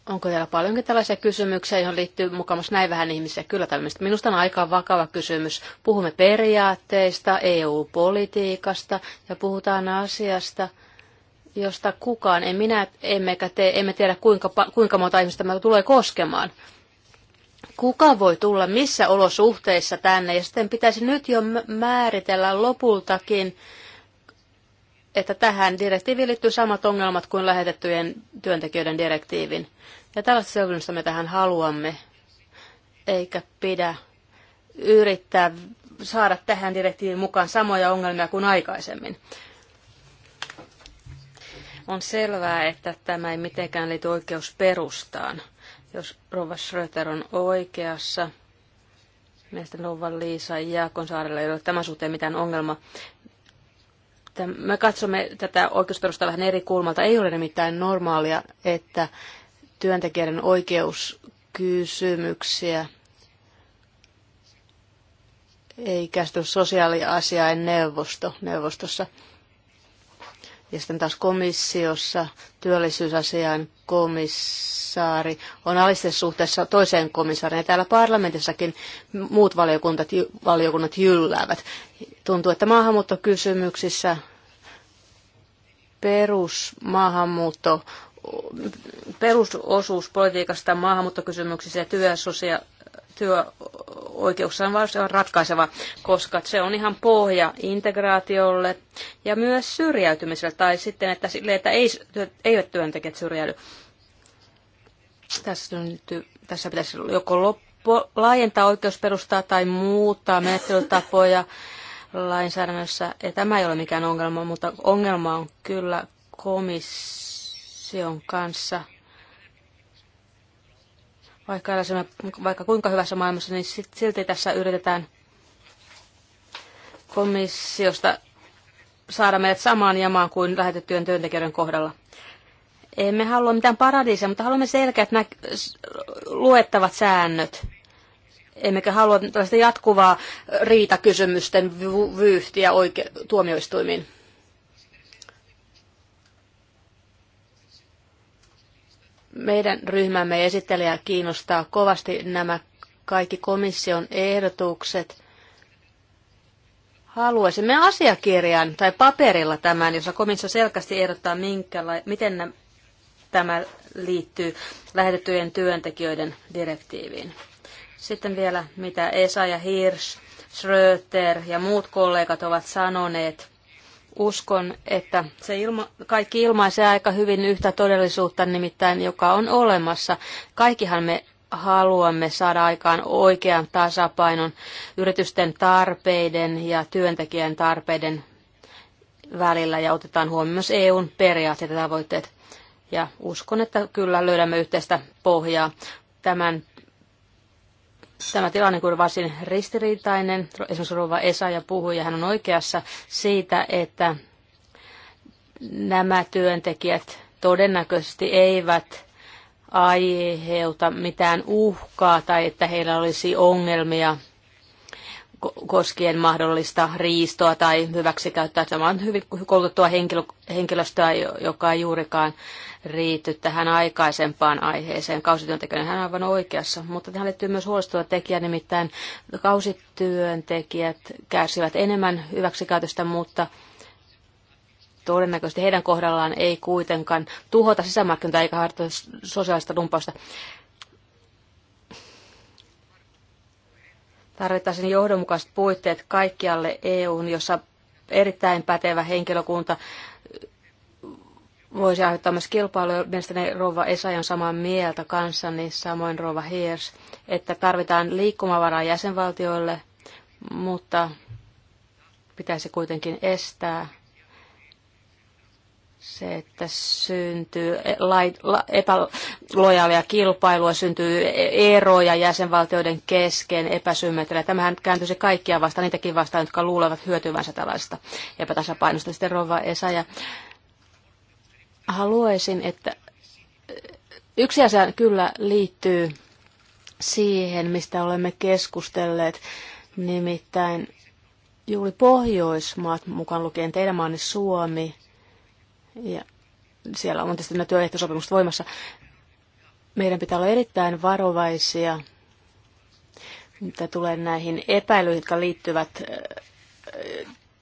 Onko teillä paljonkin tällaisia kysymyksiä, joihin liittyy mukamas näin vähän ihmisiä? Kyllä tämmöistä. Minusta on aika vakava kysymys. Puhumme periaatteista, EU-politiikasta ja puhutaan asiasta, josta kukaan, en minä, emmekä te, emme tiedä kuinka, kuinka monta ihmistä tämä tulee koskemaan kuka voi tulla missä olosuhteissa tänne. Ja sitten pitäisi nyt jo määritellä lopultakin, että tähän direktiiviin liittyy samat ongelmat kuin lähetettyjen työntekijöiden direktiivin. Ja tällaista selvennystä me tähän haluamme, eikä pidä yrittää saada tähän direktiivin mukaan samoja ongelmia kuin aikaisemmin. On selvää, että tämä ei mitenkään liity oikeusperustaan. Jos Rova Schröter on oikeassa, meistä Rova Liisa Jaakonsaarella ei ole tämän suhteen mitään ongelma. Me katsomme tätä oikeusperusta vähän eri kulmalta. Ei ole nimittäin normaalia, että työntekijän oikeuskysymyksiä ei käsitellyt sosiaaliasiain neuvosto neuvostossa. Ja sitten taas komissiossa työllisyysasian komissaari on alistettu suhteessa toiseen komissaariin. Ja täällä parlamentissakin muut valiokunnat, valiokunnat jylläävät. Tuntuu, että maahanmuuttokysymyksissä perusmaahanmuutto perusosuus politiikasta maahanmuuttokysymyksissä ja työ- ja työoikeuksia on varmasti ratkaiseva, koska se on ihan pohja integraatiolle ja myös syrjäytymiselle, tai sitten, että, sille, että ei, ole työntekijät syrjäydy. Tässä, nyt, tässä pitäisi joko loppu, laajentaa oikeusperustaa tai muuttaa menettelytapoja lainsäädännössä. Ja tämä ei ole mikään ongelma, mutta ongelma on kyllä komission kanssa – vaikka, vaikka kuinka hyvässä maailmassa, niin silti tässä yritetään komissiosta saada meidät samaan jamaan kuin lähetettyjen työntekijöiden kohdalla. Emme halua mitään paradiisia, mutta haluamme selkeät nä- luettavat säännöt. Emmekä halua tällaista jatkuvaa riitakysymysten vyyhtiä oike- tuomioistuimiin. Meidän ryhmämme esittelijä kiinnostaa kovasti nämä kaikki komission ehdotukset – haluaisimme asiakirjan tai paperilla tämän, jossa komissio selkeästi ehdottaa, minkäla- miten tämä liittyy lähetettyjen työntekijöiden direktiiviin. Sitten vielä, mitä Esa ja Hirsch, Schröter ja muut kollegat ovat sanoneet Uskon, että se ilma, kaikki ilmaisee aika hyvin yhtä todellisuutta nimittäin, joka on olemassa. Kaikkihan me haluamme saada aikaan oikean tasapainon yritysten tarpeiden ja työntekijän tarpeiden välillä ja otetaan huomioon myös EUn periaatteet ja tavoitteet. Ja uskon, että kyllä löydämme yhteistä pohjaa. Tämän Tämä tilanne on varsin ristiriitainen. Esimerkiksi Rova Esa ja puhui, ja hän on oikeassa siitä, että nämä työntekijät todennäköisesti eivät aiheuta mitään uhkaa tai että heillä olisi ongelmia koskien mahdollista riistoa tai hyväksikäyttöä. Tämä on hyvin koulutettua henkilöstöä, joka ei juurikaan riity tähän aikaisempaan aiheeseen. Kausityöntekijöiden hän on aivan oikeassa, mutta tähän liittyy myös huolestuttava tekijä, nimittäin kausityöntekijät kärsivät enemmän hyväksikäytöstä, mutta todennäköisesti heidän kohdallaan ei kuitenkaan tuhota sisämarkkinoita eikä harjoittaa sosiaalista dumpausta. Tarvittaisiin johdonmukaiset puitteet kaikkialle EUn, jossa erittäin pätevä henkilökunta voisi aiheuttaa myös kilpailua. Mielestäni Rova ESA: on samaa mieltä kanssani, samoin Rova Heers, että tarvitaan liikkumavaraa jäsenvaltioille, mutta pitäisi kuitenkin estää se, että syntyy e- epälojaalia kilpailua, syntyy eroja jäsenvaltioiden kesken, epäsymmetriä. Tämähän kääntyisi kaikkia vastaan, niitäkin vastaan, jotka luulevat hyötyvänsä tällaista epätasapainosta. Sitten Rova Esa, ja haluaisin, että yksi asia kyllä liittyy siihen, mistä olemme keskustelleet, nimittäin juuri Pohjoismaat, mukaan lukien teidän maanne Suomi, ja siellä on tietysti nämä työehtosopimukset voimassa. Meidän pitää olla erittäin varovaisia, mitä tulee näihin epäilyihin, jotka liittyvät,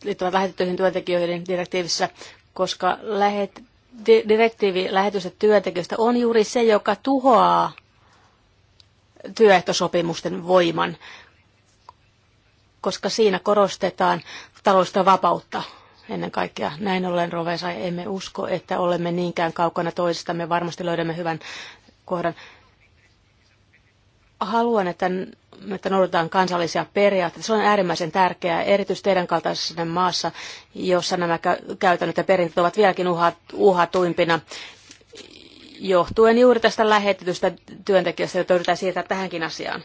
liittyvät lähetettyihin työntekijöihin direktiivissä, koska lähet, direktiivi lähetystä työntekijöistä on juuri se, joka tuhoaa työehtosopimusten voiman, koska siinä korostetaan taloudellista vapautta ennen kaikkea. Näin ollen, Rovesa, emme usko, että olemme niinkään kaukana toisistamme. Varmasti löydämme hyvän kohdan. Haluan, että, että noudatetaan kansallisia periaatteita. Se on äärimmäisen tärkeää, erityisesti teidän kaltaisessa maassa, jossa nämä käytännöt ja perinteet ovat vieläkin uhatuimpina johtuen juuri tästä lähetetystä työntekijästä, jota yritetään siirtää tähänkin asiaan.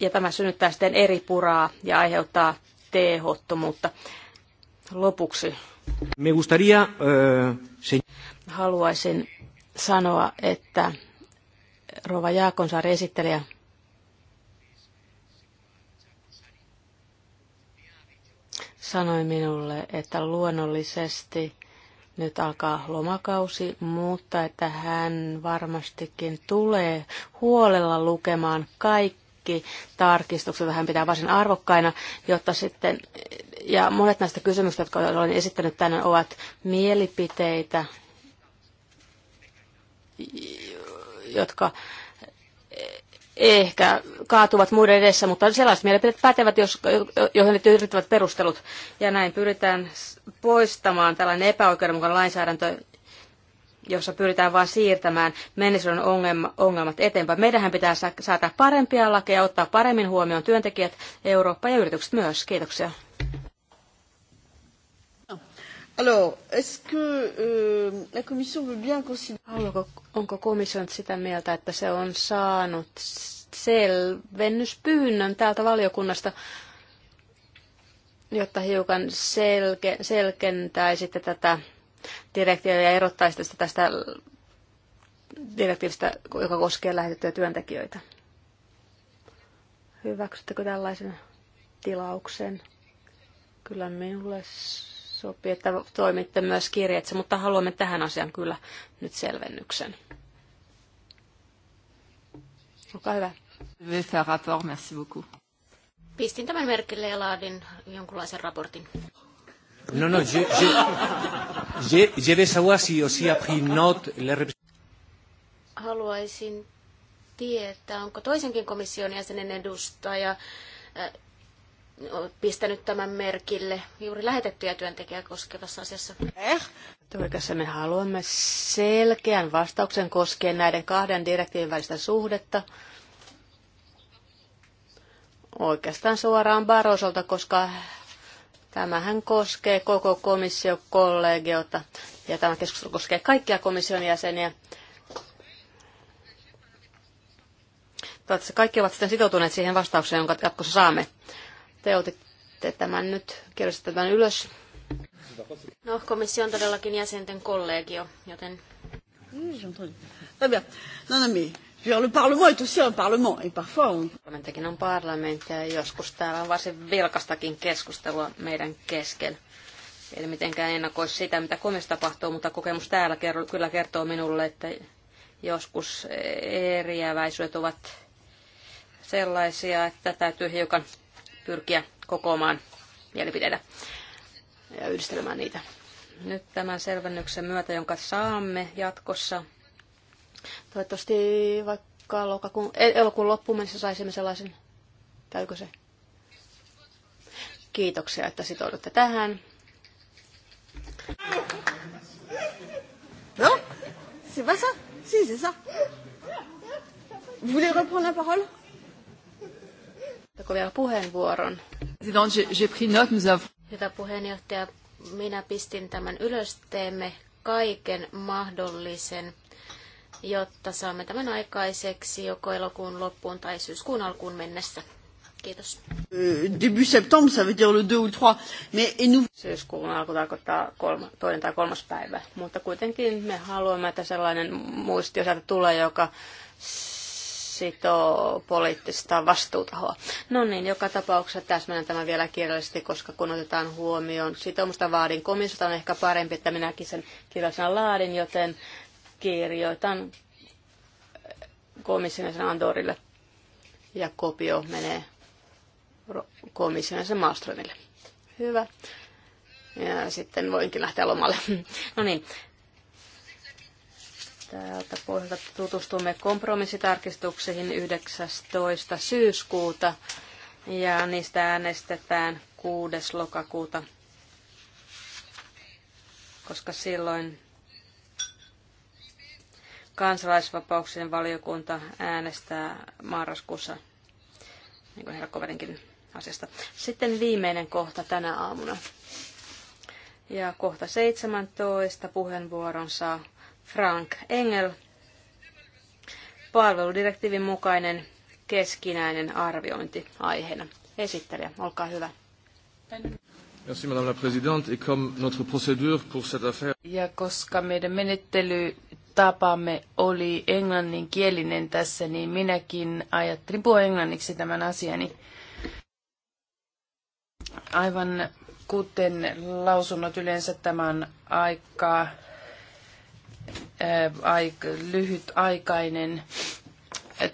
Ja tämä synnyttää sitten eri puraa ja aiheuttaa tehottomuutta. Lopuksi. Me gustaría, uh, Haluaisin sanoa, että Rova Jaakonsaari esittelijä sanoi minulle, että luonnollisesti nyt alkaa lomakausi, mutta että hän varmastikin tulee huolella lukemaan kaikki kaikki tarkistukset vähän pitää varsin arvokkaina, jotta sitten, ja monet näistä kysymyksistä, jotka olen esittänyt tänään, ovat mielipiteitä, jotka ehkä kaatuvat muiden edessä, mutta sellaiset mielipiteet pätevät, jos, joihin ne yrittävät perustelut. Ja näin pyritään poistamaan tällainen epäoikeudenmukainen lainsäädäntö, jossa pyritään vain siirtämään menneisyyden ongelmat eteenpäin. Meidän pitää saada parempia lakeja, ottaa paremmin huomioon työntekijät, Eurooppa ja yritykset myös. Kiitoksia. Alors, que euh, la Commission veut bien considérer... Onko komissio sitä mieltä, että se on saanut selvennyspyynnön täältä valiokunnasta, jotta hiukan selke, selkentäisitte tätä direktiiviä ja erottaisi tästä, tästä direktiivistä, joka koskee lähetettyjä työntekijöitä. Hyväksyttekö tällaisen tilauksen? Kyllä minulle sopii, että toimitte myös kirjeitse, mutta haluamme tähän asiaan kyllä nyt selvennyksen. Olkaa hyvä. Pistin tämän merkille ja laadin jonkunlaisen raportin. Non, non, je, je, je, je vais savoir si aussi a pris note les Haluaisin tietää, onko toisenkin komission jäsenen edustaja äh, pistänyt tämän merkille juuri lähetettyjä työntekijä koskevassa asiassa? Eh? Toivottavasti me haluamme selkeän vastauksen koskien näiden kahden direktiivin välistä suhdetta. Oikeastaan suoraan Barosolta, koska Tämähän koskee koko komissiokollegiota ja tämä keskustelu koskee kaikkia komission jäseniä. Toivottavasti kaikki ovat sitten sitoutuneet siihen vastaukseen, jonka jatkossa saamme. Te otitte tämän nyt, kirjoititte tämän ylös. No, komissio on todellakin jäsenten kollegio, joten... Mm, Le Parlement est aussi un Parlement, et parfois on... Parlamentakin on parlamentti, ja joskus täällä on varsin vilkastakin keskustelua meidän kesken. Eli mitenkään ennakoisi sitä, mitä komissa tapahtuu, mutta kokemus täällä kyllä kertoo minulle, että joskus eriäväisyydet ovat sellaisia, että täytyy hiukan pyrkiä kokoamaan mielipiteitä ja yhdistelemään niitä. Nyt tämän selvennyksen myötä, jonka saamme jatkossa, Toivottavasti vaikka lokakuun, e, elokuun loppuun mennessä saisimme sellaisen. Käykö se? Kiitoksia, että sitoudutte tähän. Non C'est pas ça Si, c'est ça. Vous voulez reprendre la parole vielä puheenvuoron. Hyvä puheenjohtaja, minä pistin tämän ylös. Teemme kaiken mahdollisen jotta saamme tämän aikaiseksi joko elokuun loppuun tai syyskuun alkuun mennessä. Kiitos. Euh, début septembre, ça veut dire le 2 ou 3. Mais et nous... Syyskuun alku tarkoittaa kolma, toinen tai kolmas päivä, mutta kuitenkin me haluamme, että sellainen muistio sieltä tulee, joka sitoo poliittista vastuutahoa. No niin, joka tapauksessa täsmennän tämä vielä kirjallisesti, koska kun otetaan huomioon sitoumusta vaadin komissiota, on ehkä parempi, että minäkin sen kirjallisena laadin, joten kirjoitan komission Andorille ja kopio menee komission Maastronille. Hyvä. Ja sitten voinkin lähteä lomalle. No niin. Täältä pohjalta tutustumme kompromissitarkistuksiin 19. syyskuuta ja niistä äänestetään 6. lokakuuta, koska silloin kansalaisvapauksien valiokunta äänestää marraskuussa, niin kuin herra Koverinkin asiasta. Sitten viimeinen kohta tänä aamuna. Ja kohta 17 puheenvuoron saa Frank Engel, palveludirektiivin mukainen keskinäinen arviointi aiheena. Esittelijä, olkaa hyvä. Merci, Madame la Présidente. Et comme notre procédure pour cette affaire... Ja koska meidän menettely tapamme oli englanninkielinen tässä, niin minäkin ajattelin puhua englanniksi tämän asiani. Aivan kuten lausunnot yleensä tämän aikaa, äh, aik, lyhytaikainen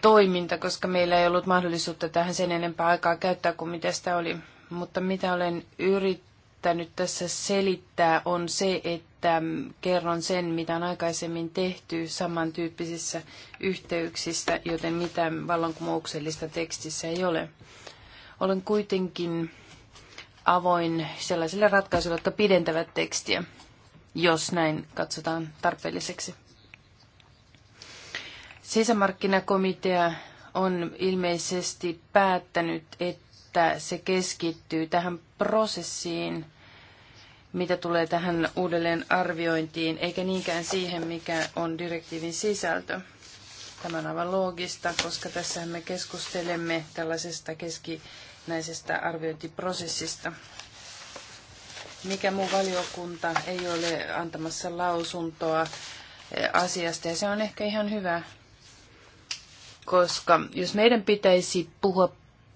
toiminta, koska meillä ei ollut mahdollisuutta tähän sen enempää aikaa käyttää kuin mitä sitä oli. Mutta mitä olen yrittänyt yrittänyt tässä selittää, on se, että kerron sen, mitä on aikaisemmin tehty samantyyppisissä yhteyksissä, joten mitään vallankumouksellista tekstissä ei ole. Olen kuitenkin avoin sellaisille ratkaisuille, jotka pidentävät tekstiä, jos näin katsotaan tarpeelliseksi. Sisämarkkinakomitea on ilmeisesti päättänyt, että se keskittyy tähän prosessiin, mitä tulee tähän uudelleen arviointiin, eikä niinkään siihen, mikä on direktiivin sisältö. Tämä on aivan loogista, koska tässä me keskustelemme tällaisesta keskinäisestä arviointiprosessista. Mikä muu valiokunta ei ole antamassa lausuntoa eh, asiasta, ja se on ehkä ihan hyvä, koska jos meidän pitäisi puhua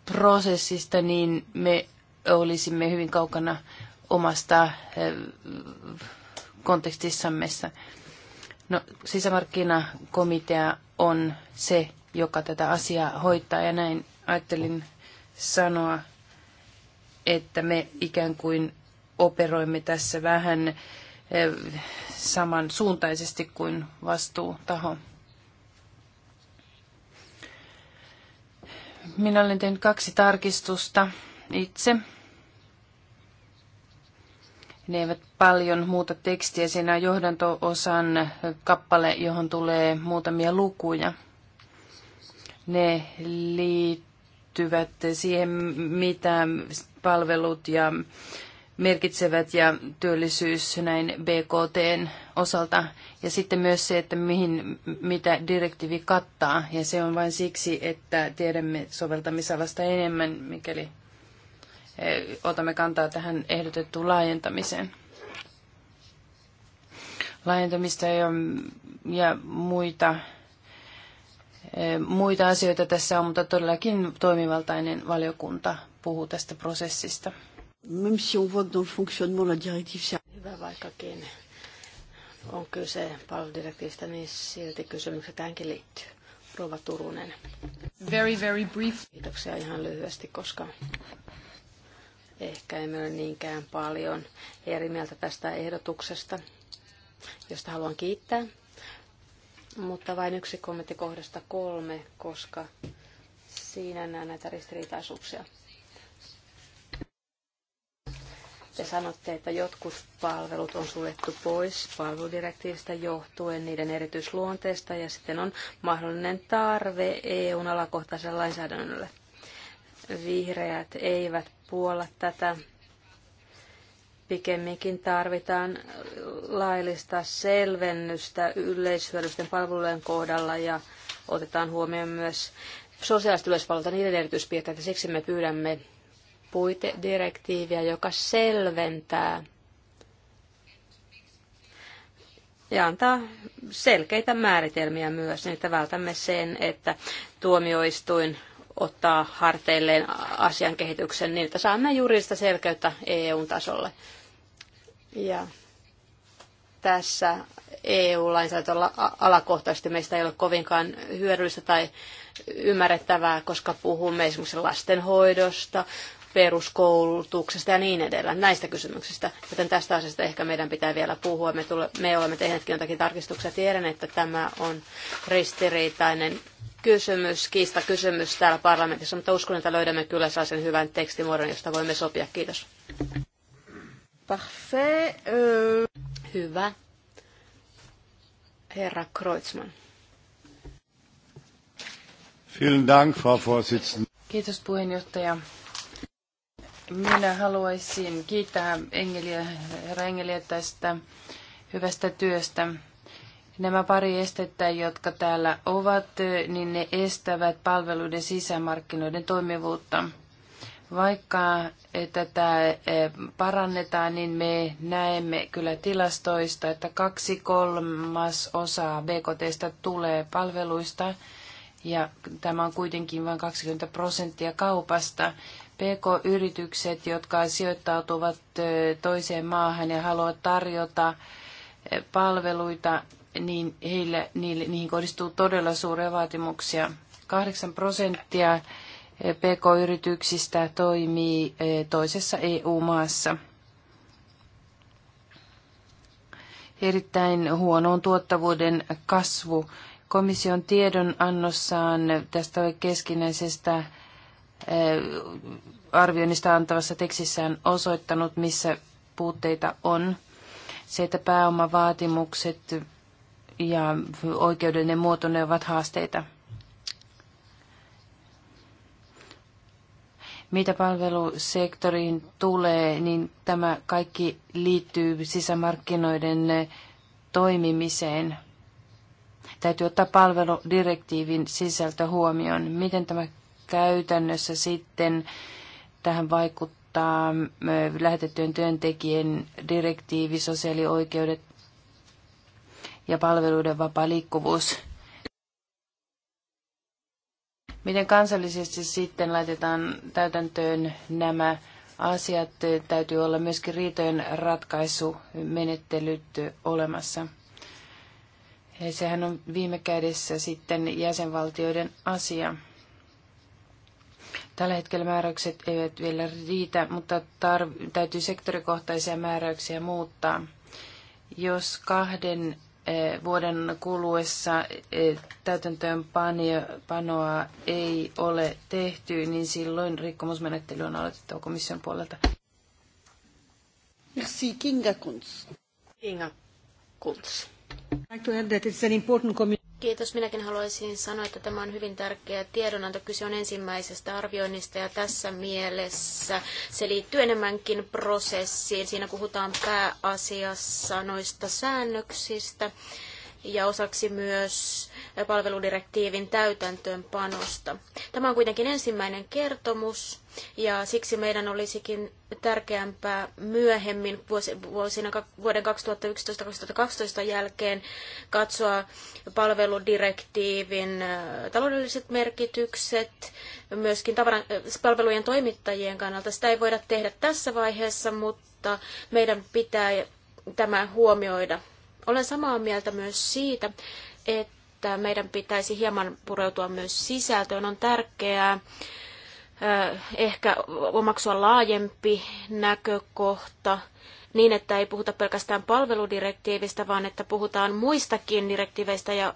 prosessista, niin me olisimme hyvin kaukana omasta eh, kontekstissamme. No, sisämarkkinakomitea on se, joka tätä asiaa hoitaa ja näin ajattelin sanoa, että me ikään kuin operoimme tässä vähän eh, samansuuntaisesti kuin vastuutaho. Minä olen tehnyt kaksi tarkistusta itse. Ne eivät paljon muuta tekstiä. Siinä on johdanto-osan kappale, johon tulee muutamia lukuja. Ne liittyvät siihen, mitä palvelut ja merkitsevät ja työllisyys näin BKTn osalta. Ja sitten myös se, että mihin, mitä direktiivi kattaa. Ja se on vain siksi, että tiedämme soveltamisalasta enemmän, mikäli Eh, otamme kantaa tähän ehdotettuun laajentamiseen. Laajentamista ja, ja muita, eh, muita asioita tässä on, mutta todellakin toimivaltainen valiokunta puhuu tästä prosessista. Même si on voit que dans le fonctionnement la directive... Hyvä vaikkakin on kyse palveludirektiivistä, niin silti kysymykset tähänkin liittyy. Rova Turunen. Very, very brief. Kiitoksia ihan lyhyesti, koska Ehkä emme ole niinkään paljon eri mieltä tästä ehdotuksesta, josta haluan kiittää. Mutta vain yksi kommentti kohdasta kolme, koska siinä näen näitä ristiriitaisuuksia. Te sanotte, että jotkut palvelut on suljettu pois palveludirektiivistä johtuen niiden erityisluonteesta ja sitten on mahdollinen tarve EUn alakohtaiselle lainsäädännölle. Vihreät eivät puolla tätä. Pikemminkin tarvitaan laillista selvennystä yleishyödyllisten palvelujen kohdalla ja otetaan huomioon myös sosiaalista yleispalveluita niiden erityispiirteitä. Siksi me pyydämme puitedirektiiviä, joka selventää ja antaa selkeitä määritelmiä myös, niin että vältämme sen, että tuomioistuin ottaa harteilleen asian kehityksen niin, että saamme juridista selkeyttä EU-tasolle. Ja tässä EU-lainsäädäntö alakohtaisesti meistä ei ole kovinkaan hyödyllistä tai ymmärrettävää, koska puhumme esimerkiksi lastenhoidosta, peruskoulutuksesta ja niin edellä näistä kysymyksistä. Joten tästä asiasta ehkä meidän pitää vielä puhua. Me, tule, me olemme tehneetkin jotakin tarkistuksia. Tiedän, että tämä on ristiriitainen kysymys, kiista kysymys täällä parlamentissa, mutta uskon, että löydämme kyllä sellaisen hyvän tekstimuodon, josta voimme sopia. Kiitos. Parfait. Hyvä. Herra Kreutzmann. Vielen Dank, Frau Vorsitzende. Kiitos puheenjohtaja. Minä haluaisin kiittää Engeliä, herra Engeliä tästä hyvästä työstä. Nämä pari estettä, jotka täällä ovat, niin ne estävät palveluiden sisämarkkinoiden toimivuutta. Vaikka eh, tätä eh, parannetaan, niin me näemme kyllä tilastoista, että kaksi kolmas osaa BKTstä tulee palveluista ja tämä on kuitenkin vain 20 prosenttia kaupasta. PK-yritykset, jotka sijoittautuvat eh, toiseen maahan ja haluavat tarjota palveluita, niin heillä, niille, niihin kohdistuu todella suuria vaatimuksia. 8 prosenttia eh, PK-yrityksistä toimii eh, toisessa EU-maassa. Erittäin huonoon tuottavuuden kasvu. Komission annossaan tästä keskinäisestä eh, arvioinnista antavassa tekstissään osoittanut, missä puutteita on. Se, että pääomavaatimukset ja oikeudellinen muoto, ne ovat haasteita. Mitä palvelusektoriin tulee, niin tämä kaikki liittyy sisämarkkinoiden toimimiseen. Täytyy ottaa palveludirektiivin sisältö huomioon. Miten tämä käytännössä sitten tähän vaikuttaa lähetettyjen työntekijän direktiivi, sosiaalioikeudet, ja palveluiden vapaa liikkuvuus. Miten kansallisesti sitten laitetaan täytäntöön nämä asiat? Täytyy olla myöskin riitojen ratkaisumenettelyt olemassa. Ja sehän on viime kädessä sitten jäsenvaltioiden asia. Tällä hetkellä määräykset eivät vielä riitä, mutta täytyy sektorikohtaisia määräyksiä muuttaa. Jos kahden Eh, vuoden kuluessa eh, täytäntöönpanoa ei ole tehty, niin silloin rikkomusmenettely on aloitettava komission puolelta. Merci, Kinga Kunz. Kinga Kunz. Kiitos. Minäkin haluaisin sanoa, että tämä on hyvin tärkeä tiedonanto. Kyse on ensimmäisestä arvioinnista ja tässä mielessä se liittyy enemmänkin prosessiin. Siinä puhutaan pääasiassa noista säännöksistä ja osaksi myös palveludirektiivin täytäntöönpanosta. Tämä on kuitenkin ensimmäinen kertomus ja siksi meidän olisikin tärkeämpää myöhemmin vuosina vuoden 2011-2012 jälkeen katsoa palveludirektiivin taloudelliset merkitykset, myöskin tavaran, palvelujen toimittajien kannalta. Sitä ei voida tehdä tässä vaiheessa, mutta meidän pitää tämä huomioida. Olen samaa mieltä myös siitä, että meidän pitäisi hieman pureutua myös sisältöön. On tärkeää, ehkä omaksua laajempi näkökohta niin, että ei puhuta pelkästään palveludirektiivistä, vaan että puhutaan muistakin direktiiveistä ja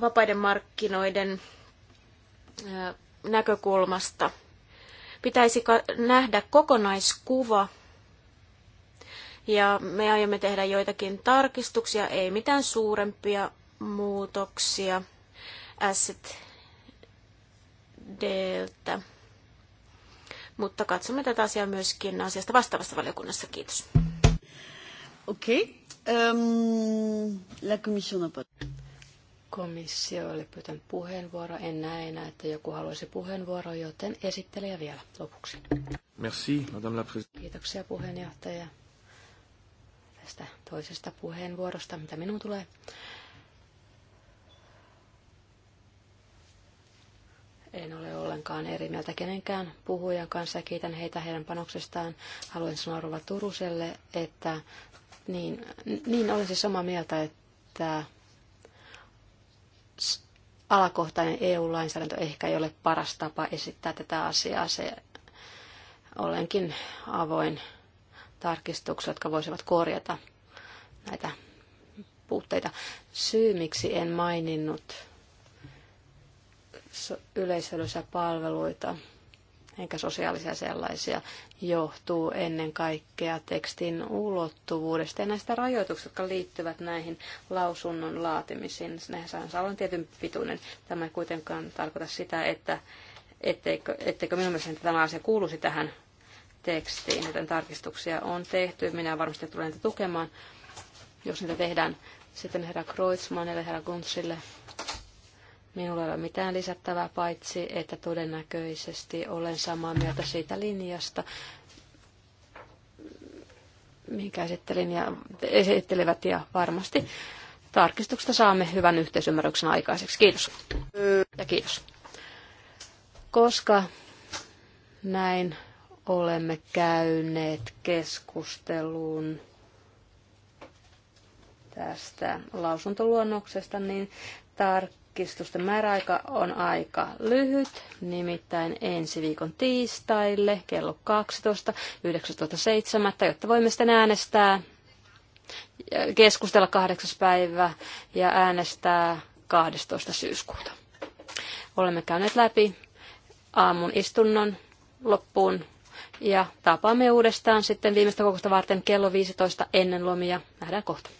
vapaiden markkinoiden näkökulmasta. Pitäisi nähdä kokonaiskuva ja me aiomme tehdä joitakin tarkistuksia, ei mitään suurempia muutoksia. Asset Deltä. Mutta katsomme tätä asiaa myöskin asiasta vastaavassa valiokunnassa. Kiitos. Okei. Okay. Um, la Komissio oli pyytänyt puheenvuoro. En näe enää, että joku haluaisi puheenvuoro, joten esittelijä vielä lopuksi. Merci, madame la Kiitoksia puheenjohtaja tästä toisesta puheenvuorosta, mitä minun tulee. En ole ollenkaan eri mieltä kenenkään puhujan kanssa ja kiitän heitä heidän panoksestaan. Haluan sanoa Rova Turuselle, että niin, niin olen siis samaa mieltä, että alakohtainen EU-lainsäädäntö ehkä ei ole paras tapa esittää tätä asiaa. Se olenkin avoin tarkistuksia, jotka voisivat korjata näitä puutteita. Syy, miksi en maininnut yleisöllisiä palveluita, eikä sosiaalisia sellaisia, johtuu ennen kaikkea tekstin ulottuvuudesta ja näistä rajoituksista, jotka liittyvät näihin lausunnon laatimisiin. Nehän saa olla tietyn pituinen. Tämä ei kuitenkaan tarkoita sitä, että etteikö, etteikö minun mielestäni tämä asia kuuluisi tähän tekstiin, joten tarkistuksia on tehty. Minä varmasti tulen niitä tukemaan, jos niitä tehdään. Sitten herra Kreutzmannille, herra Gunsille, Minulla ei ole mitään lisättävää paitsi, että todennäköisesti olen samaa mieltä siitä linjasta, minkä esittelin ja, esittelivät ja varmasti tarkistuksesta saamme hyvän yhteisymmärryksen aikaiseksi. Kiitos. Ja kiitos. Koska näin olemme käyneet keskustelun tästä lausuntoluonnoksesta, niin tar tarkistusten määräaika on aika lyhyt, nimittäin ensi viikon tiistaille kello 12.19.7, jotta voimme sitten äänestää, keskustella kahdeksas päivä ja äänestää 12. syyskuuta. Olemme käyneet läpi aamun istunnon loppuun ja tapaamme uudestaan sitten viimeistä kokousta varten kello 15 ennen lomia. Nähdään kohta.